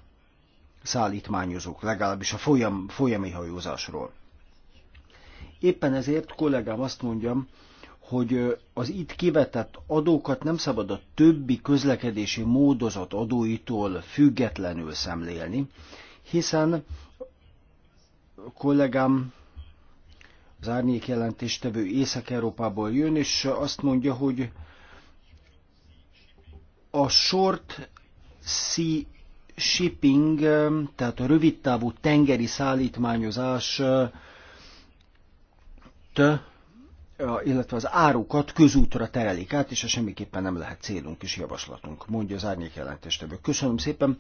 szállítmányozók, legalábbis a folyam, folyami hajózásról. Éppen ezért kollégám azt mondjam, hogy az itt kivetett adókat nem szabad a többi közlekedési módozat adóitól függetlenül szemlélni, hiszen a kollégám az árnyék jelentéstevő Észak-Európából jön, és azt mondja, hogy a short sea shipping, tehát a rövidtávú tengeri szállítmányozás illetve az árukat közútra terelik át, és ez semmiképpen nem lehet célunk és javaslatunk, mondja az árnyék jelentéstevő. Köszönöm szépen.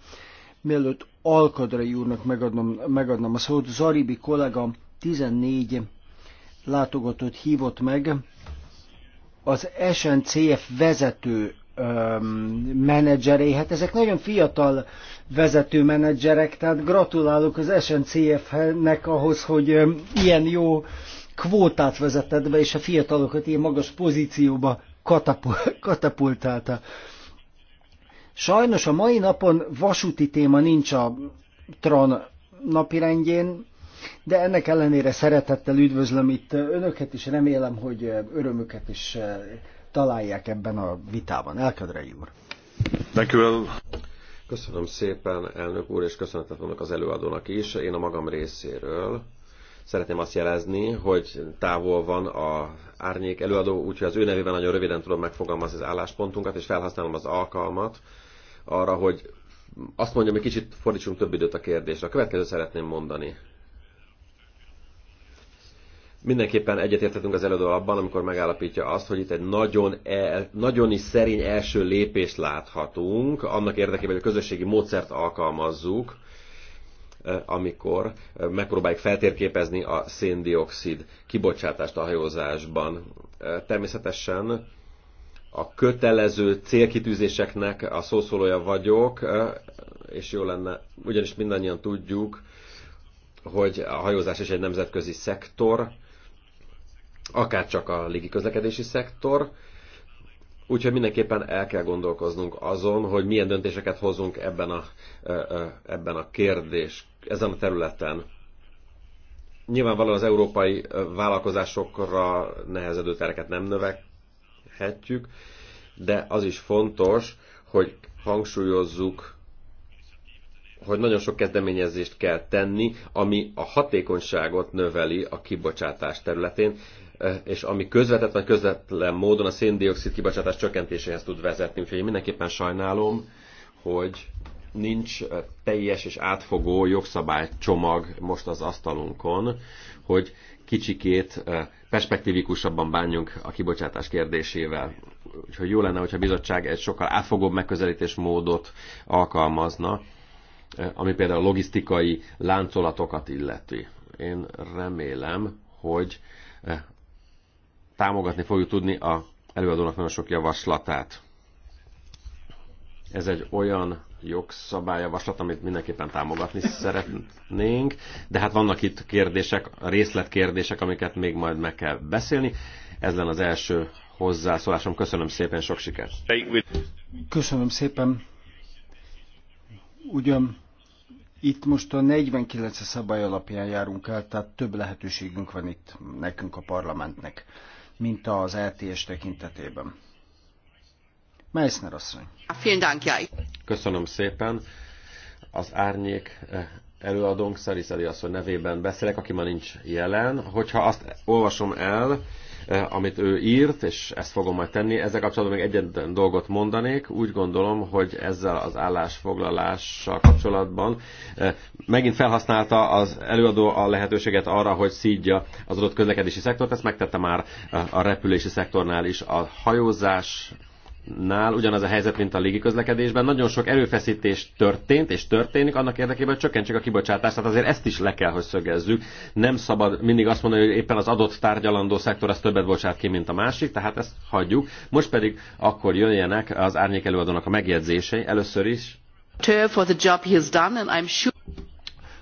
Mielőtt Alkadrai úrnak megadnom, megadnom a szót, Zaribi kollega 14 látogatót hívott meg, az SNCF vezető menedzserei, hát ezek nagyon fiatal vezető menedzserek, tehát gratulálok az SNCF-nek ahhoz, hogy ilyen jó kvótát vezetett be, és a fiatalokat ilyen magas pozícióba katapultálta. Sajnos a mai napon vasúti téma nincs a Tron napirendjén, de ennek ellenére szeretettel üdvözlöm itt önöket, és remélem, hogy örömüket is eh, találják ebben a vitában. Elkedrei úr! Köszönöm szépen, elnök úr, és köszönetet mondok az előadónak is. Én a magam részéről Szeretném azt jelezni, hogy távol van a árnyék előadó, úgyhogy az ő nevében nagyon röviden tudom megfogalmazni az álláspontunkat, és felhasználom az alkalmat arra, hogy azt mondjam, hogy kicsit fordítsunk több időt a kérdésre. A következő szeretném mondani. Mindenképpen egyetértettünk az előadó abban, amikor megállapítja azt, hogy itt egy nagyon, el, nagyon is szerény első lépést láthatunk, annak érdekében, hogy a közösségi módszert alkalmazzuk, amikor megpróbáljuk feltérképezni a széndiokszid kibocsátást a hajózásban. Természetesen a kötelező célkitűzéseknek a szószólója vagyok, és jó lenne, ugyanis mindannyian tudjuk, hogy a hajózás is egy nemzetközi szektor, akár csak a légiközlekedési szektor, Úgyhogy mindenképpen el kell gondolkoznunk azon, hogy milyen döntéseket hozunk ebben a, ebben a kérdés ezen a területen. Nyilvánvalóan az európai vállalkozásokra nehezedő tereket nem növekhetjük, de az is fontos, hogy hangsúlyozzuk, hogy nagyon sok kezdeményezést kell tenni, ami a hatékonyságot növeli a kibocsátás területén, és ami közvetett vagy közvetlen módon a széndiokszid kibocsátás csökkentéséhez tud vezetni. Úgyhogy én mindenképpen sajnálom, hogy nincs teljes és átfogó jogszabálycsomag most az asztalunkon, hogy kicsikét perspektívikusabban bánjunk a kibocsátás kérdésével. Úgyhogy jó lenne, hogyha a bizottság egy sokkal átfogóbb megközelítés módot alkalmazna, ami például logisztikai láncolatokat illeti. Én remélem, hogy támogatni fogjuk tudni a előadónak nagyon sok javaslatát. Ez egy olyan jogszabályjavaslat, amit mindenképpen támogatni szeretnénk, de hát vannak itt kérdések, részletkérdések, amiket még majd meg kell beszélni. Ez lenne az első hozzászólásom. Köszönöm szépen, sok sikert! Köszönöm szépen! Ugyan itt most a 49 szabály alapján járunk el, tehát több lehetőségünk van itt nekünk a parlamentnek, mint az LTS tekintetében. Meissner asszony. Köszönöm szépen. Az árnyék eh, előadónk Szeriszeli asszony nevében beszélek, aki ma nincs jelen. Hogyha azt olvasom el, eh, amit ő írt, és ezt fogom majd tenni. Ezzel kapcsolatban még egyetlen dolgot mondanék. Úgy gondolom, hogy ezzel az állásfoglalással kapcsolatban eh, megint felhasználta az előadó a lehetőséget arra, hogy szídja az adott közlekedési szektort. Ezt megtette már a repülési szektornál is. A hajózás nál ugyanaz a helyzet, mint a légiközlekedésben. Nagyon sok erőfeszítés történt és történik annak érdekében, hogy csökkentsük a kibocsátást. Tehát azért ezt is le kell, hogy szögezzük. Nem szabad mindig azt mondani, hogy éppen az adott tárgyalandó szektor az többet bocsát ki, mint a másik, tehát ezt hagyjuk. Most pedig akkor jöjjenek az árnyék előadónak a megjegyzései. Először is.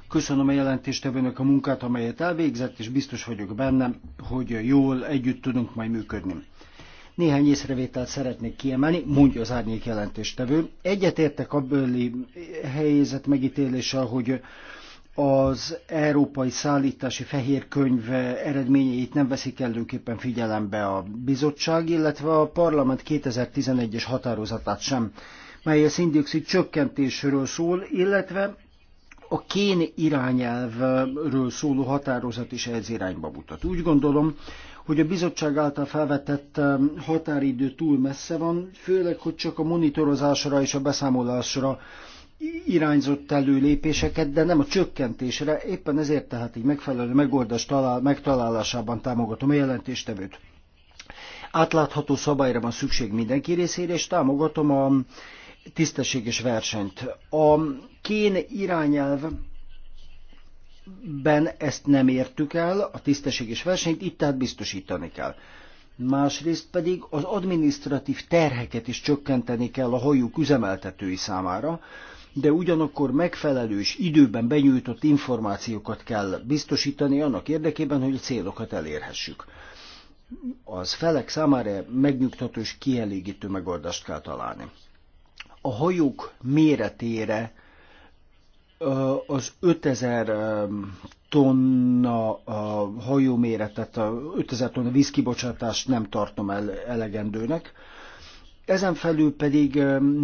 Köszönöm a jelentéstevőnek a munkát, amelyet elvégzett, és biztos vagyok bennem, hogy jól együtt tudunk majd működni. Néhány észrevételt szeretnék kiemelni, mondja az árnyék jelentéstevő. Egyetértek a bőli helyzet megítélése, hogy az európai szállítási fehér könyv eredményeit nem veszik előképpen figyelembe a bizottság, illetve a parlament 2011-es határozatát sem, mely a szindioxid csökkentésről szól, illetve a kén irányelvről szóló határozat is ez irányba mutat. Úgy gondolom, hogy a bizottság által felvetett határidő túl messze van, főleg, hogy csak a monitorozásra és a beszámolásra irányzott elő lépéseket, de nem a csökkentésre, éppen ezért tehát egy megfelelő megoldás talál, megtalálásában támogatom a jelentéstevőt. Átlátható szabályra van szükség mindenki részére, és támogatom a tisztességes versenyt. A kén irányelv ben ezt nem értük el, a tisztességes versenyt itt tehát biztosítani kell. Másrészt pedig az administratív terheket is csökkenteni kell a hajók üzemeltetői számára, de ugyanakkor megfelelő és időben benyújtott információkat kell biztosítani annak érdekében, hogy a célokat elérhessük. Az felek számára megnyugtató és kielégítő megoldást kell találni. A hajók méretére az 5000 tonna hajóméretet, 5000 tonna vízkibocsátást nem tartom el, elegendőnek. Ezen felül pedig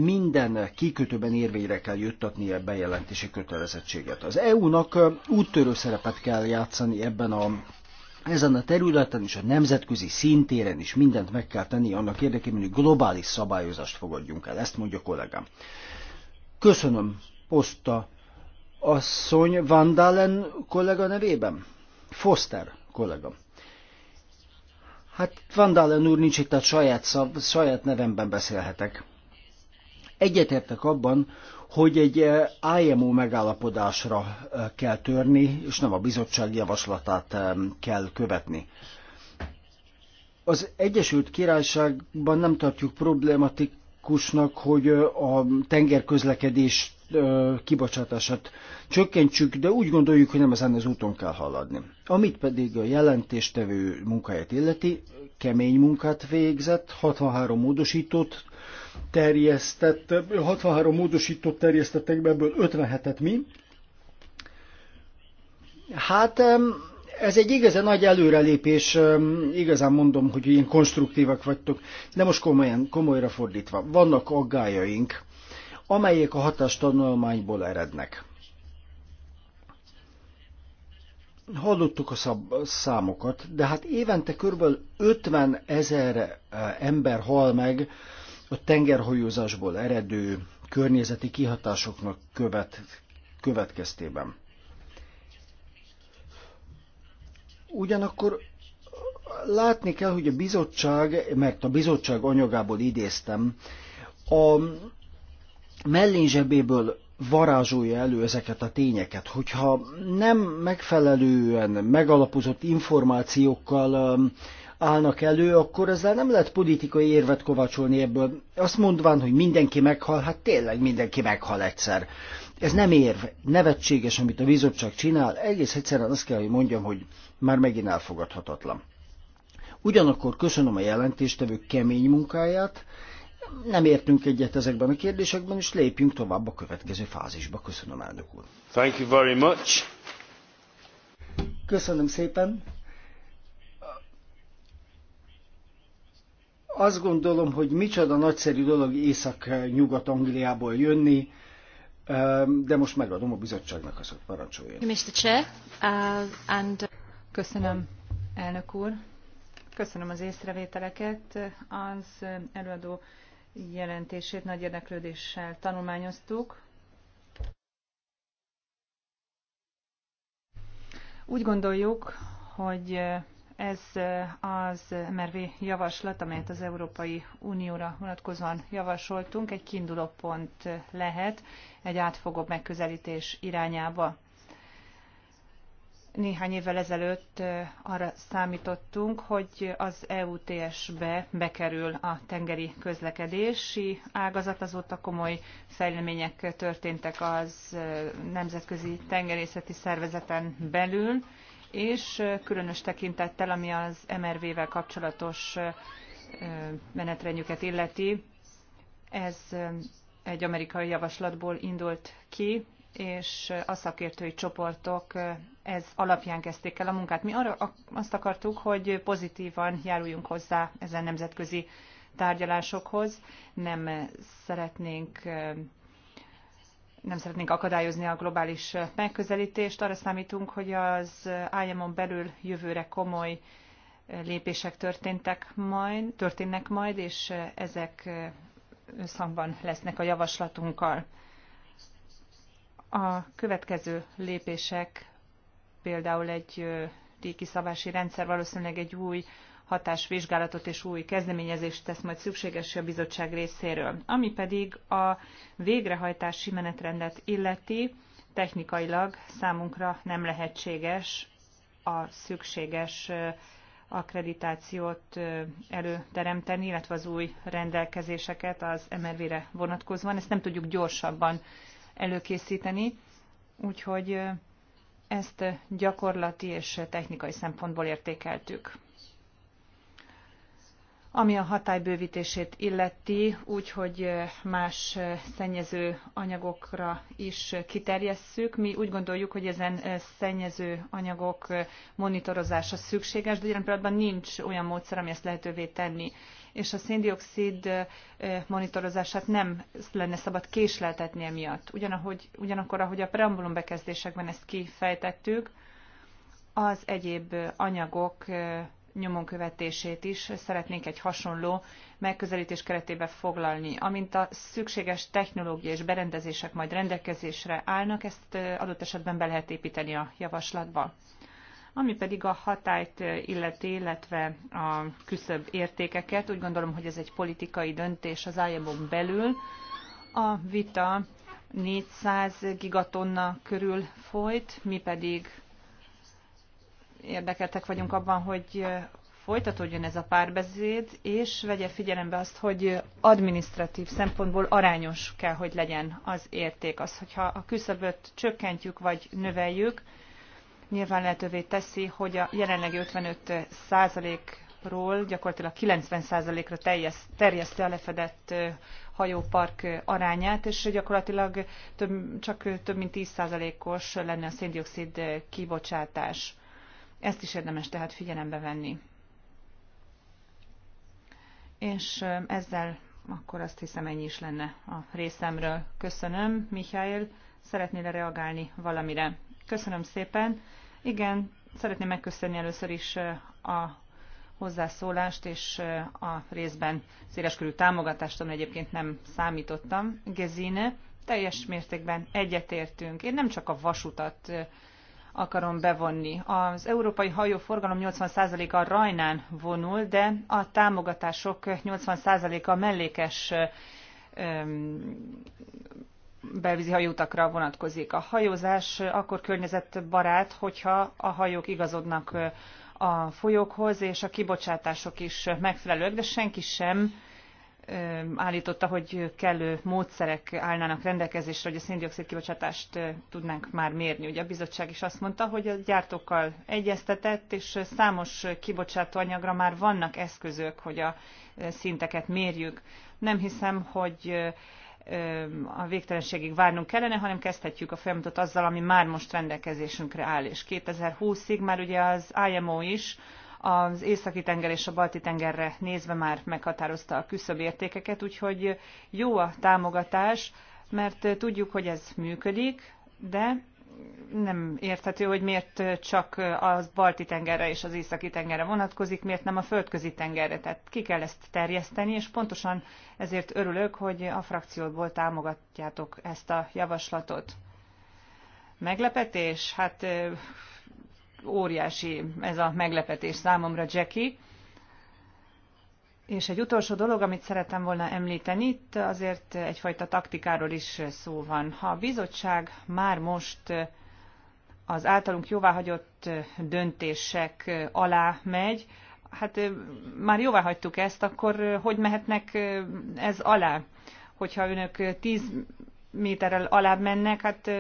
minden kikötőben érvényre kell juttatni a bejelentési kötelezettséget. Az EU-nak úttörő szerepet kell játszani ebben a ezen a területen és a nemzetközi szintéren is mindent meg kell tenni annak érdekében, hogy globális szabályozást fogadjunk el. Ezt mondja kollégám. Köszönöm, Poszta asszony szony Dalen kollega nevében? Foster kollega. Hát Vandalen úr nincs itt, a saját, szab, saját nevemben beszélhetek. Egyetértek abban, hogy egy eh, IMO megállapodásra eh, kell törni, és nem a bizottság javaslatát eh, kell követni. Az Egyesült Királyságban nem tartjuk problématikusnak, hogy a tengerközlekedés kibocsátását csökkentsük, de úgy gondoljuk, hogy nem ezen az úton kell haladni. Amit pedig a jelentéstevő munkáját illeti, kemény munkát végzett, 63 módosítót terjesztett, 63 módosítót terjesztettek be, ebből 57-et mi. Hát ez egy igazán nagy előrelépés, igazán mondom, hogy ilyen konstruktívak vagytok, de most komolyan, komolyra fordítva. Vannak aggájaink amelyek a tanulmányból erednek. Hallottuk a számokat, de hát évente kb. 50 ezer eh, ember hal meg a tengerhajózásból eredő környezeti kihatásoknak követ, következtében. Ugyanakkor látni kell, hogy a bizottság, mert a bizottság anyagából idéztem, a mellényzsebéből varázsolja elő ezeket a tényeket. Hogyha nem megfelelően megalapozott információkkal um, állnak elő, akkor ezzel nem lehet politikai érvet kovácsolni ebből. Azt mondván, hogy mindenki meghal, hát tényleg mindenki meghal egyszer. Ez nem érv, nevetséges, amit a bizottság csinál, egész egyszerűen azt kell, hogy mondjam, hogy már megint elfogadhatatlan. Ugyanakkor köszönöm a jelentéstevők kemény munkáját, nem értünk egyet ezekben a kérdésekben, és lépjünk tovább a következő fázisba. Köszönöm, elnök úr. Thank you very much. Köszönöm szépen. Azt gondolom, hogy micsoda nagyszerű dolog Észak-Nyugat-Angliából jönni, de most megadom a bizottságnak azt, hogy parancsoljon. Mr. Chair, uh, and... Köszönöm, elnök úr. Köszönöm az észrevételeket. Az előadó jelentését nagy érdeklődéssel tanulmányoztuk. Úgy gondoljuk, hogy ez az MRV javaslat, amelyet az Európai Unióra vonatkozóan javasoltunk, egy kiinduló pont lehet egy átfogóbb megközelítés irányába. Néhány évvel ezelőtt arra számítottunk, hogy az EUTS-be bekerül a tengeri közlekedési ágazat. Azóta komoly fejlemények történtek az Nemzetközi Tengerészeti Szervezeten belül, és különös tekintettel, ami az MRV-vel kapcsolatos menetrendjüket illeti, ez egy amerikai javaslatból indult ki, és a szakértői csoportok ez alapján kezdték el a munkát. Mi arra azt akartuk, hogy pozitívan járuljunk hozzá ezen nemzetközi tárgyalásokhoz. Nem szeretnénk nem szeretnénk akadályozni a globális megközelítést. Arra számítunk, hogy az IMO-n belül jövőre komoly lépések történtek majd, történnek majd, és ezek összhangban lesznek a javaslatunkkal. A következő lépések például egy szabási rendszer valószínűleg egy új hatásvizsgálatot és új kezdeményezést tesz majd szükséges a bizottság részéről. Ami pedig a végrehajtási menetrendet illeti, technikailag számunkra nem lehetséges a szükséges akkreditációt előteremteni, illetve az új rendelkezéseket az MRV-re vonatkozóan. Ezt nem tudjuk gyorsabban előkészíteni, úgyhogy ezt gyakorlati és technikai szempontból értékeltük. Ami a hatálybővítését illeti, úgyhogy más szennyező anyagokra is kiterjesszük. Mi úgy gondoljuk, hogy ezen szennyező anyagok monitorozása szükséges, de jelen pillanatban nincs olyan módszer, ami ezt lehetővé tenni és a széndiokszid monitorozását nem lenne szabad késleltetni emiatt. Ugyanahogy, ugyanakkor, ahogy a preambulum bekezdésekben ezt kifejtettük, az egyéb anyagok nyomon követését is szeretnénk egy hasonló megközelítés keretébe foglalni. Amint a szükséges technológia és berendezések majd rendelkezésre állnak, ezt adott esetben be lehet építeni a javaslatba. Ami pedig a hatályt eh, illeti, illetve a küszöbb értékeket, úgy gondolom, hogy ez egy politikai döntés az IMO-n belül. A vita 400 gigatonna körül folyt, mi pedig érdekeltek vagyunk abban, hogy eh, folytatódjon ez a párbeszéd, és vegye figyelembe azt, hogy administratív szempontból arányos kell, hogy legyen az érték. Az, hogyha a küszöböt csökkentjük vagy növeljük, nyilván lehetővé teszi, hogy a jelenlegi 55 ról gyakorlatilag 90%-ra terjeszte a lefedett hajópark arányát, és gyakorlatilag több, csak több mint 10%-os lenne a széndiokszid kibocsátás. Ezt is érdemes tehát figyelembe venni. És ezzel akkor azt hiszem ennyi is lenne a részemről. Köszönöm, Mihály, szeretnél reagálni valamire? Köszönöm szépen. Igen, szeretném megköszönni először is a hozzászólást és a részben széleskörű támogatást, amely egyébként nem számítottam. Gezine, teljes mértékben egyetértünk. Én nem csak a vasutat akarom bevonni. Az európai hajóforgalom 80%-a rajnán vonul, de a támogatások 80%-a mellékes belvízi hajótakra vonatkozik. A hajózás akkor környezetbarát, hogyha a hajók igazodnak a folyókhoz, és a kibocsátások is megfelelők, de senki sem állította, hogy kellő módszerek állnának rendelkezésre, hogy a széndiokszid kibocsátást tudnánk már mérni. Ugye a bizottság is azt mondta, hogy a gyártókkal egyeztetett, és számos kibocsátóanyagra már vannak eszközök, hogy a szinteket mérjük. Nem hiszem, hogy a végtelenségig várnunk kellene, hanem kezdhetjük a folyamatot azzal, ami már most rendelkezésünkre áll. És 2020-ig már ugye az IMO is az északi tenger és a balti tengerre nézve már meghatározta a küszöb értékeket, úgyhogy jó a támogatás, mert tudjuk, hogy ez működik, de nem érthető, hogy miért csak az balti tengerre és az északi tengerre vonatkozik, miért nem a földközi tengerre. Tehát ki kell ezt terjeszteni, és pontosan ezért örülök, hogy a frakciótból támogatjátok ezt a javaslatot. Meglepetés? Hát óriási ez a meglepetés számomra, Jackie. És egy utolsó dolog, amit szerettem volna említeni, itt azért egyfajta taktikáról is szó van. Ha a bizottság már most az általunk jóváhagyott döntések alá megy, hát már jóváhagytuk ezt, akkor hogy mehetnek ez alá? Hogyha önök tíz méterrel alá mennek, hát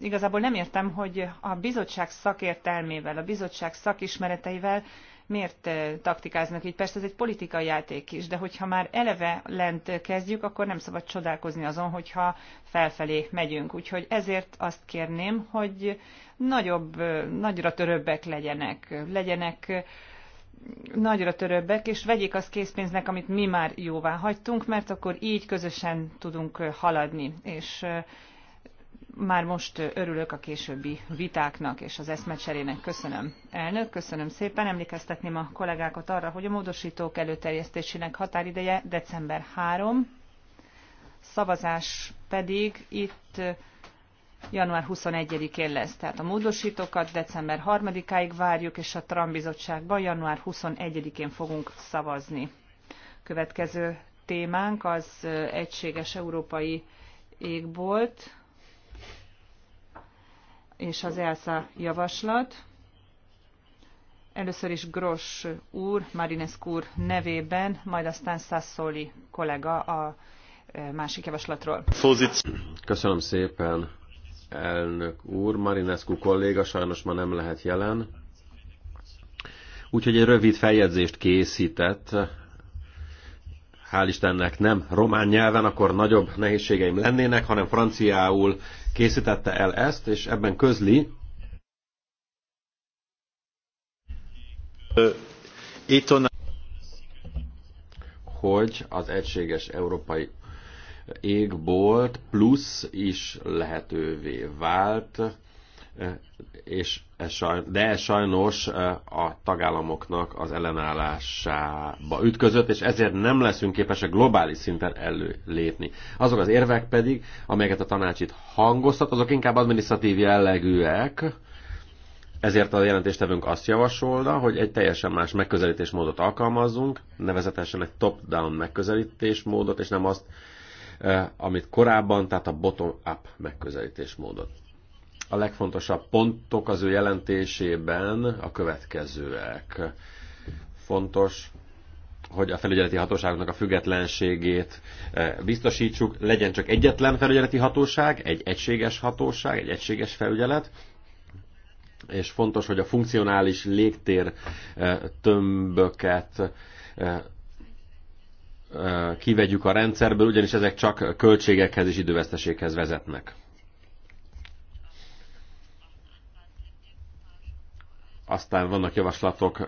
igazából nem értem, hogy a bizottság szakértelmével, a bizottság szakismereteivel miért eh, taktikáznak így. Persze ez egy politikai játék is, de hogyha már eleve lent kezdjük, akkor nem szabad csodálkozni azon, hogyha felfelé megyünk. Úgyhogy ezért azt kérném, hogy nagyobb, eh, nagyra törőbbek legyenek, legyenek eh, nagyra törőbbek, és vegyék azt készpénznek, amit mi már jóvá hagytunk, mert akkor így közösen tudunk haladni. És már most örülök a későbbi vitáknak és az eszmecserének. Köszönöm, elnök, köszönöm szépen. Emlékeztetném a kollégákat arra, hogy a módosítók előterjesztésének határideje december 3, szavazás pedig itt eh, január 21-én lesz. Tehát a módosítókat december 3-áig várjuk, és a Tram bizottságban január 21-én fogunk szavazni. Következő témánk az eh, egységes európai égbolt és az ELSA javaslat. Először is Gross úr, Marinescu úr nevében, majd aztán Sassoli kollega a e, másik javaslatról. Köszönöm szépen, elnök úr. Marinescu kolléga sajnos ma nem lehet jelen. Úgyhogy egy rövid feljegyzést készített hál' Istennek nem román nyelven, akkor nagyobb nehézségeim lennének, hanem franciául készítette el ezt, és ebben közli. hogy az egységes európai égbolt plusz is lehetővé vált és ez sajnos, de ez sajnos a tagállamoknak az ellenállásába ütközött, és ezért nem leszünk képesek globális szinten előlépni. Azok az érvek pedig, amelyeket a tanács itt hangoztat, azok inkább adminisztratív jellegűek, ezért a jelentéstevünk azt javasolta, hogy egy teljesen más megközelítésmódot alkalmazzunk, nevezetesen egy top-down megközelítésmódot, és nem azt, amit korábban, tehát a bottom-up megközelítésmódot. A legfontosabb pontok az ő jelentésében a következőek. Fontos, hogy a felügyeleti hatóságoknak a függetlenségét eh, biztosítsuk, legyen csak egyetlen felügyeleti hatóság, egy egységes hatóság, egy egységes felügyelet, és fontos, hogy a funkcionális légtér eh, tömböket eh, kivegyük a rendszerből, ugyanis ezek csak költségekhez és időveszteséghez vezetnek. Aztán vannak javaslatok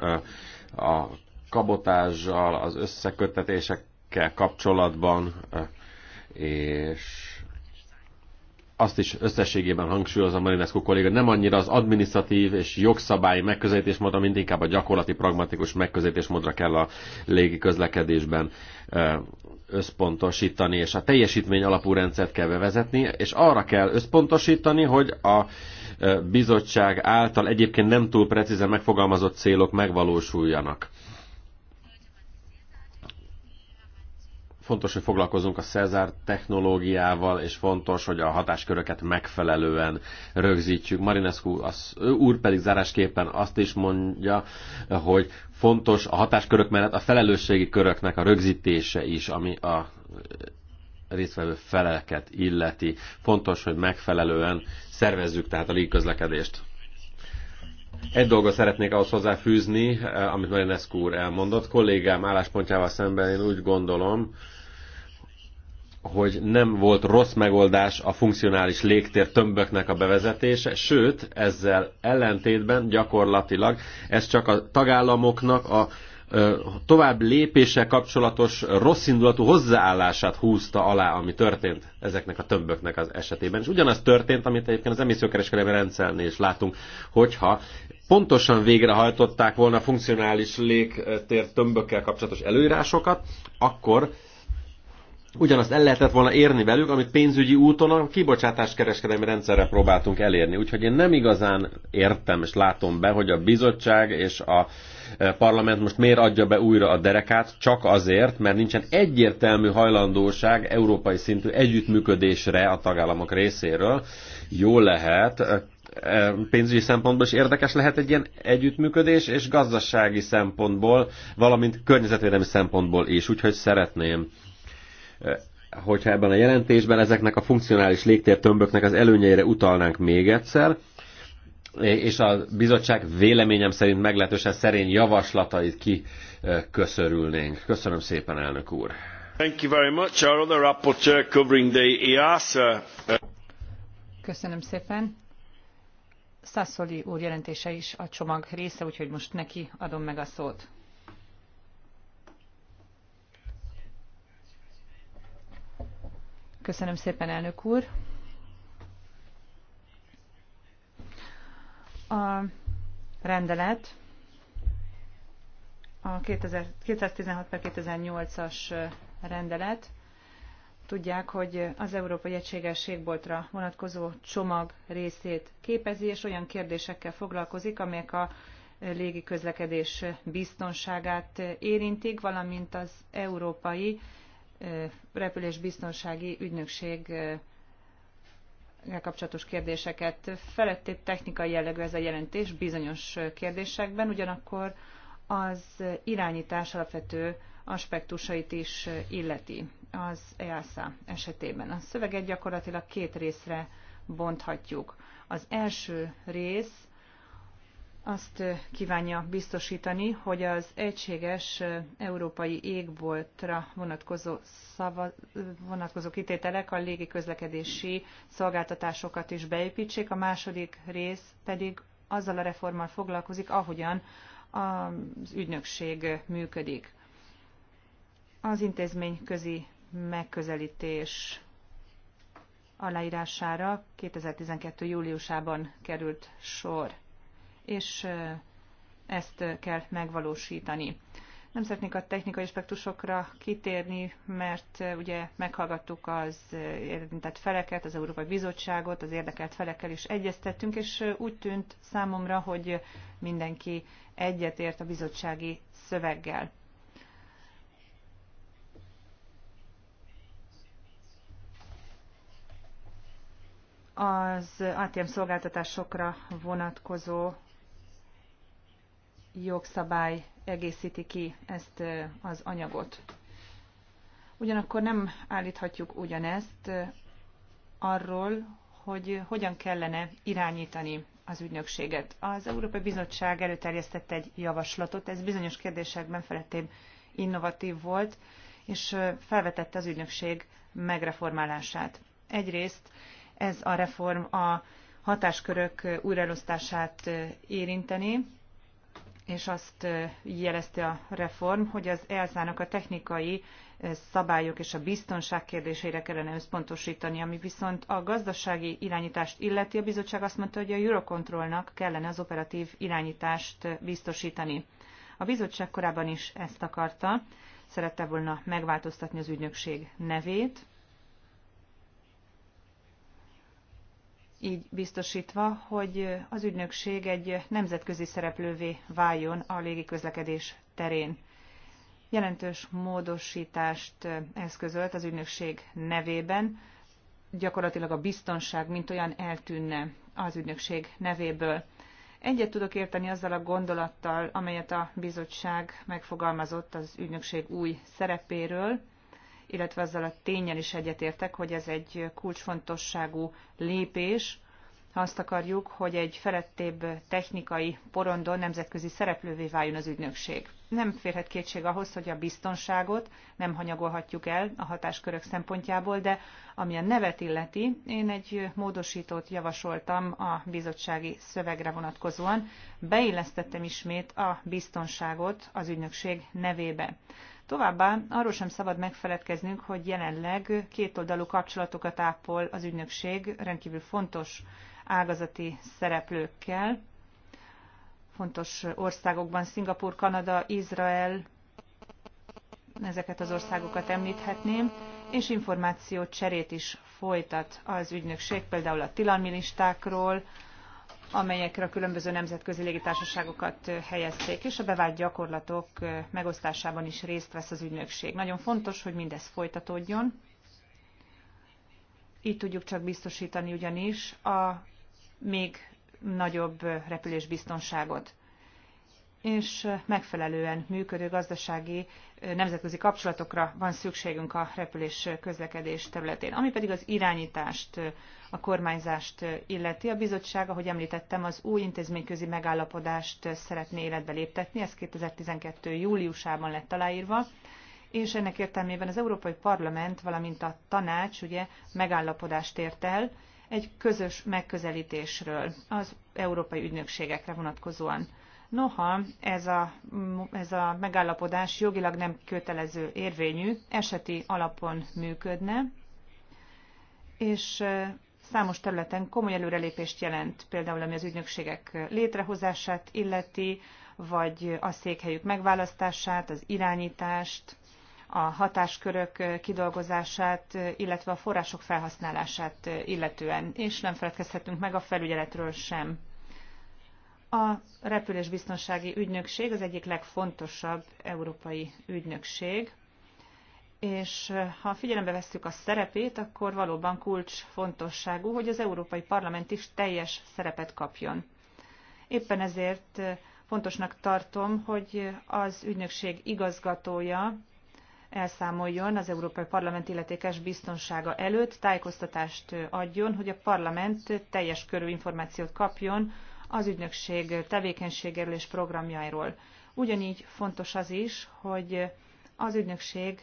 a kabotással, az összekötetésekkel kapcsolatban, és azt is összességében a Marinescu kolléga, nem annyira az administratív és jogszabályi megközelítésmódra, mint inkább a gyakorlati, pragmatikus megközelítésmódra kell a légi közlekedésben összpontosítani, és a teljesítmény alapú rendszert kell bevezetni, és arra kell összpontosítani, hogy a Bizottság által egyébként nem túl precízen megfogalmazott célok megvalósuljanak. Fontos, hogy foglalkozunk a Cezár technológiával, és fontos, hogy a hatásköröket megfelelően rögzítjük. Marinescu az, úr pedig zárásképpen azt is mondja, hogy fontos a hatáskörök mellett a felelősségi köröknek a rögzítése is, ami a résztvevő feleket illeti. Fontos, hogy megfelelően Szervezzük tehát a légközlekedést. Egy dolgot szeretnék ahhoz hozzáfűzni, eh, amit Marinescu úr elmondott. Kollégám álláspontjával szemben én úgy gondolom, hogy nem volt rossz megoldás a funkcionális légtér tömböknek a bevezetése, sőt, ezzel ellentétben gyakorlatilag ez csak a tagállamoknak a tovább lépése kapcsolatos rosszindulatú hozzáállását húzta alá, ami történt ezeknek a tömböknek az esetében. És ugyanaz történt, amit egyébként az emissziókereskedelmi rendszernél is látunk, hogyha pontosan végrehajtották volna a funkcionális légtér tömbökkel kapcsolatos előírásokat, akkor ugyanazt el lehetett volna érni velük, amit pénzügyi úton a kibocsátáskereskedelmi rendszerre próbáltunk elérni. Úgyhogy én nem igazán értem és látom be, hogy a bizottság és a E, parlament most miért adja be újra a derekát, csak azért, mert nincsen egyértelmű hajlandóság európai szintű együttműködésre a tagállamok részéről. Jó lehet, e, e, pénzügyi szempontból is érdekes lehet egy ilyen együttműködés, és gazdasági szempontból, valamint környezetvédelmi szempontból is. Úgyhogy szeretném, hogyha ebben a jelentésben ezeknek a funkcionális légtértömböknek az előnyeire utalnánk még egyszer, és a bizottság véleményem szerint meglehetősen szerény javaslatait ki köszörülnénk. Köszönöm szépen, elnök úr! Thank you very much. Our other rapporteur covering the EASA. Köszönöm szépen. Szaszoli úr jelentése is a csomag része, úgyhogy most neki adom meg a szót. Köszönöm szépen, elnök úr. A rendelet a 216 2008-as rendelet. Tudják, hogy az Európai Egységes Ségboltra vonatkozó csomag részét képezi, és olyan kérdésekkel foglalkozik, amelyek a légi közlekedés biztonságát érintik, valamint az Európai Repülés Biztonsági Ügynökség kapcsolatos kérdéseket. Feletté technikai jellegű ez a jelentés bizonyos kérdésekben, ugyanakkor az irányítás alapvető aspektusait is illeti az EASA esetében. A szöveget gyakorlatilag két részre bonthatjuk. Az első rész azt kívánja biztosítani, hogy az egységes európai égboltra vonatkozó, szava, vonatkozó kitételek a légiközlekedési szolgáltatásokat is beépítsék, a második rész pedig azzal a reformmal foglalkozik, ahogyan az ügynökség működik. Az intézmény közi megközelítés aláírására 2012. júliusában került sor és ezt kell megvalósítani. Nem szeretnék a technikai aspektusokra kitérni, mert ugye meghallgattuk az érintett feleket, az Európai Bizottságot, az érdekelt felekkel is egyeztettünk, és úgy tűnt számomra, hogy mindenki egyetért a bizottsági szöveggel. Az ATM szolgáltatásokra vonatkozó jogszabály egészíti ki ezt az anyagot. Ugyanakkor nem állíthatjuk ugyanezt arról, hogy hogyan kellene irányítani az ügynökséget. Az Európai Bizottság előterjesztett egy javaslatot, ez bizonyos kérdésekben felettébb innovatív volt, és felvetette az ügynökség megreformálását. Egyrészt ez a reform a hatáskörök újraelosztását érinteni, és azt jelezte a reform, hogy az elszának a technikai szabályok és a biztonság kérdésére kellene összpontosítani, ami viszont a gazdasági irányítást illeti. A bizottság azt mondta, hogy a Eurocontrolnak kellene az operatív irányítást biztosítani. A bizottság korábban is ezt akarta, szerette volna megváltoztatni az ügynökség nevét, így biztosítva, hogy az ügynökség egy nemzetközi szereplővé váljon a légiközlekedés terén. Jelentős módosítást eszközölt az ügynökség nevében, gyakorlatilag a biztonság mint olyan eltűnne az ügynökség nevéből. Egyet tudok érteni azzal a gondolattal, amelyet a bizottság megfogalmazott az ügynökség új szerepéről, illetve azzal a tényen is egyetértek, hogy ez egy kulcsfontosságú lépés, ha azt akarjuk, hogy egy felettébb technikai porondon nemzetközi szereplővé váljon az ügynökség. Nem férhet kétség ahhoz, hogy a biztonságot nem hanyagolhatjuk el a hatáskörök szempontjából, de ami a nevet illeti, én egy módosítót javasoltam a bizottsági szövegre vonatkozóan, beillesztettem ismét a biztonságot az ügynökség nevébe. Továbbá arról sem szabad megfeledkeznünk, hogy jelenleg kétoldalú kapcsolatokat ápol az ügynökség rendkívül fontos ágazati szereplőkkel, fontos országokban, Szingapur, Kanada, Izrael, ezeket az országokat említhetném, és információ cserét is folytat az ügynökség, például a tilalmi listákról, amelyekre a különböző nemzetközi légitársaságokat helyezték, és a bevált gyakorlatok megosztásában is részt vesz az ügynökség. Nagyon fontos, hogy mindez folytatódjon. Így tudjuk csak biztosítani ugyanis a még nagyobb repülésbiztonságot és megfelelően működő gazdasági nemzetközi kapcsolatokra van szükségünk a repülés közlekedés területén. Ami pedig az irányítást, a kormányzást illeti, a bizottság, ahogy említettem, az új intézményközi megállapodást szeretné életbe léptetni, ez 2012. júliusában lett aláírva, és ennek értelmében az Európai Parlament, valamint a tanács ugye megállapodást ért el egy közös megközelítésről az európai ügynökségekre vonatkozóan. Noha ez a, ez a megállapodás jogilag nem kötelező érvényű, eseti alapon működne, és számos területen komoly előrelépést jelent, például ami az ügynökségek létrehozását illeti, vagy a székhelyük megválasztását, az irányítást, a hatáskörök kidolgozását, illetve a források felhasználását illetően, és nem feledkezhetünk meg a felügyeletről sem. A repülésbiztonsági ügynökség az egyik legfontosabb európai ügynökség, és ha figyelembe vesszük a szerepét, akkor valóban kulcs fontosságú, hogy az Európai Parlament is teljes szerepet kapjon. Éppen ezért fontosnak tartom, hogy az ügynökség igazgatója elszámoljon az Európai Parlament illetékes biztonsága előtt, tájékoztatást adjon, hogy a parlament teljes körű információt kapjon az ügynökség tevékenységéről és programjairól. Ugyanígy fontos az is, hogy az ügynökség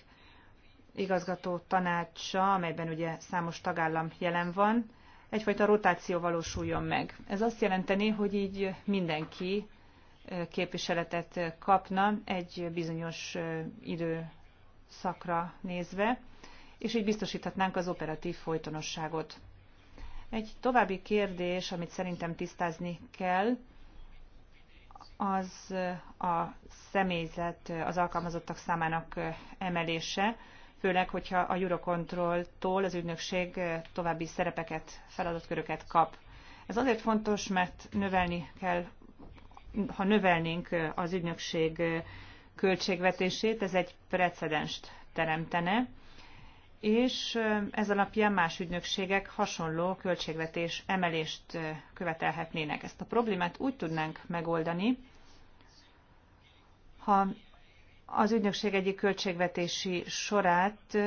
igazgató tanácsa, amelyben ugye számos tagállam jelen van, egyfajta rotáció valósuljon meg. Ez azt jelenteni, hogy így mindenki képviseletet kapna egy bizonyos időszakra nézve, és így biztosíthatnánk az operatív folytonosságot. Egy további kérdés, amit szerintem tisztázni kell, az a személyzet, az alkalmazottak számának emelése, főleg, hogyha a Eurocontrol-tól az ügynökség további szerepeket, feladatköröket kap. Ez azért fontos, mert növelni kell, ha növelnénk az ügynökség költségvetését, ez egy precedenst teremtene, és ez alapján más ügynökségek hasonló költségvetés emelést követelhetnének. Ezt a problémát úgy tudnánk megoldani, ha az ügynökség egyik költségvetési sorát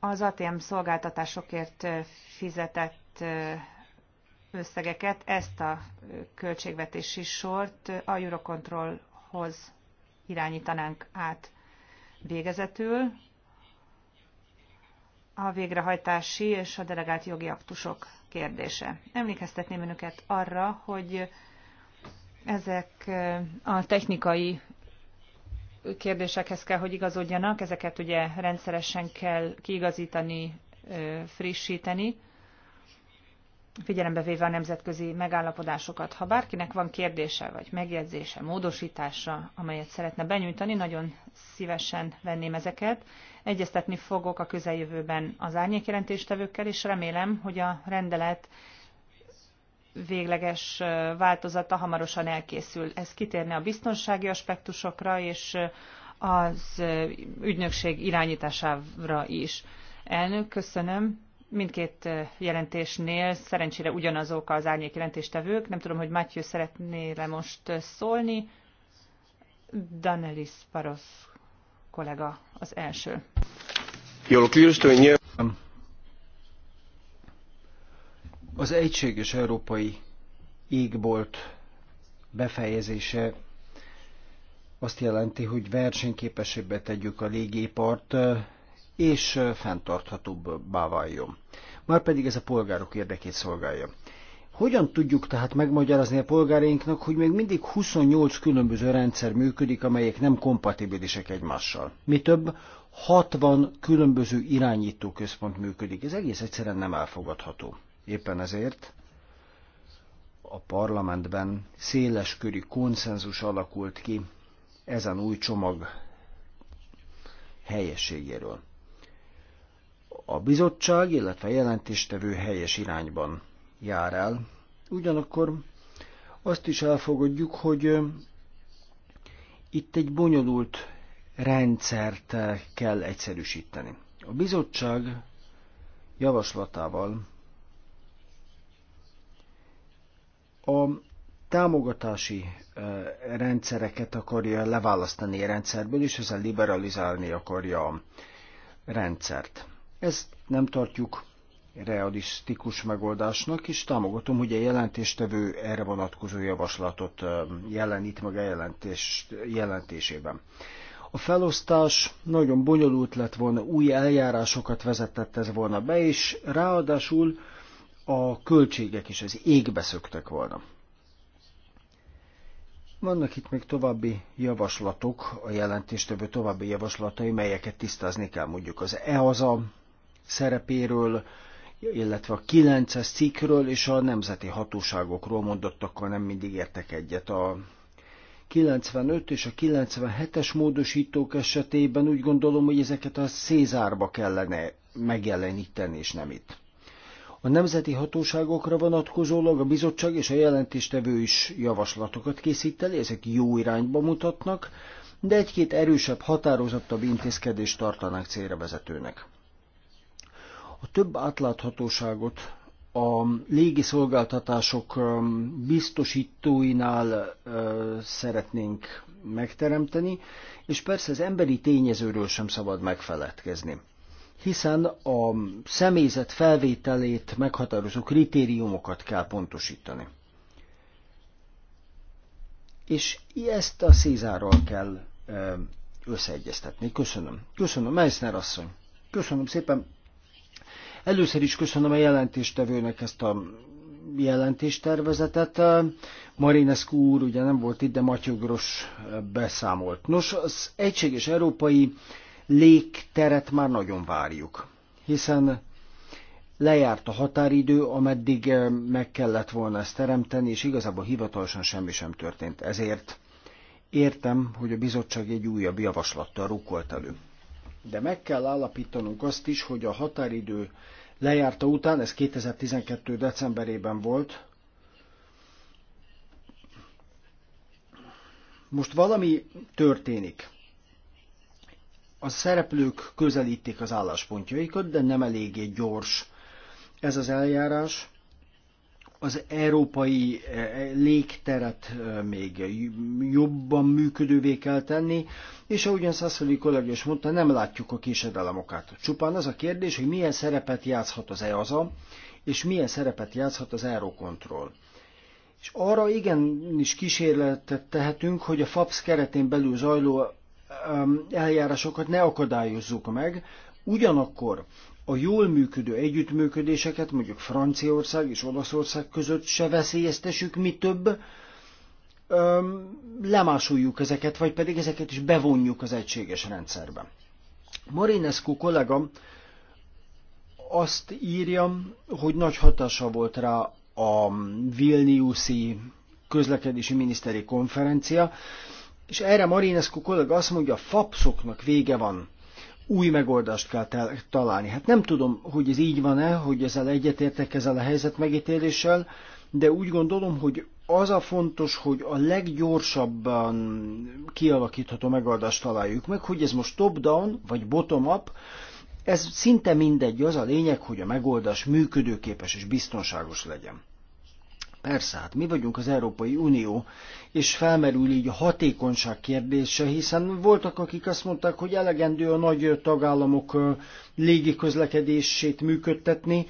az ATM szolgáltatásokért fizetett összegeket, ezt a költségvetési sort a Eurocontrolhoz irányítanánk át. Végezetül a végrehajtási és a delegált jogi aktusok kérdése. Emlékeztetném önöket arra, hogy ezek eh, a technikai kérdésekhez kell, hogy igazodjanak, ezeket ugye rendszeresen kell kiigazítani, eh, frissíteni, figyelembe véve a nemzetközi megállapodásokat. Ha bárkinek van kérdése, vagy megjegyzése, módosítása, amelyet szeretne benyújtani, nagyon szívesen venném ezeket. Egyeztetni fogok a közeljövőben az árnyékjelentéstevőkkel, és remélem, hogy a rendelet végleges változata hamarosan elkészül. Ez kitérne a biztonsági aspektusokra és az ügynökség irányítására is. Elnök, köszönöm mindkét jelentésnél szerencsére ugyanazok az árnyék jelentéstevők. Nem tudom, hogy Matthew szeretné le most szólni. Danelis Paros kollega az első. Jól Az egységes európai égbolt befejezése azt jelenti, hogy versenyképesebbet tegyük a légépart, és fenntarthatóbbá váljon. pedig ez a polgárok érdekét szolgálja. Hogyan tudjuk tehát megmagyarázni a polgárainknak, hogy még mindig 28 különböző rendszer működik, amelyek nem kompatibilisek egymással? Mi több, 60 különböző irányító központ működik. Ez egész egyszerűen nem elfogadható. Éppen ezért a parlamentben széleskörű konszenzus alakult ki ezen új csomag helyességéről a bizottság, illetve a jelentéstevő helyes irányban jár el. Ugyanakkor azt is elfogadjuk, hogy itt egy bonyolult rendszert kell egyszerűsíteni. A bizottság javaslatával a támogatási rendszereket akarja leválasztani a rendszerből, és ezzel liberalizálni akarja a rendszert. Ezt nem tartjuk realisztikus megoldásnak, és támogatom, hogy a jelentéstevő erre vonatkozó javaslatot um, jelenít meg a jelentés, jelentésében. A felosztás nagyon bonyolult lett volna, új eljárásokat vezetett ez volna be, és ráadásul a költségek is az égbe szöktek volna. Vannak itt még további javaslatok, a jelentéstevő további javaslatai, melyeket tisztázni kell mondjuk az EHAZA szerepéről, illetve a 9 cikkről és a nemzeti hatóságokról mondottakkal nem mindig értek egyet. A 95 és a 97-es módosítók esetében úgy gondolom, hogy ezeket a Szézárba kellene megjeleníteni, és nem itt. A nemzeti hatóságokra vonatkozólag a bizottság és a jelentéstevő is javaslatokat készít el, ezek jó irányba mutatnak, de egy-két erősebb, határozottabb intézkedést tartanák célra vezetőnek. A több átláthatóságot a légiszolgáltatások um, biztosítóinál uh, szeretnénk megteremteni, és persze az emberi tényezőről sem szabad megfeledkezni hiszen a személyzet felvételét meghatározó kritériumokat kell pontosítani. És ezt a Szézárral kell uh, összeegyeztetni. Köszönöm. Köszönöm, Meissner asszony. Köszönöm szépen. Először is köszönöm a jelentéstevőnek ezt a jelentéstervezetet. Marinescu úr ugye nem volt itt, de Matyogros beszámolt. Nos, az egységes európai légteret már nagyon várjuk, hiszen lejárt a határidő, ameddig eh, meg kellett volna ezt teremteni, és igazából hivatalosan semmi sem történt. Ezért értem, hogy a bizottság egy újabb javaslattal rukolt elő de meg kell állapítanunk azt is, hogy a határidő lejárta után, ez 2012. decemberében volt, most valami történik. A szereplők közelítik az álláspontjaikat, de nem eléggé gyors ez az eljárás az európai eh, légteret eh, még jobban működővé kell tenni, és ahogyan Szaszoli kollega is mondta, nem látjuk a késedelem okát. Csupán az a kérdés, hogy milyen szerepet játszhat az EASA, és milyen szerepet játszhat az Eurocontrol. És arra igenis kísérletet tehetünk, hogy a FAPS keretén belül zajló eljárásokat ne akadályozzuk meg, ugyanakkor a jól működő együttműködéseket, mondjuk Franciaország és Olaszország között se veszélyeztessük, mi több, öm, lemásoljuk ezeket, vagy pedig ezeket is bevonjuk az egységes rendszerbe. Marinescu kollega azt írja, hogy nagy hatása volt rá a Vilniuszi közlekedési miniszteri konferencia, és erre Marinescu kollega azt mondja, a fapszoknak vége van új megoldást kell találni. Hát nem tudom, hogy ez így van-e, hogy ezzel egyetértek ezzel a helyzet megítéléssel, de úgy gondolom, hogy az a fontos, hogy a leggyorsabban kialakítható megoldást találjuk meg, hogy ez most top-down vagy bottom-up, ez szinte mindegy, az a lényeg, hogy a megoldás működőképes és biztonságos legyen. Persze, hát mi vagyunk az Európai Unió, és felmerül így a hatékonyság kérdése, hiszen voltak, akik azt mondták, hogy elegendő a nagy tagállamok légiközlekedését működtetni,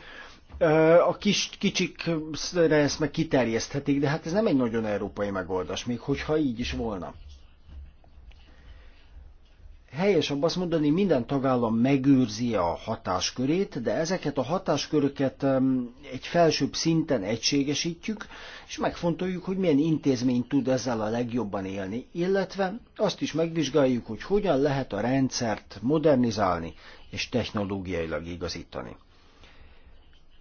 a kis, kicsikre ezt meg kiterjeszthetik, de hát ez nem egy nagyon európai megoldás, még hogyha így is volna helyesebb azt mondani, minden tagállam megőrzi a hatáskörét, de ezeket a hatásköröket egy felsőbb szinten egységesítjük, és megfontoljuk, hogy milyen intézmény tud ezzel a legjobban élni, illetve azt is megvizsgáljuk, hogy hogyan lehet a rendszert modernizálni és technológiailag igazítani.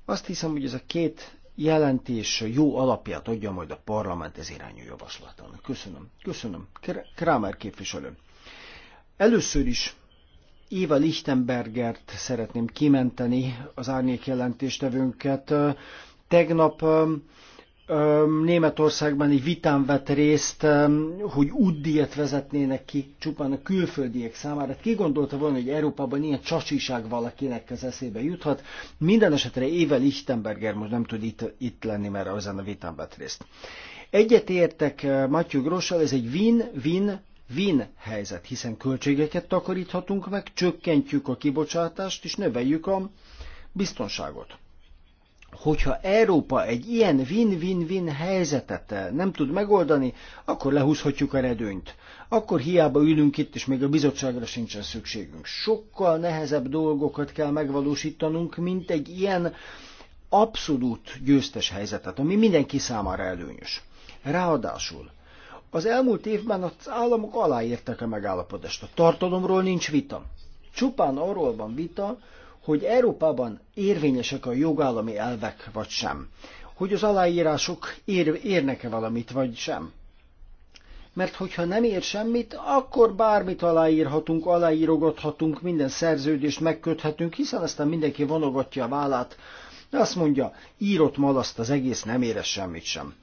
Azt hiszem, hogy ez a két jelentés jó alapját adja majd a parlament ez irányú javaslatának. Köszönöm. Köszönöm. Kramer képviselő. Először is Éva Lichtenbergert szeretném kimenteni, az árnyék jelentéstevőnket. Tegnap Németországban egy vitán vett részt, hogy útdíjat vezetnének ki csupán a külföldiek számára. Hát ki gondolta volna, hogy Európában ilyen csacsiság valakinek az eszébe juthat. Minden esetre Éva Lichtenberger most nem tud itt, itt lenni, mert ezen a vitán vett részt. értek Matthew Grossal, ez egy win-win win helyzet, hiszen költségeket takaríthatunk meg, csökkentjük a kibocsátást és növeljük a biztonságot. Hogyha Európa egy ilyen win-win-win helyzetet nem tud megoldani, akkor lehúzhatjuk a redőnyt. Akkor hiába ülünk itt, és még a bizottságra sincsen szükségünk. Sokkal nehezebb dolgokat kell megvalósítanunk, mint egy ilyen abszolút győztes helyzetet, ami mindenki számára előnyös. Ráadásul az elmúlt évben az államok aláírtak a megállapodást. A tartalomról nincs vita. Csupán arról van vita, hogy Európában érvényesek a jogállami elvek, vagy sem. Hogy az aláírások ér, érnek-e valamit, vagy sem. Mert hogyha nem ér semmit, akkor bármit aláírhatunk, aláírogathatunk, minden szerződést megköthetünk, hiszen aztán mindenki vonogatja a vállát, de azt mondja, írott malaszt az egész, nem ér semmit sem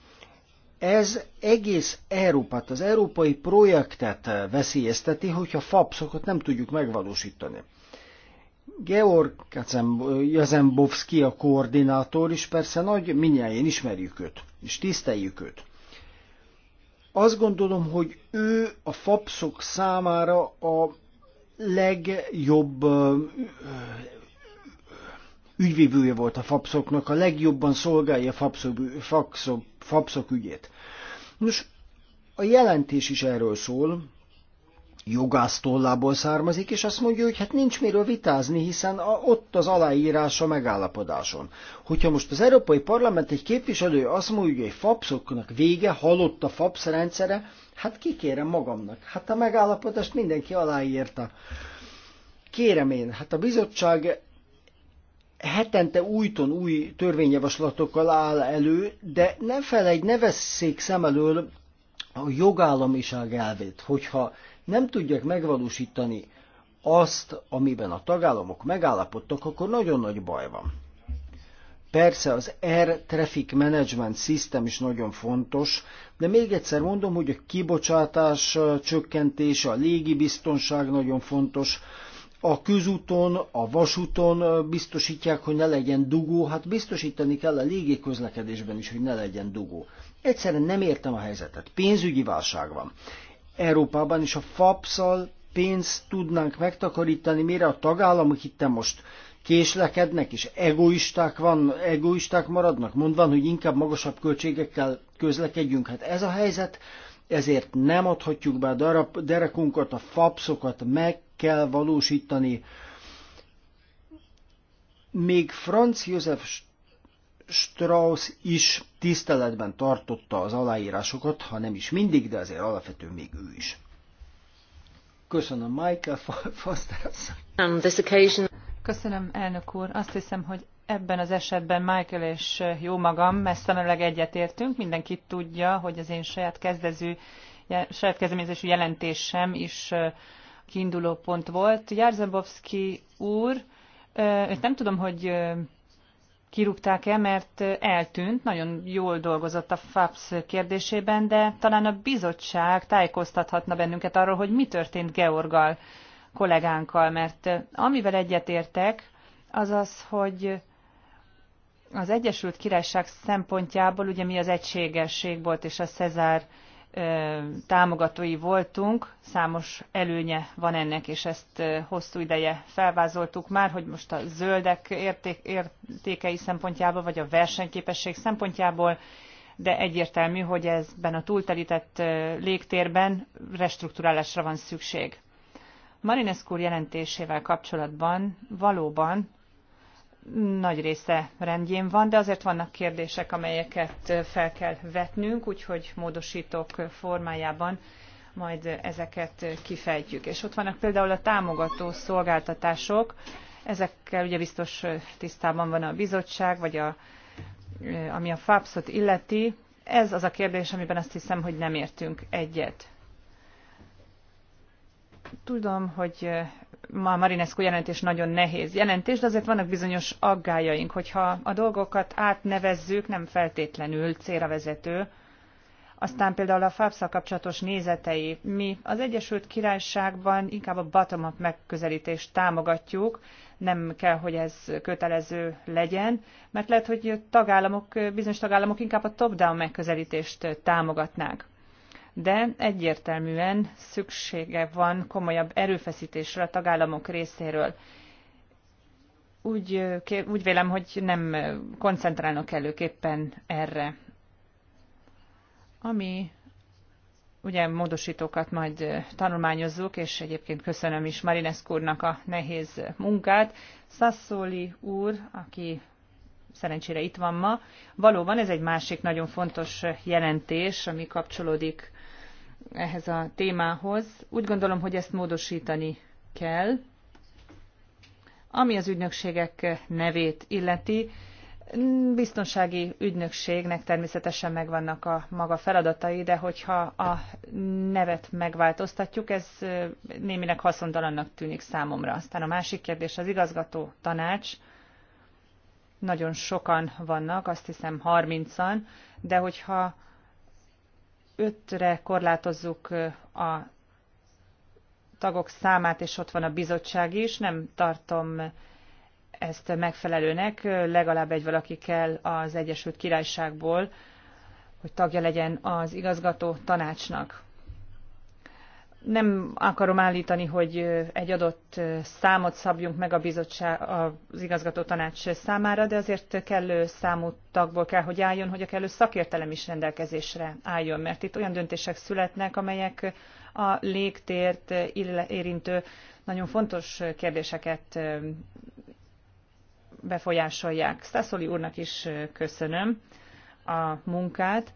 ez egész Európát, az európai projektet veszélyezteti, hogyha FAPSzokat nem tudjuk megvalósítani. Georg Jazembowski a koordinátor is, persze nagy minnyáján ismerjük őt, és tiszteljük őt. Azt gondolom, hogy ő a FAPSZok számára a legjobb ügyvívője volt a FAPSZoknak, a legjobban szolgálja a FAPSZok FAPSZok ügyét. Nos, a jelentés is erről szól, jogász tollából származik, és azt mondja, hogy hát nincs miről vitázni, hiszen a, ott az aláírás a megállapodáson. Hogyha most az Európai Parlament egy képviselő azt mondja, hogy FAPSZoknak vége, halott a FAPSZ rendszere, hát kikérem magamnak. Hát a megállapodást mindenki aláírta. Kérem én, hát a bizottság hetente újton új törvényjavaslatokkal áll elő, de ne felejt, ne vesszék szem elől a jogállamiság elvét, hogyha nem tudják megvalósítani azt, amiben a tagállamok megállapodtak, akkor nagyon nagy baj van. Persze az Air Traffic Management System is nagyon fontos, de még egyszer mondom, hogy a kibocsátás csökkentése, a légibiztonság nagyon fontos, a közúton, a vasúton biztosítják, hogy ne legyen dugó, hát biztosítani kell a légi közlekedésben is, hogy ne legyen dugó. Egyszerűen nem értem a helyzetet. Pénzügyi válság van. Európában is a FAPS-szal pénzt tudnánk megtakarítani, mire a tagállamok itt most késlekednek és egoisták, van, egoisták maradnak, mondván, hogy inkább magasabb költségekkel közlekedjünk. Hát ez a helyzet, ezért nem adhatjuk be a darab, derekunkat, a fapszokat, meg kell valósítani. Még Franz József Strauss is tiszteletben tartotta az aláírásokat, ha nem is mindig, de azért alapvető még ő is. Köszönöm, Michael Foster. Köszönöm, elnök úr. Azt hiszem, hogy ebben az esetben Michael és jó magam messze meleg egyetértünk. Mindenki tudja, hogy az én saját kezdező, saját kezdeményezésű jelentésem is kiinduló pont volt. Jarzembowski úr, őt nem tudom, hogy kirúgták-e, mert eltűnt, nagyon jól dolgozott a FAPS kérdésében, de talán a bizottság tájékoztathatna bennünket arról, hogy mi történt Georgal, kollégánkkal, mert amivel egyetértek, az az, hogy az Egyesült Királyság szempontjából ugye mi az egységesség volt és a Cezár támogatói voltunk, számos előnye van ennek, és ezt hosszú ideje felvázoltuk már, hogy most a zöldek érték, értékei szempontjából, vagy a versenyképesség szempontjából, de egyértelmű, hogy ezben a túltelített légtérben restruktúrálásra van szükség. Marinescu jelentésével kapcsolatban valóban nagy része rendjén van, de azért vannak kérdések, amelyeket fel kell vetnünk, úgyhogy módosítók formájában majd ezeket kifejtjük. És ott vannak például a támogató szolgáltatások, ezekkel ugye biztos tisztában van a bizottság, vagy a, ami a FAPSZ-ot illeti. Ez az a kérdés, amiben azt hiszem, hogy nem értünk egyet. Tudom, hogy a Marinescu jelentés nagyon nehéz jelentés, de azért vannak bizonyos aggájaink, hogyha a dolgokat átnevezzük, nem feltétlenül célra vezető. Aztán például a fapsz kapcsolatos nézetei. Mi az Egyesült Királyságban inkább a bottom-up megközelítést támogatjuk, nem kell, hogy ez kötelező legyen, mert lehet, hogy tagállamok, bizonyos tagállamok inkább a top-down megközelítést támogatnák de egyértelműen szüksége van komolyabb erőfeszítésre a tagállamok részéről. Úgy, úgy vélem, hogy nem koncentrálnak előképpen erre. Ami ugye módosítókat majd tanulmányozzuk, és egyébként köszönöm is Marinescu úrnak a nehéz munkát. Szaszóli úr, aki szerencsére itt van ma, valóban ez egy másik nagyon fontos jelentés, ami kapcsolódik ehhez a témához. Úgy gondolom, hogy ezt módosítani kell. Ami az ügynökségek nevét illeti, biztonsági ügynökségnek természetesen megvannak a maga feladatai, de hogyha a nevet megváltoztatjuk, ez némileg haszontalannak tűnik számomra. Aztán a másik kérdés az igazgató tanács. Nagyon sokan vannak, azt hiszem 30-an, de hogyha ötre korlátozzuk a tagok számát, és ott van a bizottság is. Nem tartom ezt megfelelőnek, legalább egy valaki kell az Egyesült Királyságból, hogy tagja legyen az igazgató tanácsnak nem akarom állítani, hogy egy adott számot szabjunk meg a bizottság, az igazgató tanács számára, de azért kellő számú tagból kell, hogy álljon, hogy a kellő szakértelem is rendelkezésre álljon, mert itt olyan döntések születnek, amelyek a légtért érintő nagyon fontos kérdéseket befolyásolják. Szászoli úrnak is köszönöm a munkát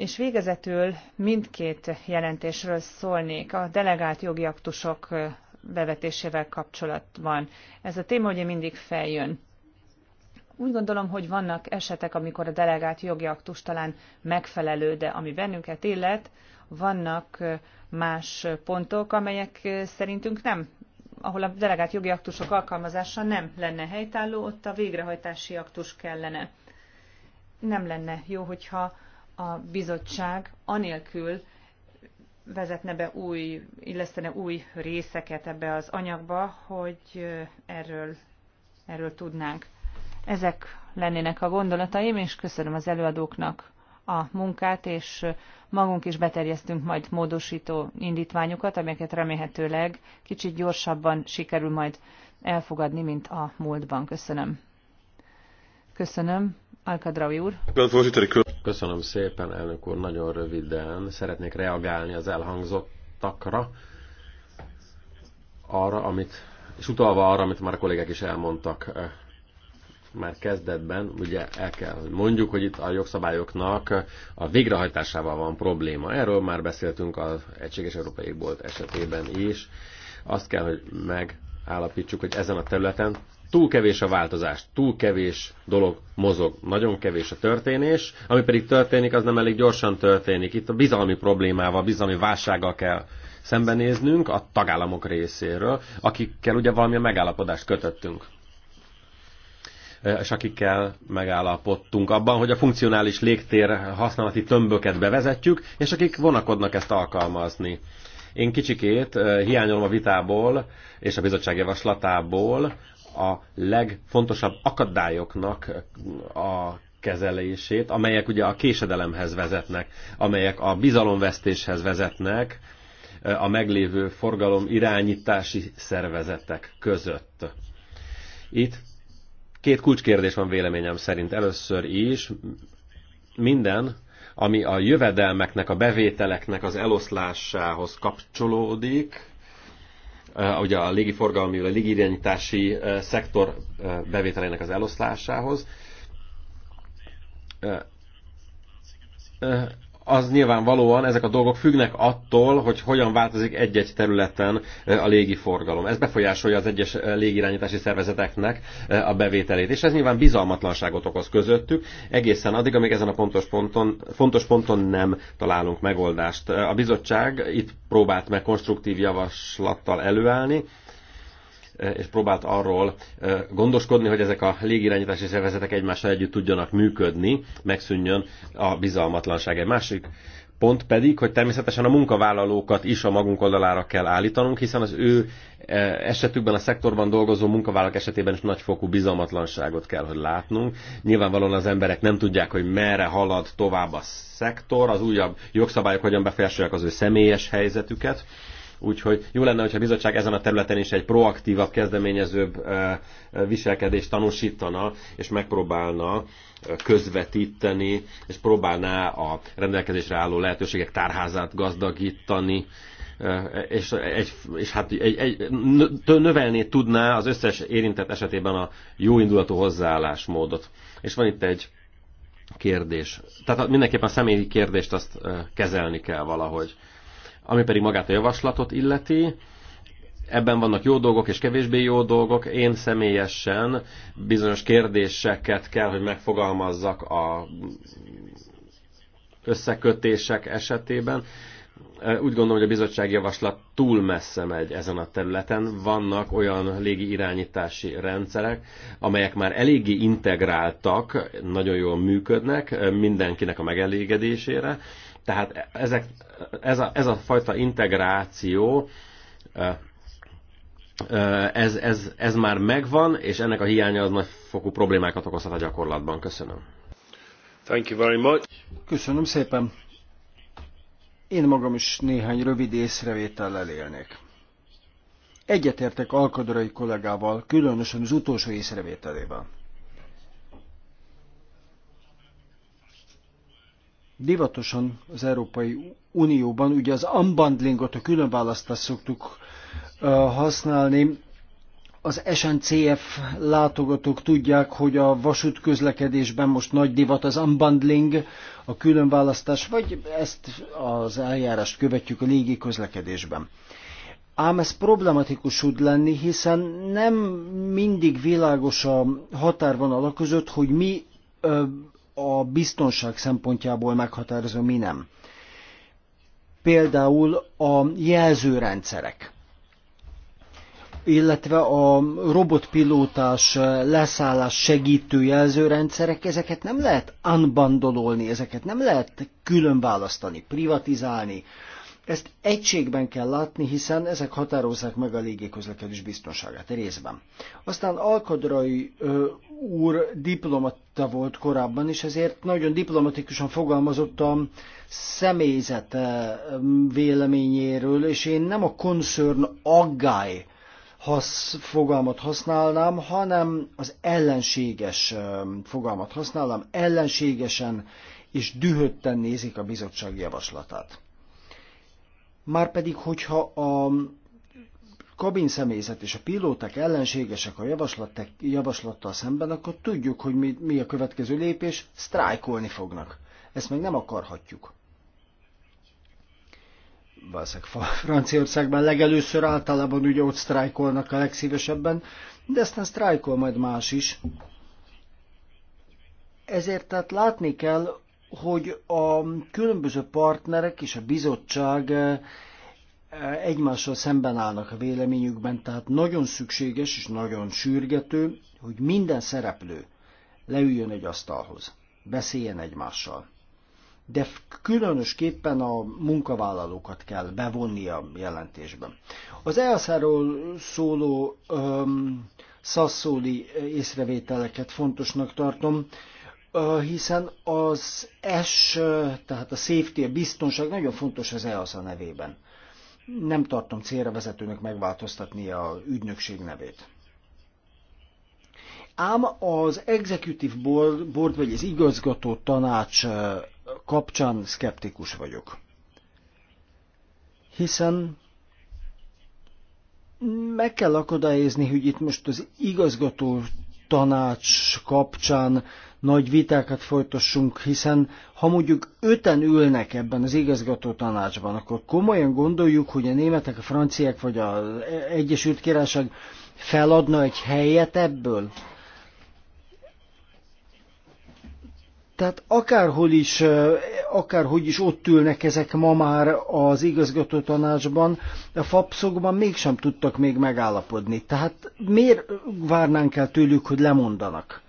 és végezetül mindkét jelentésről szólnék a delegált jogi aktusok bevetésével kapcsolatban. Ez a téma ugye mindig feljön. Úgy gondolom, hogy vannak esetek, amikor a delegált jogi aktus talán megfelelő, de ami bennünket illet, vannak más pontok, amelyek szerintünk nem ahol a delegált jogi aktusok alkalmazása nem lenne helytálló, ott a végrehajtási aktus kellene. Nem lenne jó, hogyha a bizottság anélkül vezetne be új, illesztene új részeket ebbe az anyagba, hogy erről, erről tudnánk. Ezek lennének a gondolataim, és köszönöm az előadóknak a munkát, és magunk is beterjesztünk majd módosító indítványokat, amelyeket remélhetőleg kicsit gyorsabban sikerül majd elfogadni, mint a múltban. Köszönöm. Köszönöm úr. Köszönöm szépen, elnök úr, nagyon röviden. Szeretnék reagálni az elhangzottakra, arra, amit, és utalva arra, amit már a kollégák is elmondtak eh, már kezdetben, ugye el kell mondjuk, hogy itt a jogszabályoknak a végrehajtásával van probléma. Erről már beszéltünk az Egységes Európai Bolt esetében is. Azt kell, hogy megállapítsuk, hogy ezen a területen túl kevés a változás, túl kevés dolog mozog, nagyon kevés a történés, ami pedig történik, az nem elég gyorsan történik. Itt a bizalmi problémával, bizalmi válsággal kell szembenéznünk a tagállamok részéről, akikkel ugye valamilyen megállapodást kötöttünk e, és akikkel megállapodtunk abban, hogy a funkcionális légtér használati tömböket bevezetjük, és akik vonakodnak ezt alkalmazni. Én kicsikét e, hiányolom a vitából és a bizottság javaslatából a legfontosabb akadályoknak a kezelését, amelyek ugye a késedelemhez vezetnek, amelyek a bizalomvesztéshez vezetnek eh, a meglévő forgalom irányítási szervezetek között. Itt két kulcskérdés van véleményem szerint. Először is minden, ami a jövedelmeknek, a bevételeknek az eloszlásához kapcsolódik, Eh, ugye a légiforgalmi, a légirányítási eh, szektor eh, bevételének az eloszlásához az nyilvánvalóan ezek a dolgok függnek attól, hogy hogyan változik egy-egy területen a légiforgalom. Ez befolyásolja az egyes légirányítási szervezeteknek a bevételét, és ez nyilván bizalmatlanságot okoz közöttük, egészen addig, amíg ezen a pontos ponton, fontos ponton nem találunk megoldást. A bizottság itt próbált meg konstruktív javaslattal előállni, és próbált arról gondoskodni, hogy ezek a légirányítási szervezetek egymással együtt tudjanak működni, megszűnjön a bizalmatlanság. Egy másik pont pedig, hogy természetesen a munkavállalókat is a magunk oldalára kell állítanunk, hiszen az ő esetükben a szektorban dolgozó munkavállalók esetében is nagyfokú bizalmatlanságot kell, hogy látnunk. Nyilvánvalóan az emberek nem tudják, hogy merre halad tovább a szektor, az újabb jogszabályok hogyan befolyásolják az ő személyes helyzetüket Úgyhogy jó lenne, hogyha a bizottság ezen a területen is egy proaktívabb, kezdeményezőbb viselkedést tanúsítana, és megpróbálna közvetíteni, és próbálná a rendelkezésre álló lehetőségek tárházát gazdagítani, és, egy, és hát egy, egy, növelni tudná az összes érintett esetében a indulatú hozzáállásmódot. És van itt egy kérdés. Tehát mindenképpen a személyi kérdést azt kezelni kell valahogy. Ami pedig magát a javaslatot illeti, ebben vannak jó dolgok és kevésbé jó dolgok. Én személyesen bizonyos kérdéseket kell, hogy megfogalmazzak a összekötések esetében. Úgy gondolom, hogy a bizottsági javaslat túl messze megy ezen a területen. Vannak olyan légi irányítási rendszerek, amelyek már eléggé integráltak, nagyon jól működnek mindenkinek a megelégedésére, tehát ezek, ez, a, ez a fajta integráció ez, ez, ez már megvan, és ennek a hiánya az nagyfokú problémákat okozhat a gyakorlatban. Köszönöm. Thank you very much. Köszönöm szépen. Én magam is néhány rövid észrevétellel élnék. Egyetértek Alkadorai kollégával, különösen az utolsó észrevételével. divatosan az Európai Unióban, ugye az unbundlingot, a különválasztást szoktuk használni, az SNCF látogatók tudják, hogy a vasút közlekedésben most nagy divat az unbundling, a különválasztás, vagy ezt az eljárást követjük a légi közlekedésben. Ám ez problematikus tud lenni, hiszen nem mindig világos a határvonalak között, hogy mi a biztonság szempontjából meghatározó, mi nem. Például a jelzőrendszerek, illetve a robotpilótás leszállás segítő jelzőrendszerek, ezeket nem lehet unbandololni, ezeket nem lehet külön választani, privatizálni ezt egységben kell látni, hiszen ezek határozzák meg a légiközlekedés biztonságát e részben. Aztán Alkadrai úr diplomata volt korábban, és ezért nagyon diplomatikusan fogalmazott a személyzet véleményéről, és én nem a concern aggály hasz, fogalmat használnám, hanem az ellenséges fogalmat használnám, ellenségesen és dühötten nézik a bizottság javaslatát. Márpedig, hogyha a kabin személyzet és a pilóták ellenségesek a javaslattal szemben, akkor tudjuk, hogy mi, mi a következő lépés, sztrájkolni fognak. Ezt meg nem akarhatjuk. Valószínűleg Franciaországban legelőször általában ugye ott sztrájkolnak a legszívesebben, de aztán sztrájkol majd más is. Ezért tehát látni kell, hogy a különböző partnerek és a bizottság eh, eh, egymással szemben állnak a véleményükben, tehát nagyon szükséges és nagyon sürgető, hogy minden szereplő leüljön egy asztalhoz, beszéljen egymással. De különösképpen a munkavállalókat kell bevonni a jelentésben. Az elszáról szóló um, szaszóli észrevételeket fontosnak tartom, hiszen az S, tehát a safety, a biztonság nagyon fontos az EASA nevében. Nem tartom célra vezetőnek megváltoztatni a ügynökség nevét. Ám az executive board, board vagy az igazgató tanács kapcsán szkeptikus vagyok. Hiszen meg kell akadályozni, hogy itt most az igazgató tanács kapcsán nagy vitákat folytassunk, hiszen ha mondjuk öten ülnek ebben az igazgató tanácsban, akkor komolyan gondoljuk, hogy a németek, a franciák vagy az Egyesült Királyság feladna egy helyet ebből? Tehát akárhol is, akárhogy is ott ülnek ezek ma már az igazgató tanácsban, a fapszokban mégsem tudtak még megállapodni. Tehát miért várnánk el tőlük, hogy lemondanak?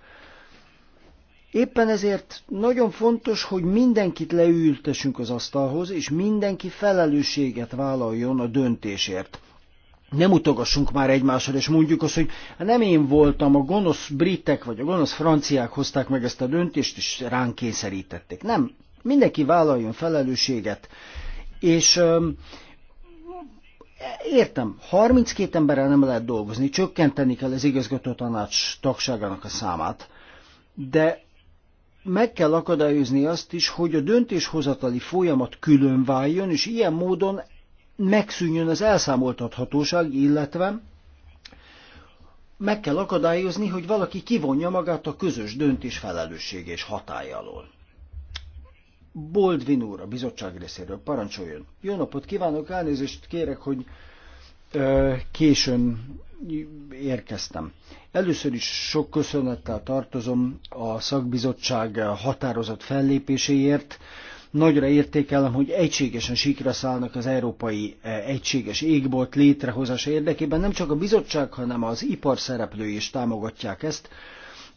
Éppen ezért nagyon fontos, hogy mindenkit leültessünk az asztalhoz, és mindenki felelősséget vállaljon a döntésért. Nem utogassunk már egymásra, és mondjuk azt, hogy hát nem én voltam, a gonosz britek vagy a gonosz franciák hozták meg ezt a döntést, és ránk kényszerítették. Nem, mindenki vállaljon felelősséget. És értem, 32 emberrel nem lehet dolgozni, csökkenteni kell az igazgató tanács tagságának a számát, de meg kell akadályozni azt is, hogy a döntéshozatali folyamat külön váljon, és ilyen módon megszűnjön az elszámoltathatóság, illetve meg kell akadályozni, hogy valaki kivonja magát a közös döntés felelősség és hatály alól. Boldvin úr a bizottság részéről parancsoljon. Jó napot kívánok, elnézést kérek, hogy ö, későn érkeztem. Először is sok köszönettel tartozom a szakbizottság határozott fellépéséért. Nagyra értékelem, hogy egységesen sikra szállnak az európai eh, egységes égbolt létrehozása érdekében. Nem csak a bizottság, hanem az ipar szereplői is támogatják ezt,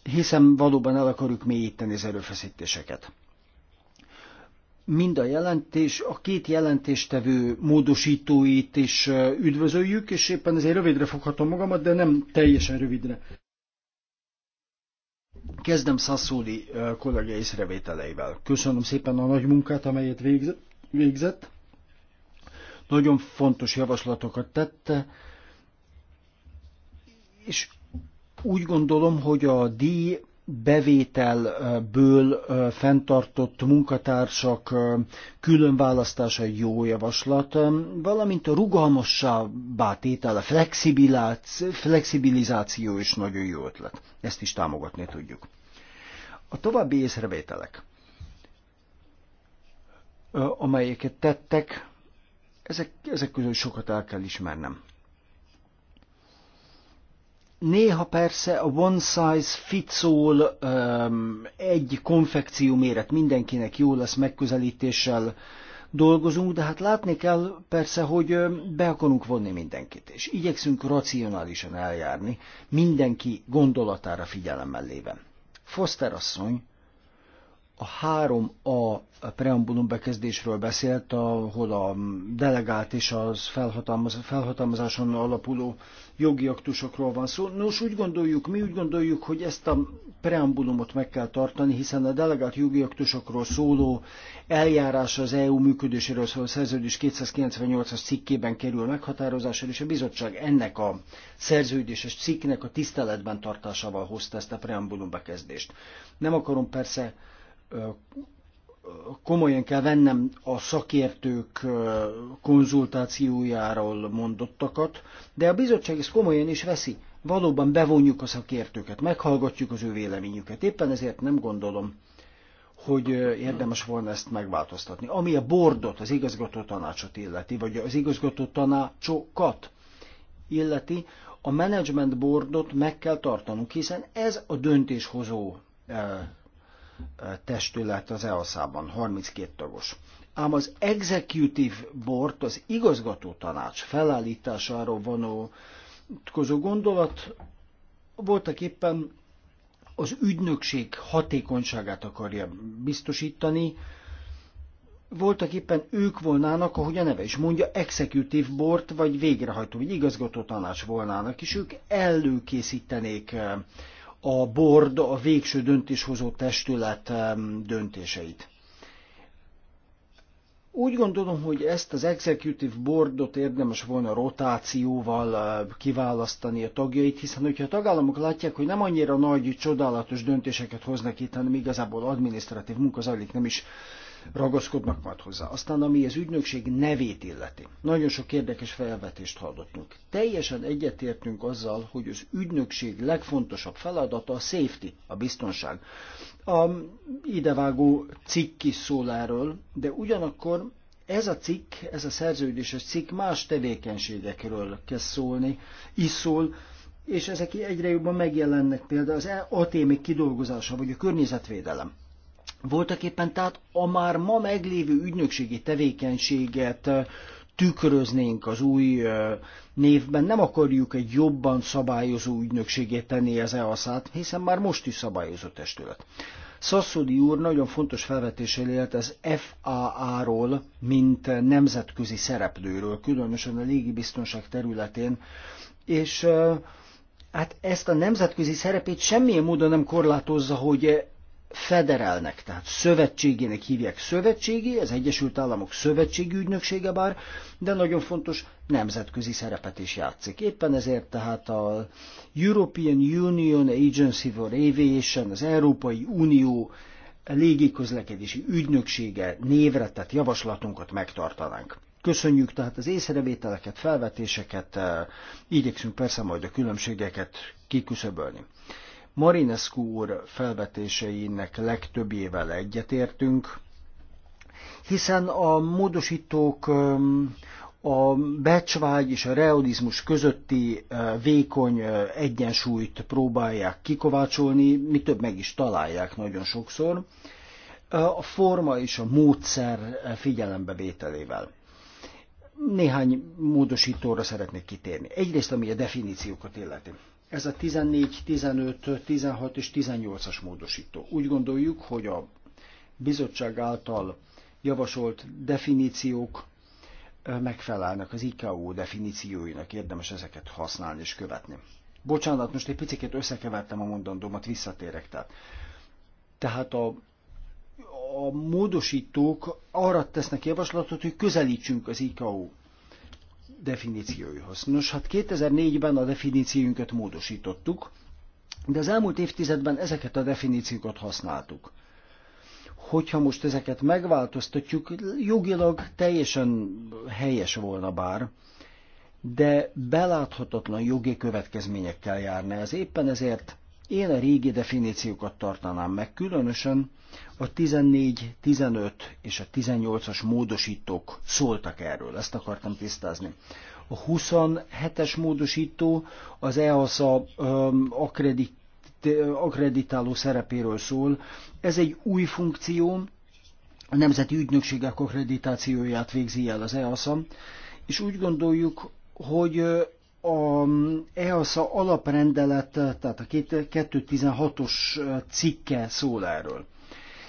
hiszen valóban el akarjuk mélyíteni az erőfeszítéseket mind a jelentés, a két jelentéstevő módosítóit is üdvözöljük, és éppen ezért rövidre foghatom magamat, de nem teljesen rövidre. Kezdem Szaszóli kollega észrevételeivel. Köszönöm szépen a nagy munkát, amelyet végzett. Nagyon fontos javaslatokat tette, és úgy gondolom, hogy a díj bevételből fenntartott munkatársak különválasztása jó javaslat, valamint a rugalmassá a flexibilizáció is nagyon jó ötlet. Ezt is támogatni tudjuk. A további észrevételek, amelyeket tettek, ezek, ezek közül sokat el kell ismernem. Néha persze a one size fits all egy konfekció méret mindenkinek jó lesz megközelítéssel dolgozunk, de hát látni kell persze, hogy be akarunk vonni mindenkit, és igyekszünk racionálisan eljárni, mindenki gondolatára figyelemmel léve. Foster asszony a 3A preambulum bekezdésről beszélt, ahol a delegált és az felhatalmaz, felhatalmazáson alapuló jogi aktusokról van szó. Nos, úgy gondoljuk, mi úgy gondoljuk, hogy ezt a preambulumot meg kell tartani, hiszen a delegált jogi aktusokról szóló eljárás az EU működéséről szóló szerződés 298-as cikkében kerül meghatározásra, és a bizottság ennek a szerződéses cikknek a tiszteletben tartásával hozta ezt a preambulum bekezdést. Nem akarom persze komolyan kell vennem a szakértők konzultációjáról mondottakat, de a bizottság ezt komolyan is veszi. Valóban bevonjuk a szakértőket, meghallgatjuk az ő véleményüket. Éppen ezért nem gondolom, hogy érdemes volna ezt megváltoztatni. Ami a bordot, az igazgató tanácsot illeti, vagy az igazgató tanácsokat illeti, a menedzsment bordot meg kell tartanunk, hiszen ez a döntéshozó testület az eosz ban 32 tagos. Ám az Executive Board, az igazgató tanács felállításáról vonatkozó gondolat voltak éppen az ügynökség hatékonyságát akarja biztosítani, voltak éppen ők volnának, ahogy a neve is mondja, executive board, vagy végrehajtó, vagy igazgató tanács volnának, és ők előkészítenék a board, a végső döntéshozó testület döntéseit. Úgy gondolom, hogy ezt az executive boardot érdemes volna rotációval kiválasztani a tagjait, hiszen hogyha a tagállamok látják, hogy nem annyira nagy, csodálatos döntéseket hoznak itt, hanem igazából administratív munka zajlik, nem is ragaszkodnak majd hozzá. Aztán ami az ügynökség nevét illeti. Nagyon sok érdekes felvetést hallottunk. Teljesen egyetértünk azzal, hogy az ügynökség legfontosabb feladata a safety, a biztonság. A idevágó cikk is szól erről, de ugyanakkor ez a cikk, ez a szerződéses cikk más tevékenységekről kezd szólni, is szól, és ezek egyre jobban megjelennek például az e- atémik kidolgozása, vagy a környezetvédelem. Voltak éppen tehát a már ma meglévő ügynökségi tevékenységet eh, tükröznénk az új eh, névben, nem akarjuk egy jobban szabályozó ügynökségét tenni az EASZ-át, hiszen már most is szabályozó testület. Szaszodi úr nagyon fontos felvetéssel élt az FAA-ról, mint nemzetközi szereplőről, különösen a légibiztonság területén, és eh, hát ezt a nemzetközi szerepét semmilyen módon nem korlátozza, hogy federelnek, tehát szövetségének hívják szövetségi, az Egyesült Államok szövetségi ügynöksége bár, de nagyon fontos nemzetközi szerepet is játszik. Éppen ezért tehát a European Union Agency for Aviation, az Európai Unió légiközlekedési ügynöksége névre tett javaslatunkat megtartanánk. Köszönjük tehát az észrevételeket, felvetéseket, eh, igyekszünk persze majd a különbségeket kiküszöbölni. Marinescu úr felvetéseinek legtöbbjével egyetértünk, hiszen a módosítók a becsvágy és a realizmus közötti vékony egyensúlyt próbálják kikovácsolni, mi több meg is találják nagyon sokszor, a forma és a módszer figyelembevételével. Néhány módosítóra szeretnék kitérni. Egyrészt, ami a definíciókat illeti. Ez a 14, 15, 16 és 18-as módosító. Úgy gondoljuk, hogy a bizottság által javasolt definíciók megfelelnek az IKO definícióinak, érdemes ezeket használni és követni. Bocsánat, most egy picit összekevertem a mondandómat, visszatérek. Tehát, tehát a, a módosítók arra tesznek javaslatot, hogy közelítsünk az IKO definícióihoz. Nos, hát 2004-ben a definíciónkat módosítottuk, de az elmúlt évtizedben ezeket a definíciókat használtuk. Hogyha most ezeket megváltoztatjuk, jogilag teljesen helyes volna bár, de beláthatatlan jogi következményekkel járna ez. Éppen ezért én a régi definíciókat tartanám meg, különösen a 14, 15 és a 18-as módosítók szóltak erről, ezt akartam tisztázni. A 27-es módosító az EASA um, akredit, akreditáló szerepéről szól. Ez egy új funkció, a Nemzeti Ügynökségek akkreditációját végzi el az EASA, és úgy gondoljuk, hogy a EASA alaprendelet, tehát a 216-os cikke szól erről.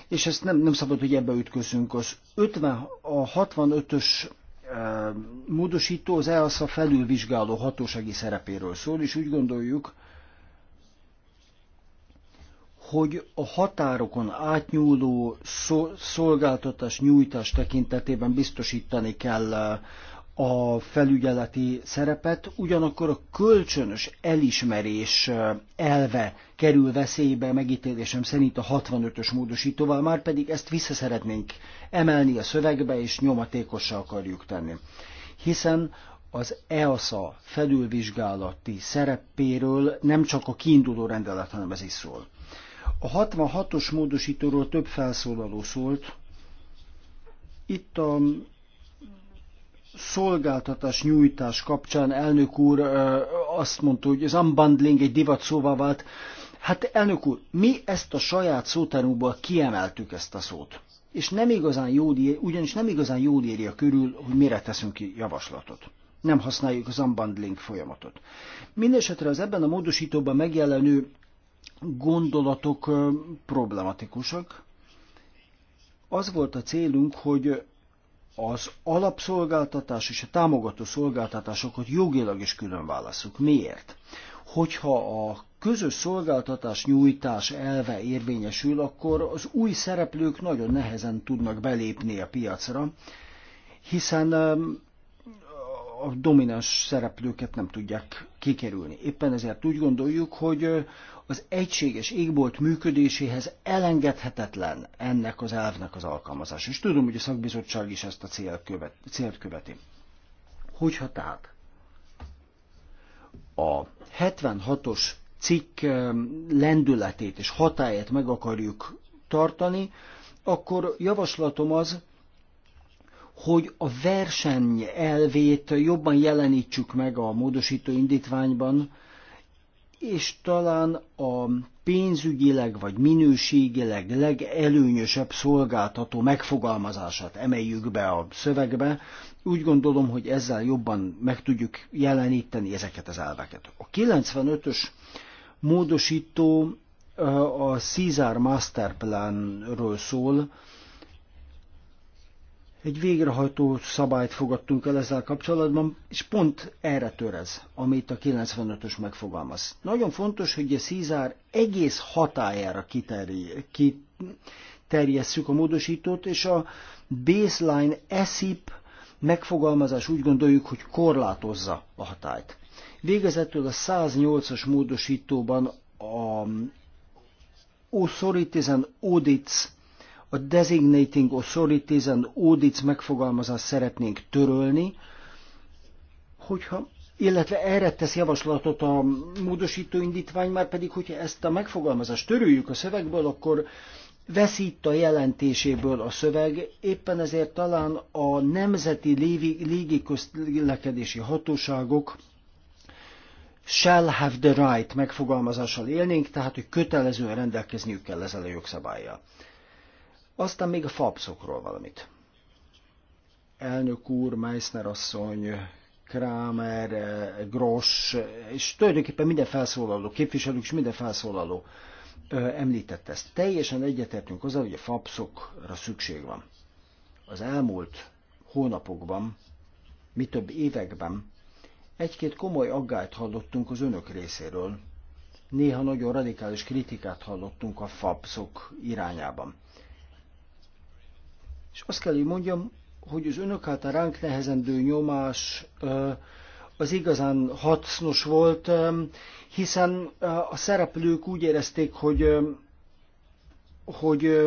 És ezt nem, nem szabad, hogy ebbe ütközünk. Az 50, a 65-ös e, módosító az EASA felülvizsgáló hatósági szerepéről szól, és úgy gondoljuk, hogy a határokon átnyúló szolgáltatás nyújtás tekintetében biztosítani kell e, a felügyeleti szerepet, ugyanakkor a kölcsönös elismerés elve kerül veszélybe megítélésem szerint a 65-ös módosítóval, már pedig ezt vissza szeretnénk emelni a szövegbe, és nyomatékossá akarjuk tenni. Hiszen az EASA felülvizsgálati szerepéről nem csak a kiinduló rendelet, hanem ez is szól. A 66-os módosítóról több felszólaló szólt. Itt a szolgáltatás nyújtás kapcsán elnök úr azt mondta, hogy az unbundling egy divat szóvá vált. Hát elnök úr, mi ezt a saját szótárunkból kiemeltük ezt a szót. És nem igazán jól ugyanis nem igazán jól írja körül, hogy mire teszünk ki javaslatot. Nem használjuk az unbundling folyamatot. Mindenesetre az ebben a módosítóban megjelenő gondolatok problematikusak. Az volt a célunk, hogy az alapszolgáltatás és a támogató szolgáltatásokat jogilag is külön válaszuk. Miért? Hogyha a közös szolgáltatás nyújtás elve érvényesül, akkor az új szereplők nagyon nehezen tudnak belépni a piacra, hiszen a domináns szereplőket nem tudják kikerülni. Éppen ezért úgy gondoljuk, hogy az egységes égbolt működéséhez elengedhetetlen ennek az elvnek az alkalmazás. És tudom, hogy a szakbizottság is ezt a célt, követ, célt követi. Hogyha tehát a 76-os cikk lendületét és hatáját meg akarjuk tartani, akkor javaslatom az, hogy a verseny elvét jobban jelenítsük meg a módosító indítványban, és talán a pénzügyileg vagy minőségileg legelőnyösebb szolgáltató megfogalmazását emeljük be a szövegbe. Úgy gondolom, hogy ezzel jobban meg tudjuk jeleníteni ezeket az elveket. A 95-ös módosító a Caesar Masterplanről szól, egy végrehajtó szabályt fogadtunk el ezzel kapcsolatban, és pont erre törez, amit a 95-ös megfogalmaz. Nagyon fontos, hogy a Szízár egész hatájára kiterjesszük a módosítót, és a baseline eszip megfogalmazás úgy gondoljuk, hogy korlátozza a hatályt. Végezetül a 108-as módosítóban a authorities and audits a designating authorities and audits megfogalmazás szeretnénk törölni, hogyha illetve erre tesz javaslatot a módosító indítvány, már pedig, hogyha ezt a megfogalmazást törüljük a szövegből, akkor veszít a jelentéséből a szöveg, éppen ezért talán a nemzeti légiközlekedési hatóságok shall have the right megfogalmazással élnénk, tehát hogy kötelezően rendelkezniük kell ezzel a jogszabályjal. Aztán még a fapszokról valamit. Elnök úr, Meissner asszony, Kramer, Gross, és tulajdonképpen minden felszólaló, képviselők és minden felszólaló említette ezt. Teljesen egyetértünk azzal, hogy a fapszokra szükség van. Az elmúlt hónapokban, mi több években egy-két komoly aggályt hallottunk az önök részéről. Néha nagyon radikális kritikát hallottunk a fapszok irányában. És azt kell, hogy mondjam, hogy az önök által ránk nehezendő nyomás az igazán hasznos volt, hiszen a szereplők úgy érezték, hogy, hogy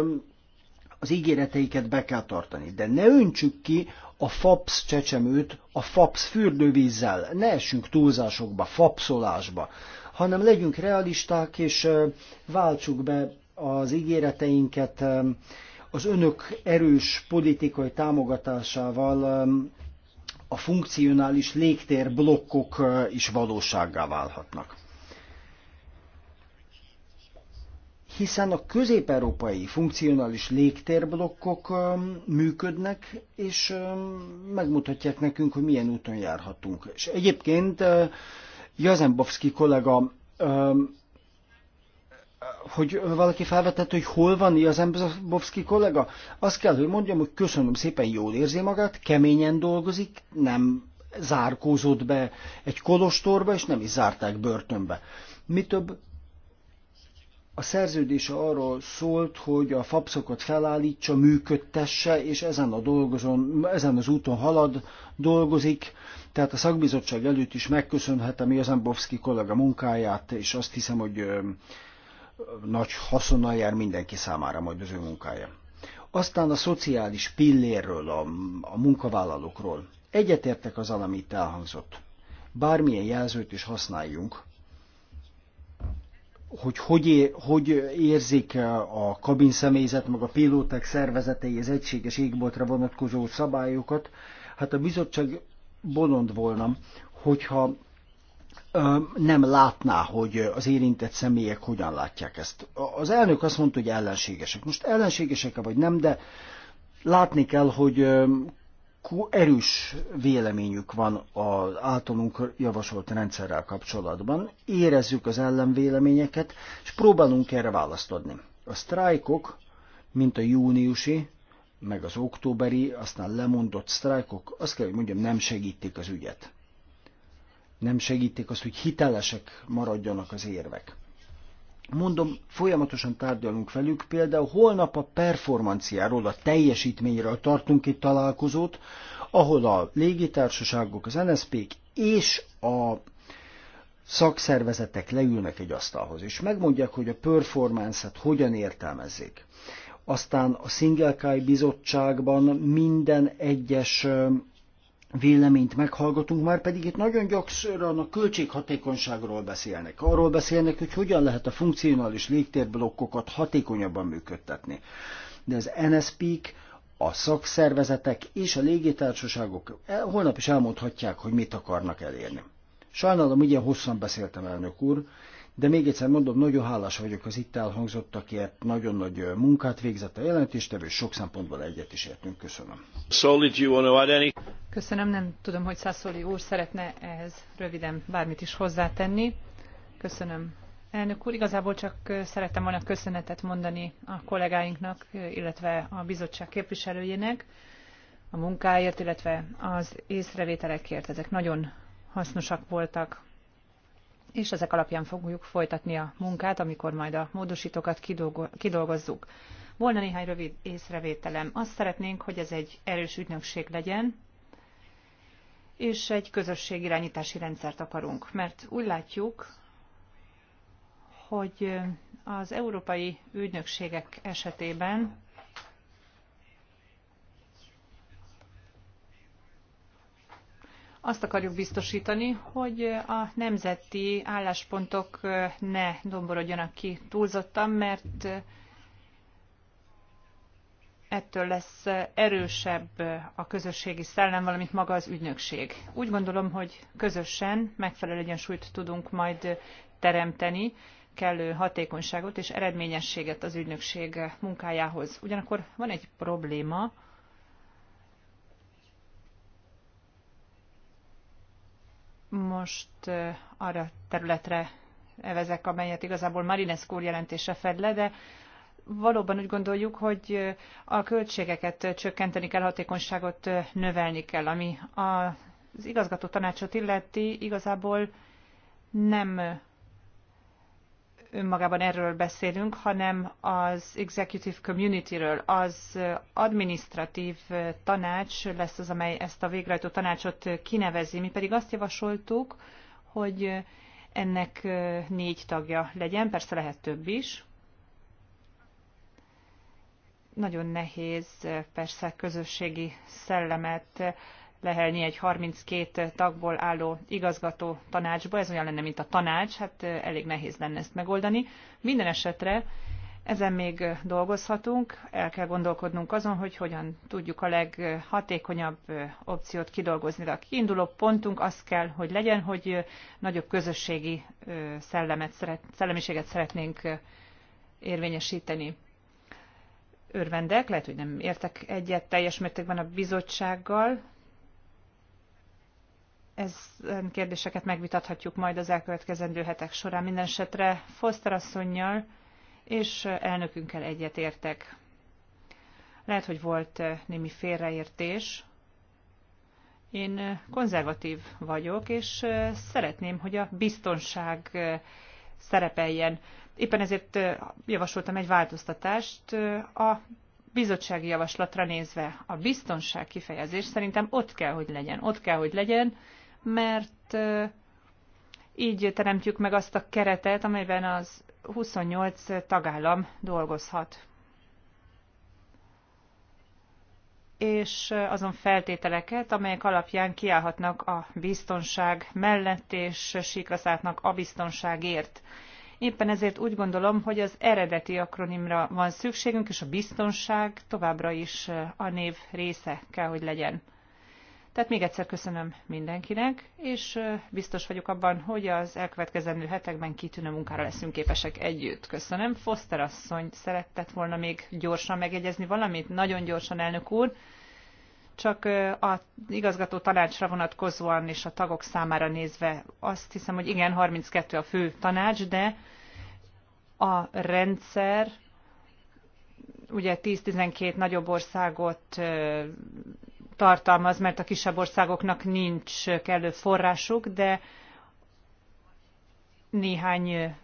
az ígéreteiket be kell tartani. De ne öntsük ki a FAPS csecsemőt a FAPS fürdővízzel, ne essünk túlzásokba, FAPSolásba, hanem legyünk realisták, és váltsuk be az ígéreteinket, az önök erős politikai támogatásával um, a funkcionális légtérblokkok uh, is valósággá válhatnak. Hiszen a közép-európai funkcionális légtérblokkok um, működnek, és um, megmutatják nekünk, hogy milyen úton járhatunk. És egyébként uh, Jazembowski kollega hogy valaki felvetett, hogy hol van az Embzabovszki kollega, azt kell, hogy mondjam, hogy köszönöm szépen, jól érzi magát, keményen dolgozik, nem zárkózott be egy kolostorba, és nem is zárták börtönbe. Mi több, a szerződése arról szólt, hogy a fapszokat felállítsa, működtesse, és ezen, a dolgozon, ezen az úton halad, dolgozik, tehát a szakbizottság előtt is megköszönhetem Jazembovszki kollega munkáját, és azt hiszem, hogy nagy haszonnal jár mindenki számára majd az ő munkája. Aztán a szociális pillérről, a, a munkavállalókról. Egyetértek az, amit elhangzott. Bármilyen jelzőt is használjunk, hogy hogy, é, hogy érzik a kabin személyzet, meg a pilóták szervezetei az egységes égboltra vonatkozó szabályokat, hát a bizottság bolond volna, hogyha nem látná, hogy az érintett személyek hogyan látják ezt. Az elnök azt mondta, hogy ellenségesek. Most ellenségesek -e vagy nem, de látni kell, hogy erős véleményük van az általunk javasolt rendszerrel kapcsolatban. Érezzük az ellenvéleményeket, és próbálunk erre választ adni. A sztrájkok, mint a júniusi, meg az októberi, aztán lemondott sztrájkok, azt kell, hogy mondjam, nem segítik az ügyet nem segítik azt, hogy hitelesek maradjanak az érvek. Mondom, folyamatosan tárgyalunk velük, például holnap a performanciáról, a teljesítményről tartunk egy találkozót, ahol a légitársaságok, az NSZP-k és a szakszervezetek leülnek egy asztalhoz, és megmondják, hogy a performance-et hogyan értelmezzék. Aztán a Single Kai bizottságban minden egyes véleményt meghallgatunk, már pedig itt nagyon gyakran a költséghatékonyságról beszélnek. Arról beszélnek, hogy hogyan lehet a funkcionális légtérblokkokat hatékonyabban működtetni. De az NSP-k, a szakszervezetek és a légitársaságok e, holnap is elmondhatják, hogy mit akarnak elérni. Sajnálom, ugye hosszan beszéltem, elnök úr, de még egyszer mondom, nagyon hálás vagyok az itt elhangzottakért, nagyon nagy munkát végzett a jelentéstevő, sok szempontból egyet is értünk. Köszönöm. Köszönöm, nem tudom, hogy Szászoli úr szeretne ehhez röviden bármit is hozzátenni. Köszönöm. Elnök úr, igazából csak szerettem volna köszönetet mondani a kollégáinknak, illetve a bizottság képviselőjének a munkáért, illetve az észrevételekért. Ezek nagyon hasznosak voltak és ezek alapján fogjuk folytatni a munkát, amikor majd a módosítókat kidolgozzuk. Volna néhány rövid észrevételem. Azt szeretnénk, hogy ez egy erős ügynökség legyen, és egy közösség irányítási rendszert akarunk, mert úgy látjuk, hogy az európai ügynökségek esetében azt akarjuk biztosítani, hogy a nemzeti álláspontok ne domborodjanak ki túlzottan, mert ettől lesz erősebb a közösségi szellem, valamint maga az ügynökség. Úgy gondolom, hogy közösen megfelelő egyensúlyt tudunk majd teremteni, kellő hatékonyságot és eredményességet az ügynökség munkájához. Ugyanakkor van egy probléma, most arra területre evezek, amelyet igazából Marinescu jelentése fed le, de valóban úgy gondoljuk, hogy a költségeket csökkenteni kell, hatékonyságot növelni kell, ami az igazgató tanácsot illeti igazából nem önmagában erről beszélünk, hanem az executive community-ről. Az administratív tanács lesz az, amely ezt a végrehajtó tanácsot kinevezi. Mi pedig azt javasoltuk, hogy ennek négy tagja legyen, persze lehet több is. Nagyon nehéz persze közösségi szellemet lehelni egy 32 tagból álló igazgató tanácsba, ez olyan lenne, mint a tanács, hát elég nehéz lenne ezt megoldani. Minden esetre ezen még dolgozhatunk, el kell gondolkodnunk azon, hogy hogyan tudjuk a leghatékonyabb opciót kidolgozni. De a kiinduló pontunk az kell, hogy legyen, hogy nagyobb közösségi szellemet, szellemiséget szeretnénk érvényesíteni. Örvendek, lehet, hogy nem értek egyet teljes mértékben a bizottsággal, ezen kérdéseket megvitathatjuk majd az elkövetkezendő hetek során. Minden esetre Foster asszonynal és elnökünkkel egyetértek. Lehet, hogy volt eh, némi félreértés. Én eh, konzervatív vagyok, és eh, szeretném, hogy a biztonság szerepeljen. Éppen ezért javasoltam egy változtatást a bizottsági javaslatra nézve. A biztonság kifejezés szerintem ott kell, hogy legyen. Ott kell, hogy legyen, mert így teremtjük meg azt a keretet, amelyben az 28 tagállam dolgozhat. és azon feltételeket, amelyek alapján kiállhatnak a biztonság mellett, és síkra a biztonságért. Éppen ezért úgy gondolom, hogy az eredeti akronimra van szükségünk, és a biztonság továbbra is a név része kell, hogy legyen. Tehát még egyszer köszönöm mindenkinek, és biztos vagyok abban, hogy az elkövetkezendő hetekben kitűnő munkára leszünk képesek együtt. Köszönöm. Foster asszony szeretett volna még gyorsan megegyezni valamit, nagyon gyorsan elnök úr csak a igazgató tanácsra vonatkozóan és a tagok számára nézve azt hiszem, hogy igen, 32 a fő tanács, de a rendszer ugye 10-12 nagyobb országot tartalmaz, mert a kisebb országoknak nincs kellő forrásuk, de néhány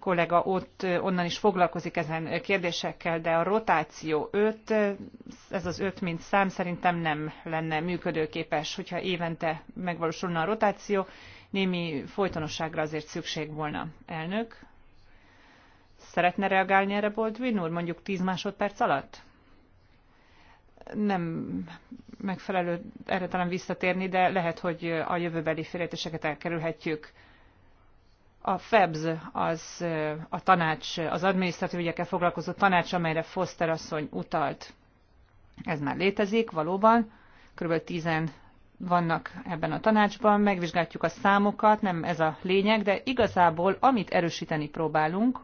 kollega ott onnan is foglalkozik ezen kérdésekkel, de a rotáció 5, ez az 5 mint szám szerintem nem lenne működőképes, hogyha évente megvalósulna a rotáció, némi folytonosságra azért szükség volna. Elnök, szeretne reagálni erre Boldvin úr, mondjuk 10 másodperc alatt? nem megfelelő erre talán visszatérni, de lehet, hogy a jövőbeli félrejtéseket elkerülhetjük. A FEBZ az a tanács, az adminisztratív ügyekkel foglalkozó tanács, amelyre Foster asszony utalt. Ez már létezik, valóban. Körülbelül tízen vannak ebben a tanácsban, megvizsgáljuk a számokat, nem ez a lényeg, de igazából amit erősíteni próbálunk,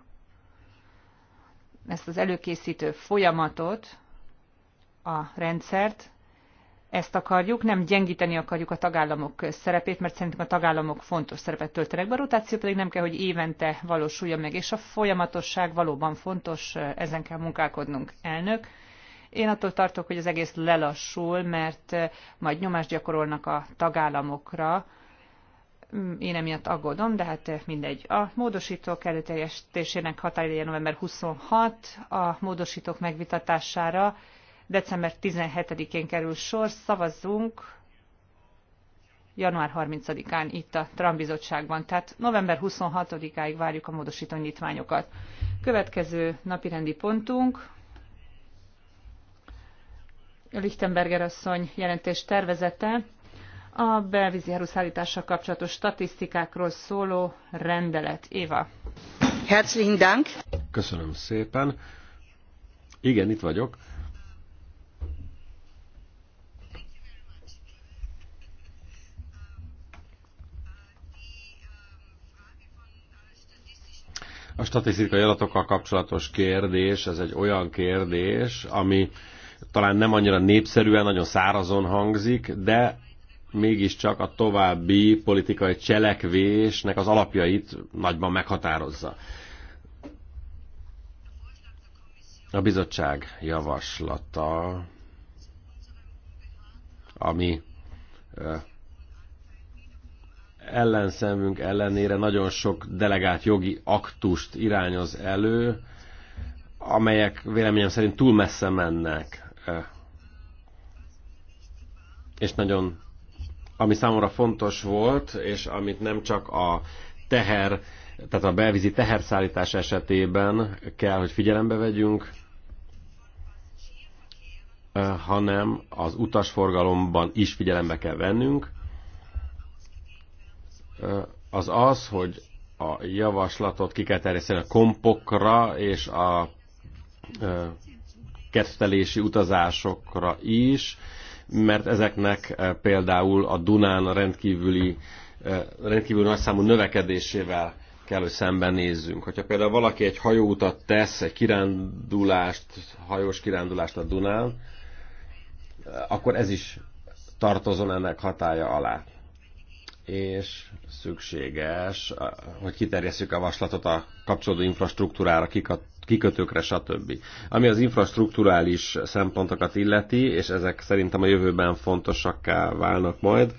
ezt az előkészítő folyamatot, a rendszert, ezt akarjuk, nem gyengíteni akarjuk a tagállamok szerepét, mert szerintem a tagállamok fontos szerepet töltenek be, a rotáció pedig nem kell, hogy évente valósuljon meg, és a folyamatosság valóban fontos, ezen kell munkálkodnunk, elnök. Én attól tartok, hogy az egész lelassul, mert majd nyomást gyakorolnak a tagállamokra, én emiatt aggódom, de hát mindegy. A módosítók előterjesztésének határideje november 26, a módosítók megvitatására December 17-én kerül sor, szavazzunk január 30-án itt a Trump bizottságban. Tehát november 26-áig várjuk a módosító nyitványokat. Következő napirendi pontunk. Lichtenberger asszony jelentés tervezete a belvízi áruszállítással kapcsolatos statisztikákról szóló rendelet. Éva. Herzlichen Dank. Köszönöm szépen. Igen, itt vagyok. A statisztikai adatokkal kapcsolatos kérdés, ez egy olyan kérdés, ami talán nem annyira népszerűen, nagyon szárazon hangzik, de mégiscsak a további politikai cselekvésnek az alapjait nagyban meghatározza. A bizottság javaslata, ami ellenszemünk ellenére nagyon sok delegált jogi aktust irányoz elő, amelyek véleményem szerint túl messze mennek. És nagyon, ami számomra fontos volt, és amit nem csak a teher, tehát a belvízi teherszállítás esetében kell, hogy figyelembe vegyünk, hanem az utasforgalomban is figyelembe kell vennünk, az az, hogy a javaslatot ki kell terjeszteni a kompokra és a kettelési utazásokra is, mert ezeknek például a Dunán rendkívüli, rendkívül nagy számú növekedésével kell, hogy szembenézzünk. Hogyha például valaki egy hajóutat tesz, egy kirándulást, hajós kirándulást a Dunán, akkor ez is tartozon ennek hatája alá és szükséges, hogy kiterjesszük a vaslatot a kapcsolódó infrastruktúrára, kikötőkre, stb. Ami az infrastruktúrális szempontokat illeti, és ezek szerintem a jövőben fontosakká válnak majd,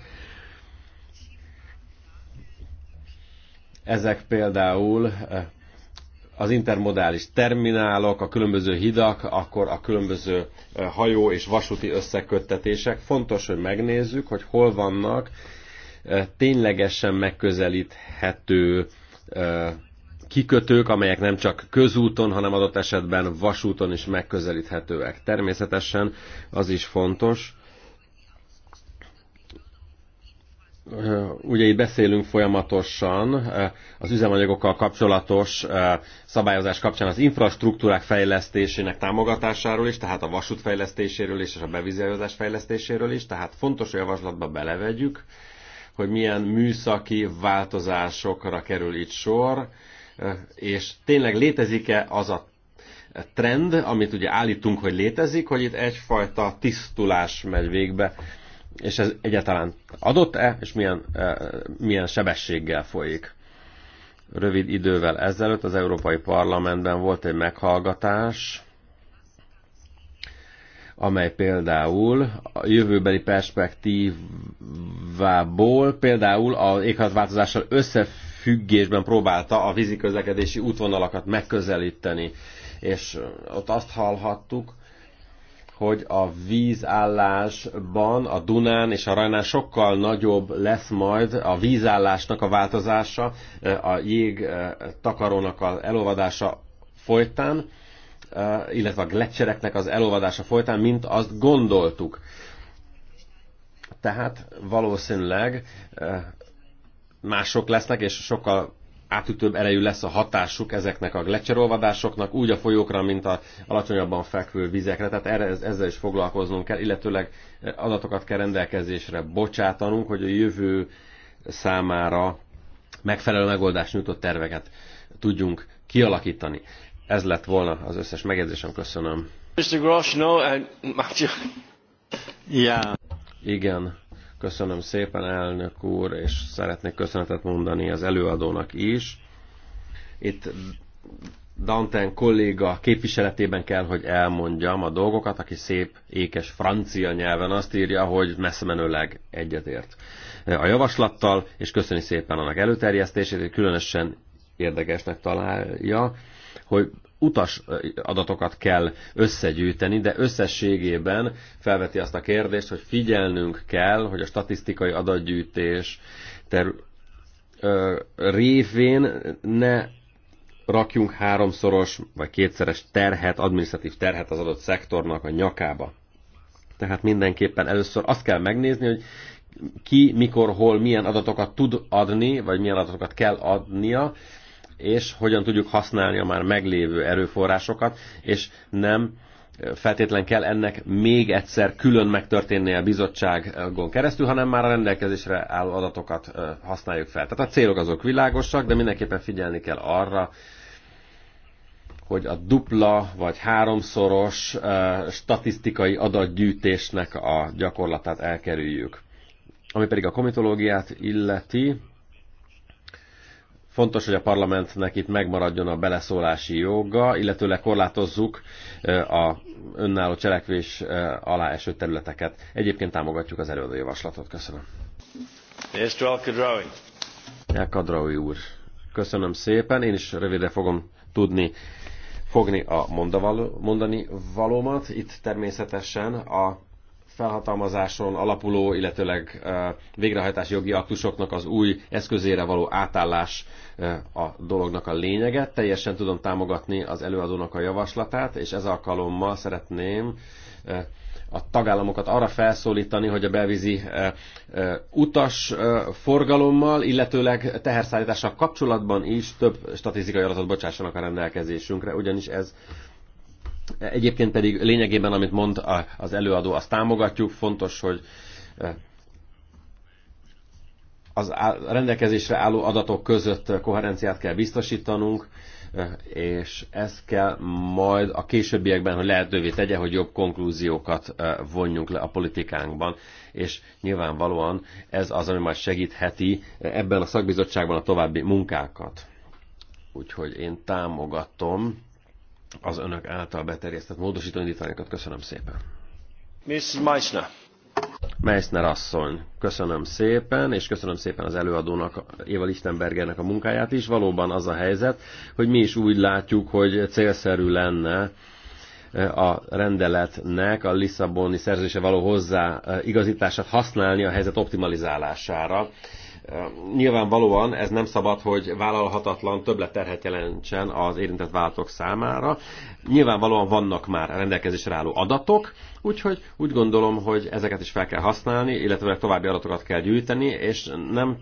ezek például eh, az intermodális terminálok, a különböző hidak, akkor a különböző eh, hajó és vasúti összeköttetések. Fontos, hogy megnézzük, hogy hol vannak ténylegesen megközelíthető kikötők, amelyek nem csak közúton, hanem adott esetben vasúton is megközelíthetőek. Természetesen az is fontos, ugye itt beszélünk folyamatosan az üzemanyagokkal kapcsolatos szabályozás kapcsán az infrastruktúrák fejlesztésének támogatásáról is, tehát a vasút fejlesztéséről is, és a bevízjelzás fejlesztéséről is, tehát fontos, hogy a javaslatba belevegyük, hogy milyen műszaki változásokra kerül itt sor, és tényleg létezik-e az a trend, amit ugye állítunk, hogy létezik, hogy itt egyfajta tisztulás megy végbe, és ez egyáltalán adott-e, és milyen, milyen sebességgel folyik. Rövid idővel ezelőtt az Európai Parlamentben volt egy meghallgatás, amely például a jövőbeli perspektívából például a éghajlatváltozással összefüggésben próbálta a víziközlekedési útvonalakat megközelíteni. És ott azt hallhattuk, hogy a vízállásban a Dunán és a Rajnán sokkal nagyobb lesz majd a vízállásnak a változása, a jég takarónak az elolvadása folytán, Eh, illetve a gletsereknek az elolvadása folytán, mint azt gondoltuk. Tehát valószínűleg eh, mások lesznek, és sokkal átütőbb erejű lesz a hatásuk ezeknek a gletserolvadásoknak, úgy a folyókra, mint a alacsonyabban fekvő vizekre. Tehát erre, ezzel is foglalkoznunk kell, illetőleg eh, adatokat kell rendelkezésre bocsátanunk, hogy a jövő számára megfelelő megoldást nyújtott terveket tudjunk kialakítani. Ez lett volna az összes megjegyzésem, köszönöm. Mr. Grosh, no, and Matthew. Yeah. Igen, köszönöm szépen, elnök úr, és szeretnék köszönetet mondani az előadónak is. Itt Danten kolléga képviseletében kell, hogy elmondjam a dolgokat, aki szép, ékes francia nyelven azt írja, hogy messze menőleg egyetért a javaslattal, és köszöni szépen annak előterjesztését, hogy különösen érdekesnek találja hogy utas adatokat kell összegyűjteni, de összességében felveti azt a kérdést, hogy figyelnünk kell, hogy a statisztikai adatgyűjtés ter- révén ne rakjunk háromszoros vagy kétszeres terhet, adminisztratív terhet az adott szektornak a nyakába. Tehát mindenképpen először azt kell megnézni, hogy ki, mikor, hol, milyen adatokat tud adni, vagy milyen adatokat kell adnia, és hogyan tudjuk használni a már meglévő erőforrásokat, és nem feltétlen kell ennek még egyszer külön megtörténnie a bizottságon keresztül, hanem már a rendelkezésre álló adatokat használjuk fel. Tehát a célok azok világosak, de mindenképpen figyelni kell arra, hogy a dupla vagy háromszoros statisztikai adatgyűjtésnek a gyakorlatát elkerüljük. Ami pedig a komitológiát illeti, Fontos, hogy a parlamentnek itt megmaradjon a beleszólási joga, illetőleg korlátozzuk a önálló cselekvés alá eső területeket. Egyébként támogatjuk az előadó javaslatot. Köszönöm. Mr. Kadraui úr. Köszönöm szépen. Én is rövidre fogom tudni fogni a mondani valómat. Itt természetesen a felhatalmazáson alapuló, illetőleg végrehajtási jogi aktusoknak az új eszközére való átállás a dolognak a lényege. Teljesen tudom támogatni az előadónak a javaslatát, és ez alkalommal szeretném a tagállamokat arra felszólítani, hogy a belvízi utas forgalommal, illetőleg teherszállítással kapcsolatban is több statisztikai adatot bocsássanak a rendelkezésünkre, ugyanis ez Egyébként pedig lényegében, amit mond az előadó, azt támogatjuk. Fontos, hogy eh, az rendelkezésre álló adatok között koherenciát kell biztosítanunk, eh, és ez kell majd a későbbiekben, hogy lehetővé tegye, hogy jobb konklúziókat eh, vonjunk le a politikánkban, és nyilvánvalóan ez az, ami majd segítheti ebben a szakbizottságban a további munkákat. Úgyhogy én támogatom az önök által beterjesztett módosító indítványokat. Köszönöm szépen. Miss Meissner. Meissner asszony, köszönöm szépen, és köszönöm szépen az előadónak, Éva Lichtenbergernek a munkáját is. Valóban az a helyzet, hogy mi is úgy látjuk, hogy célszerű lenne eh, a rendeletnek a Lisszaboni szerzése való hozzáigazítását eh, használni a helyzet optimalizálására. Nyilvánvalóan ez nem szabad, hogy vállalhatatlan többletterhet jelentsen az érintett vállalatok számára. Nyilvánvalóan vannak már rendelkezésre álló adatok, úgyhogy úgy gondolom, hogy ezeket is fel kell használni, illetve további adatokat kell gyűjteni, és nem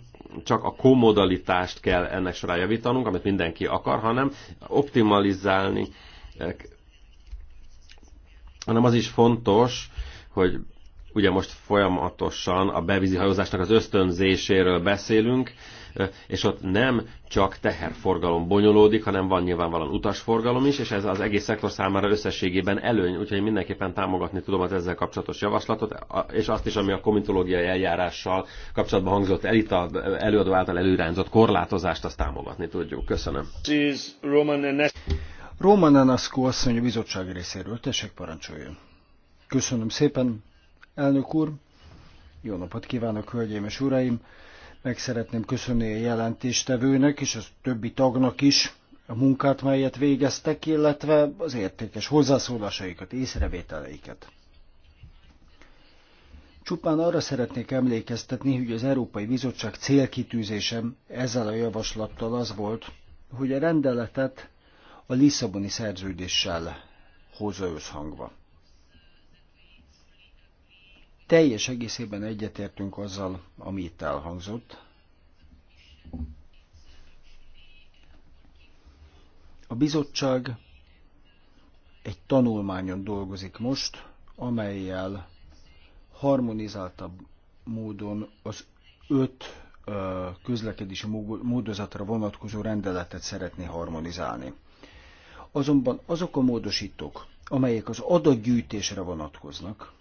csak a komodalitást kell ennek során javítanunk, amit mindenki akar, hanem optimalizálni eh, hanem az is fontos, hogy ugye most folyamatosan a bevízi hajózásnak az ösztönzéséről beszélünk, és ott nem csak teherforgalom bonyolódik, hanem van nyilvánvalóan utasforgalom is, és ez az egész szektor számára összességében előny, úgyhogy mindenképpen támogatni tudom az ezzel kapcsolatos javaslatot, és azt is, ami a komitológiai eljárással kapcsolatban hangzott el, itt a előadó által előirányzott korlátozást, azt támogatni tudjuk. Köszönöm. Roman Anaszko asszony a bizottság részéről, tessék parancsoljon. Köszönöm szépen, elnök úr! Jó napot kívánok, hölgyeim és uraim! Meg szeretném köszönni a jelentéstevőnek és a többi tagnak is a munkát, melyet végeztek, illetve az értékes hozzászólásaikat, észrevételeiket. Csupán arra szeretnék emlékeztetni, hogy az Európai Bizottság célkitűzésem ezzel a javaslattal az volt, hogy a rendeletet a Lisszaboni szerződéssel hozza összhangba. Teljes egészében egyetértünk azzal, ami itt elhangzott. A bizottság egy tanulmányon dolgozik most, amelyel harmonizáltabb módon az öt közlekedési módozatra vonatkozó rendeletet szeretné harmonizálni. Azonban azok a módosítók, amelyek az adatgyűjtésre vonatkoznak,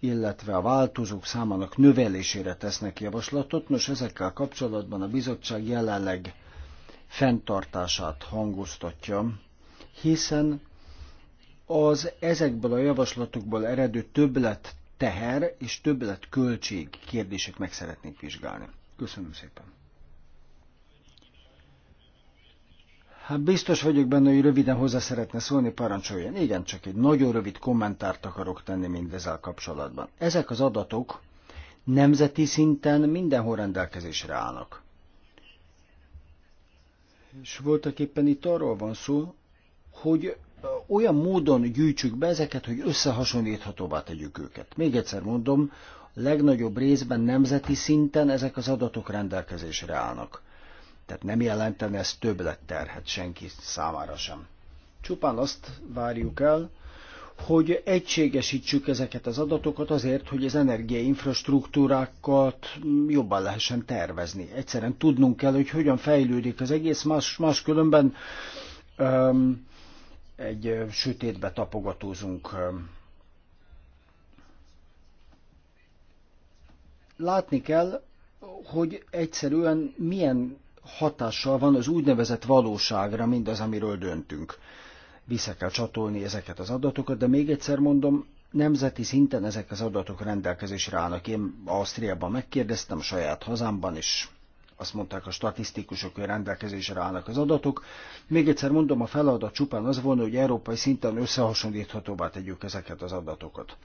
illetve a változók számának növelésére tesznek javaslatot. Nos, ezekkel kapcsolatban a bizottság jelenleg fenntartását hangoztatja, hiszen az ezekből a javaslatokból eredő többlet teher és többlet költség kérdések meg szeretnék vizsgálni. Köszönöm szépen. Hát biztos vagyok benne, hogy röviden hozzá szeretne szólni, parancsoljon. Igen, csak egy nagyon rövid kommentárt akarok tenni mindezzel kapcsolatban. Ezek az adatok nemzeti szinten mindenhol rendelkezésre állnak. És voltak éppen itt arról van szó, hogy olyan módon gyűjtsük be ezeket, hogy összehasonlíthatóvá tegyük őket. Még egyszer mondom, legnagyobb részben nemzeti szinten ezek az adatok rendelkezésre állnak. Tehát nem jelentene ez terhet senki számára sem. Csupán azt várjuk el, hogy egységesítsük ezeket az adatokat azért, hogy az energiainfrastruktúrákat jobban lehessen tervezni. Egyszerűen tudnunk kell, hogy hogyan fejlődik az egész, más, más különben um, egy sötétbe tapogatózunk. Látni kell, hogy egyszerűen milyen hatással van az úgynevezett valóságra mindaz, amiről döntünk. Vissza kell csatolni ezeket az adatokat, de még egyszer mondom, nemzeti szinten ezek az adatok rendelkezésre állnak. Én Ausztriában megkérdeztem, saját hazámban is azt mondták a statisztikusok, hogy rendelkezésre állnak az adatok. Még egyszer mondom, a feladat csupán az volna, hogy európai szinten összehasonlíthatóvá tegyük ezeket az adatokat.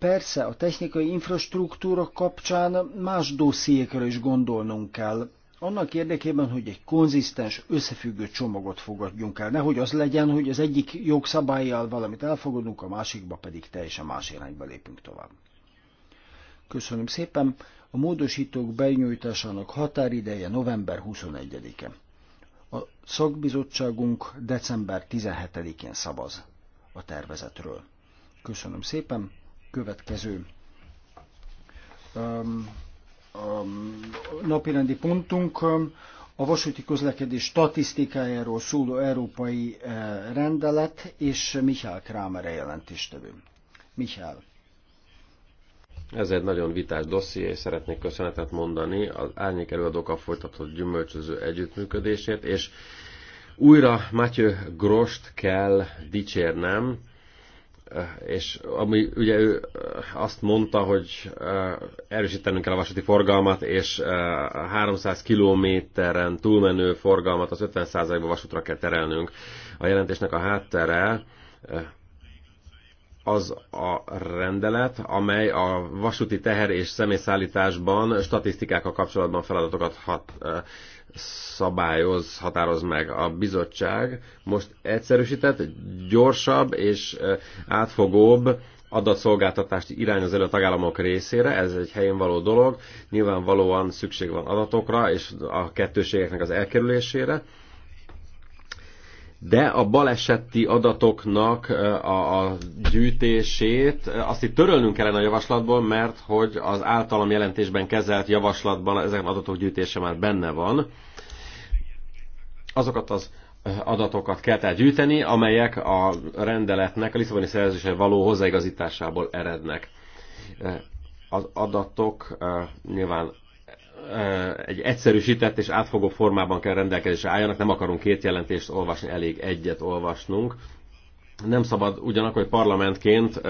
Persze a technikai infrastruktúra kapcsán más dossziékra is gondolnunk kell, annak érdekében, hogy egy konzisztens, összefüggő csomagot fogadjunk el. Nehogy az legyen, hogy az egyik jogszabályjal valamit elfogadunk, a másikba pedig teljesen más irányba lépünk tovább. Köszönöm szépen. A módosítók benyújtásának határideje november 21-e. A szakbizottságunk december 17-én szavaz a tervezetről. Köszönöm szépen következő napirendi pontunk a vasúti közlekedés statisztikájáról szóló európai e, rendelet, és Mihály Krámer jelentéstevő. Mihály. Ez egy nagyon vitás dosszié, és szeretnék köszönetet mondani az árnyék előadókkal folytatott gyümölcsöző együttműködését, és újra Matyő Grost kell dicsérnem, Eh, és ami ugye ő eh, azt mondta, hogy eh, erősítenünk kell a vasúti forgalmat, és 300 kilométeren túlmenő forgalmat az 50%-ba vasútra kell terelnünk. A jelentésnek a háttere az a rendelet, amely a vasúti teher és személyszállításban statisztikákkal kapcsolatban feladatokat hat, szabályoz, határoz meg a bizottság, most egyszerűsített, gyorsabb és átfogóbb adatszolgáltatást irányoz elő a tagállamok részére, ez egy helyén való dolog, nyilvánvalóan szükség van adatokra és a kettőségeknek az elkerülésére, de a baleseti adatoknak a, a gyűjtését azt itt törölnünk kellene a javaslatból, mert hogy az általam jelentésben kezelt javaslatban ezek az adatok gyűjtése már benne van. Azokat az adatokat kell tehát gyűjteni, amelyek a rendeletnek, a Lisszaboni szerződésre való hozzáigazításából erednek. Az adatok nyilván egy egyszerűsített és átfogó formában kell rendelkezésre álljanak, nem akarunk két jelentést olvasni, elég egyet olvasnunk. Nem szabad ugyanakkor, hogy parlamentként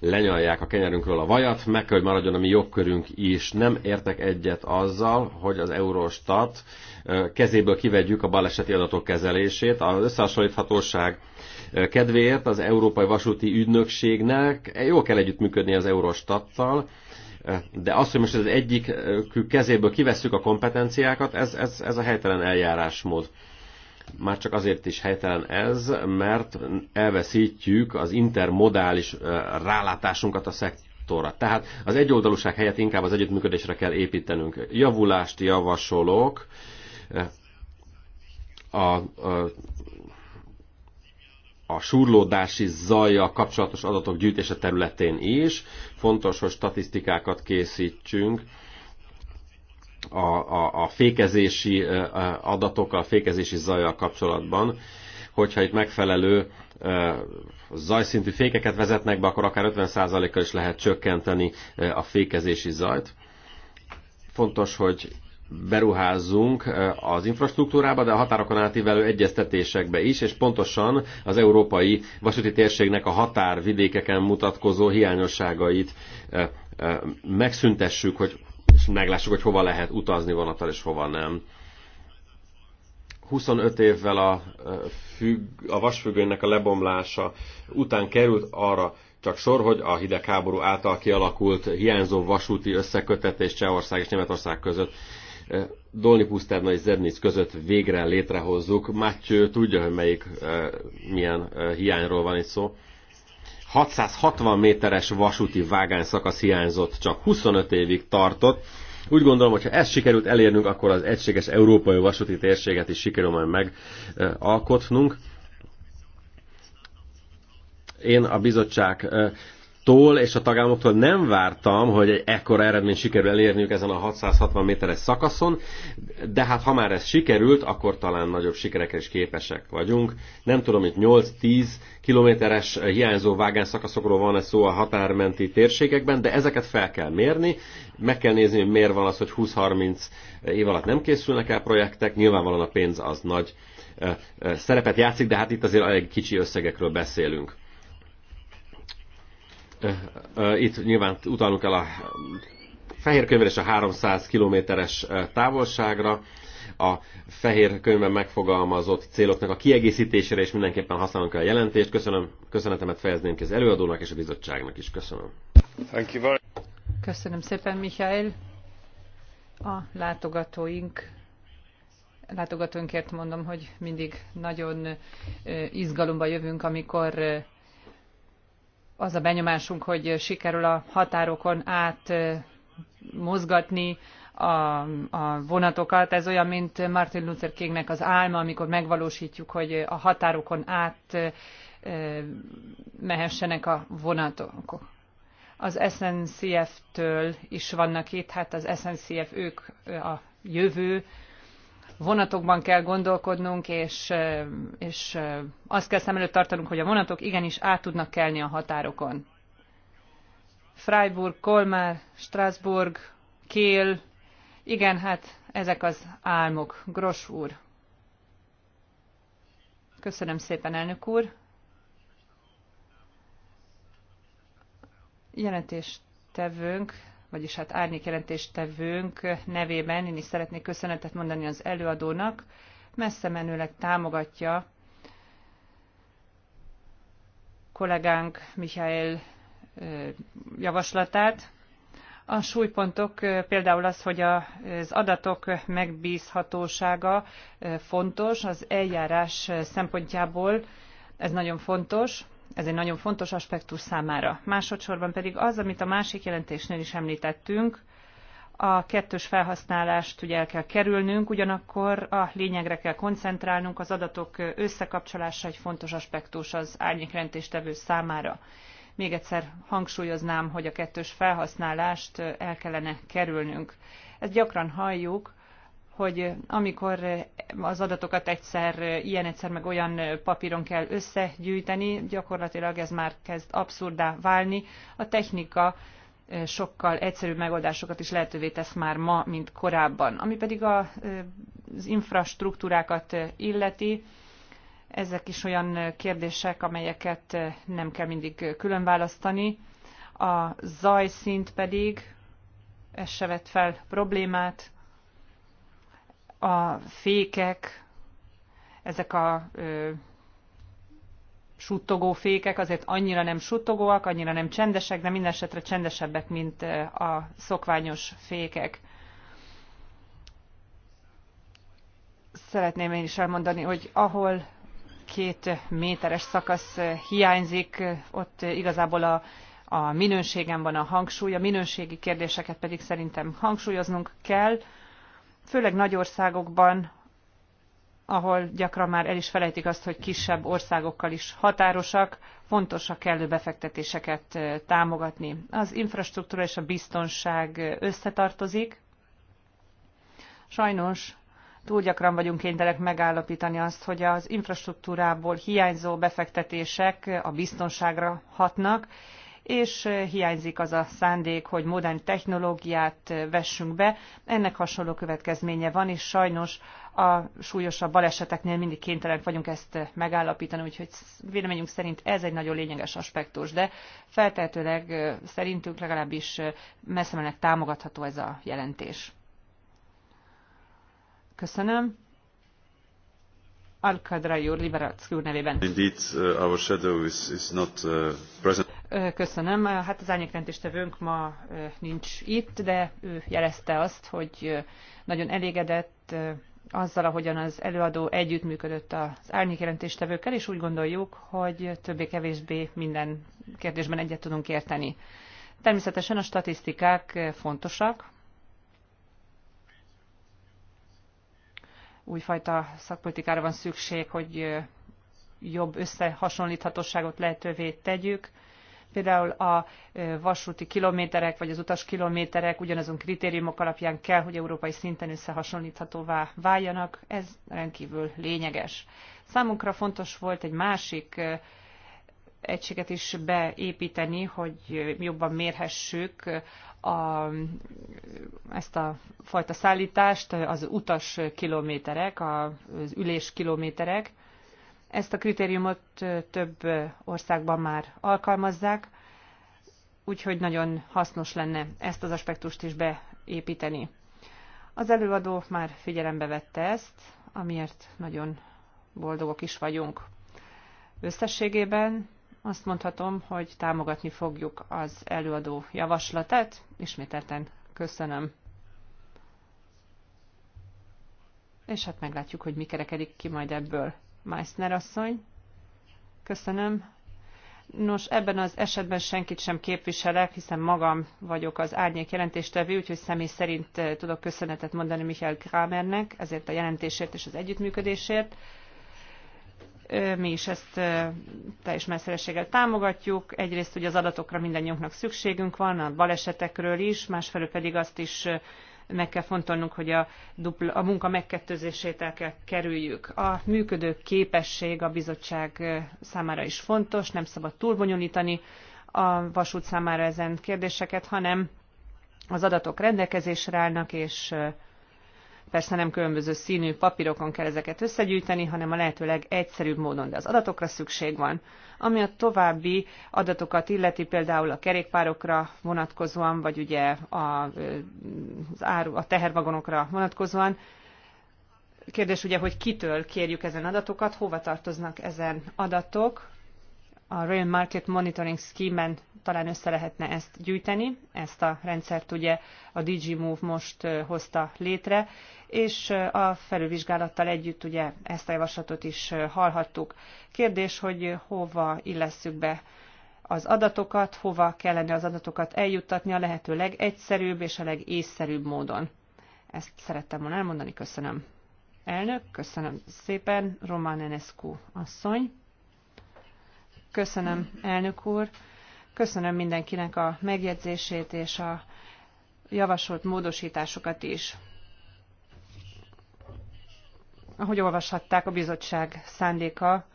lenyalják a kenyerünkről a vajat, meg kell, hogy maradjon a mi jogkörünk is. Nem értek egyet azzal, hogy az Eurostat kezéből kivegyük a baleseti adatok kezelését. Az összehasonlíthatóság kedvéért az Európai Vasúti Ügynökségnek jól kell együttműködni az Eurostattal, de azt, hogy most az egyik eh, kezéből kivesszük a kompetenciákat, ez, ez, ez a helytelen eljárásmód. Már csak azért is helytelen ez, mert elveszítjük az intermodális eh, rálátásunkat a szektorra. Tehát az egyoldalúság helyett inkább az együttműködésre kell építenünk. Javulást javasolok, eh, a, a a surlódási zajjal kapcsolatos adatok gyűjtése területén is. Fontos, hogy statisztikákat készítsünk a, a, a fékezési adatokkal, a fékezési zajjal kapcsolatban, hogyha itt megfelelő zajszintű fékeket vezetnek be, akkor akár 50%-kal is lehet csökkenteni a fékezési zajt. Fontos, hogy beruházzunk eh, az infrastruktúrába, de a határokon átívelő egyeztetésekbe is, és pontosan az európai vasúti térségnek a határvidékeken mutatkozó hiányosságait eh, eh, megszüntessük, hogy, és meglássuk, hogy hova lehet utazni vonattal, és hova nem. 25 évvel a, függ, a vasfüggönynek a lebomlása után került arra csak sor, hogy a hidegháború által kialakult hiányzó vasúti összekötetés Csehország és Németország között Dolni Pusztárna és Zebnic között végre létrehozzuk. Mátyő tudja, hogy melyik eh, milyen eh, hiányról van itt szó. 660 méteres vasúti vágány szakasz hiányzott, csak 25 évig tartott. Úgy gondolom, hogy ha ezt sikerült elérnünk, akkor az egységes európai vasúti térséget is sikerül majd megalkotnunk. Én a bizottság eh, tól és a tagállamoktól nem vártam, hogy egy ekkora eredmény sikerül elérniük ezen a 660 méteres szakaszon, de hát ha már ez sikerült, akkor talán nagyobb sikerekre is képesek vagyunk. Nem tudom, itt 8-10 kilométeres hiányzó szakaszokról van ez szó a határmenti térségekben, de ezeket fel kell mérni, meg kell nézni, hogy miért van az, hogy 20-30 év alatt nem készülnek el projektek, nyilvánvalóan a pénz az nagy szerepet játszik, de hát itt azért egy kicsi összegekről beszélünk itt nyilván utalunk el a fehér könyvre és a 300 kilométeres távolságra. A fehér könyvben megfogalmazott céloknak a kiegészítésére és mindenképpen használunk el a jelentést. Köszönöm, köszönetemet fejezném ki az előadónak és a bizottságnak is. Köszönöm. Thank you very Köszönöm szépen, Mihály. A látogatóink látogatónkért mondom, hogy mindig nagyon izgalomba jövünk, amikor az a benyomásunk, hogy sikerül a határokon át mozgatni a, a vonatokat. Ez olyan, mint Martin Luther Kingnek az álma, amikor megvalósítjuk, hogy a határokon át mehessenek a vonatok. Az SNCF-től is vannak itt, hát az SNCF ők a jövő, vonatokban kell gondolkodnunk, és, eh, és eh, azt kell szem előtt tartanunk, hogy a vonatok igenis át tudnak kelni a határokon. Freiburg, Kolmár, Strasbourg, Kiel, igen, hát ezek az álmok. Gros úr. Köszönöm szépen, elnök úr. tevőnk vagyis hát árnyékjelentéstevőnk nevében én is szeretnék köszönetet mondani az előadónak. Messze menőleg támogatja kollégánk Mihály javaslatát. A súlypontok például az, hogy az adatok megbízhatósága fontos, az eljárás szempontjából ez nagyon fontos ez egy nagyon fontos aspektus számára. Másodszorban pedig az, amit a másik jelentésnél is említettünk, a kettős felhasználást ugye el kell kerülnünk, ugyanakkor a lényegre kell koncentrálnunk, az adatok összekapcsolása egy fontos aspektus az árnyékrendtéstevő számára. Még egyszer hangsúlyoznám, hogy a kettős felhasználást el kellene kerülnünk. Ezt gyakran halljuk, hogy amikor az adatokat egyszer ilyen, egyszer meg olyan papíron kell összegyűjteni, gyakorlatilag ez már kezd abszurdá válni. A technika sokkal egyszerűbb megoldásokat is lehetővé tesz már ma, mint korábban. Ami pedig a, az infrastruktúrákat illeti, ezek is olyan kérdések, amelyeket nem kell mindig külön választani. A zajszint pedig, ez se vett fel problémát, a fékek, ezek a ö, suttogó fékek azért annyira nem suttogóak, annyira nem csendesek, de minden esetre csendesebbek, mint a szokványos fékek. Szeretném én is elmondani, hogy ahol két méteres szakasz hiányzik, ott igazából a, a minőségen van a hangsúly, a minőségi kérdéseket pedig szerintem hangsúlyoznunk kell, főleg nagy országokban, ahol gyakran már el is felejtik azt, hogy kisebb országokkal is határosak, fontos a kellő befektetéseket támogatni. Az infrastruktúra és a biztonság összetartozik. Sajnos túl gyakran vagyunk kénytelenek megállapítani azt, hogy az infrastruktúrából hiányzó befektetések a biztonságra hatnak, és eh, hiányzik az a szándék, hogy modern technológiát eh, vessünk be. Ennek hasonló következménye van, és sajnos a súlyosabb baleseteknél mindig kénytelenek vagyunk ezt eh, megállapítani, úgyhogy véleményünk szerint ez egy nagyon lényeges aspektus, de feltehetőleg szerintünk legalábbis messze mennek támogatható ez a jelentés. Köszönöm. Alkadrajur Liberacki úr nevében. Indeed, uh, our shadow is, is not uh, present. Köszönöm. Hát az árnyékrendéstevőnk ma nincs itt, de ő jelezte azt, hogy nagyon elégedett azzal, ahogyan az előadó együttműködött az árnyékjelentéstevőkkel, és úgy gondoljuk, hogy többé-kevésbé minden kérdésben egyet tudunk érteni. Természetesen a statisztikák fontosak. Újfajta szakpolitikára van szükség, hogy jobb összehasonlíthatóságot lehetővé tegyük Például a vasúti kilométerek vagy az utas kilométerek ugyanazon kritériumok alapján kell, hogy európai szinten összehasonlíthatóvá váljanak. Ez rendkívül lényeges. Számunkra fontos volt egy másik egységet is beépíteni, hogy jobban mérhessük a, ezt a fajta szállítást, az utas kilométerek, az ülés kilométerek, ezt a kritériumot több országban már alkalmazzák, úgyhogy nagyon hasznos lenne ezt az aspektust is beépíteni. Az előadó már figyelembe vette ezt, amiért nagyon boldogok is vagyunk. Összességében azt mondhatom, hogy támogatni fogjuk az előadó javaslatát. Ismételten köszönöm. És hát meglátjuk, hogy mi kerekedik ki majd ebből. Meissner asszony. Köszönöm. Nos, ebben az esetben senkit sem képviselek, hiszen magam vagyok az árnyék jelentéstevő, úgyhogy személy szerint eh, tudok köszönetet mondani Michael Kramernek ezért a jelentésért és az együttműködésért. Eh, mi is ezt eh, teljes messzerességgel támogatjuk. Egyrészt ugye az adatokra mindannyiunknak szükségünk van, a balesetekről is, másfelől pedig azt is meg kell fontolnunk, hogy a, dupla, a munka megkettőzését el kell kerüljük. A működő képesség a bizottság számára is fontos, nem szabad túlbonyolítani a vasút számára ezen kérdéseket, hanem az adatok rendelkezésre állnak, és Persze nem különböző színű papírokon kell ezeket összegyűjteni, hanem a lehetőleg egyszerűbb módon, de az adatokra szükség van. Ami a további adatokat illeti, például a kerékpárokra vonatkozóan, vagy ugye a, az áru, a tehervagonokra vonatkozóan, Kérdés ugye, hogy kitől kérjük ezen adatokat, hova tartoznak ezen adatok, a Real Market Monitoring Scheme-en talán össze lehetne ezt gyűjteni. Ezt a rendszert ugye a DG Move most hozta létre, és a felülvizsgálattal együtt ugye ezt a javaslatot is hallhattuk. Kérdés, hogy hova illesszük be az adatokat, hova kellene az adatokat eljuttatni a lehető legegyszerűbb és a legészszerűbb módon. Ezt szerettem volna elmondani, köszönöm. Elnök, köszönöm szépen, Román Enescu asszony. Köszönöm, elnök úr. Köszönöm mindenkinek a megjegyzését és a javasolt módosításokat is. Ahogy olvashatták, a bizottság szándéka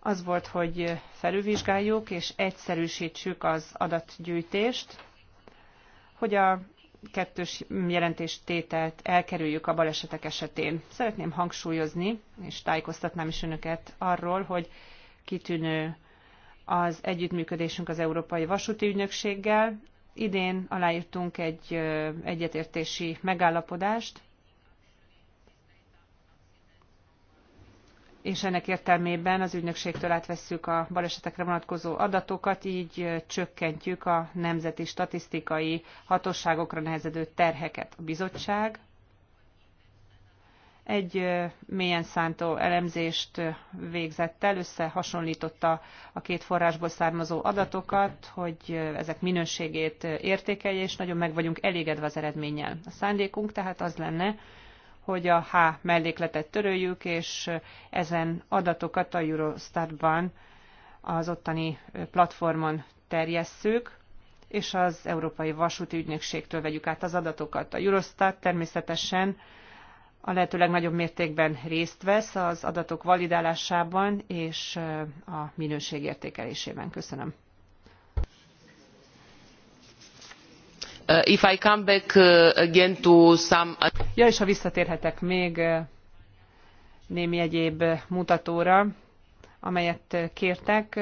az volt, hogy felülvizsgáljuk és egyszerűsítsük az adatgyűjtést, hogy a kettős jelentéstételt elkerüljük a balesetek esetén. Szeretném hangsúlyozni, és tájékoztatnám is önöket arról, hogy kitűnő az együttműködésünk az Európai Vasúti Ügynökséggel. Idén aláírtunk egy egyetértési megállapodást, és ennek értelmében az ügynökségtől átvesszük a balesetekre vonatkozó adatokat, így csökkentjük a nemzeti statisztikai hatóságokra nehezedő terheket. A bizottság egy mélyen szántó elemzést végzett el, összehasonlította a két forrásból származó adatokat, hogy ezek minőségét értékelje, és nagyon meg vagyunk elégedve az eredménnyel. A szándékunk tehát az lenne, hogy a H mellékletet töröljük, és ezen adatokat a Eurostatban az ottani platformon terjesszük, és az Európai Vasúti Ügynökségtől vegyük át az adatokat. A Eurostat természetesen a lehető legnagyobb mértékben részt vesz az adatok validálásában és a minőség értékelésében. Köszönöm. Uh, if I come back uh, again to some... Ja, és ha visszatérhetek még némi egyéb mutatóra, amelyet kértek,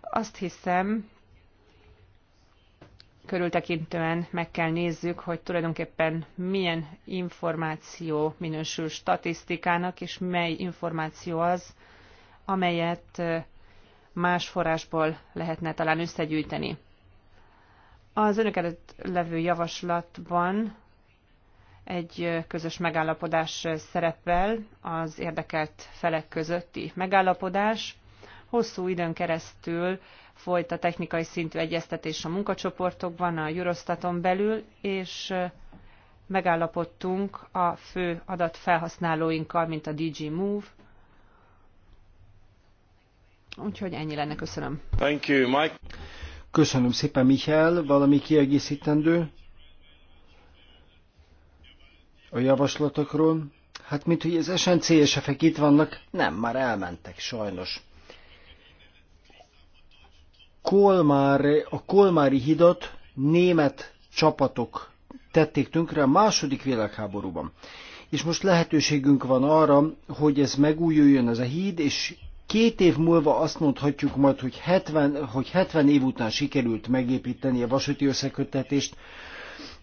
azt hiszem, körültekintően meg kell nézzük, hogy tulajdonképpen milyen információ minősül statisztikának, és mely információ az, amelyet más forrásból lehetne talán összegyűjteni. Az önök előtt levő javaslatban egy közös megállapodás szerepel, az érdekelt felek közötti megállapodás. Hosszú időn keresztül folyt a technikai szintű egyeztetés a munkacsoportokban, a Eurostaton belül, és megállapodtunk a fő adatfelhasználóinkkal, mint a DG Move. Úgyhogy ennyi lenne, köszönöm. Thank you, Mike. Köszönöm szépen, Michael. Valami kiegészítendő? A javaslatokról? Hát, mint hogy az snc ek itt vannak, nem, már elmentek, sajnos. Kolmár, a Kolmári hidat német csapatok tették tönkre a második világháborúban. És most lehetőségünk van arra, hogy ez megújuljon ez a híd, és két év múlva azt mondhatjuk majd, hogy 70, hogy 70 év után sikerült megépíteni a vasúti összekötetést.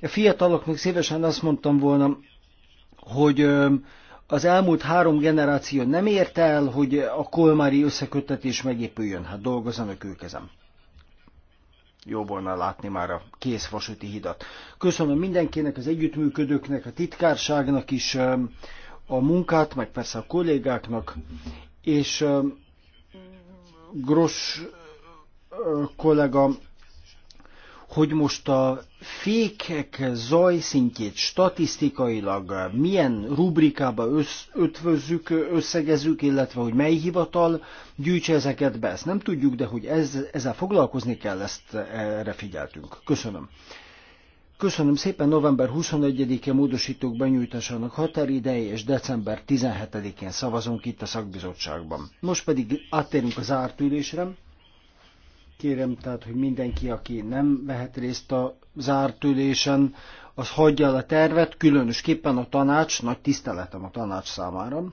A fiataloknak szívesen azt mondtam volna, hogy az elmúlt három generáció nem érte el, hogy a kolmári összekötetés megépüljön. Hát dolgozzanak ők ezen jó volna látni már a kész vasúti hidat. Köszönöm mindenkinek, az együttműködőknek, a titkárságnak is um, a munkát, meg persze a kollégáknak, és um, Gross uh, kollega hogy most a fékek zajszintjét statisztikailag milyen rubrikába össz, ötvözzük, összegezzük, illetve hogy mely hivatal gyűjtse ezeket be, ezt nem tudjuk, de hogy ez, ezzel foglalkozni kell, ezt erre figyeltünk. Köszönöm. Köszönöm szépen november 21-e módosítók benyújtásának határideje és december 17-én szavazunk itt a szakbizottságban. Most pedig áttérünk az ülésre. Kérem tehát, hogy mindenki, aki nem vehet részt a zárt ülésen, az hagyja el a tervet, különösképpen a tanács, nagy tiszteletem a tanács számára.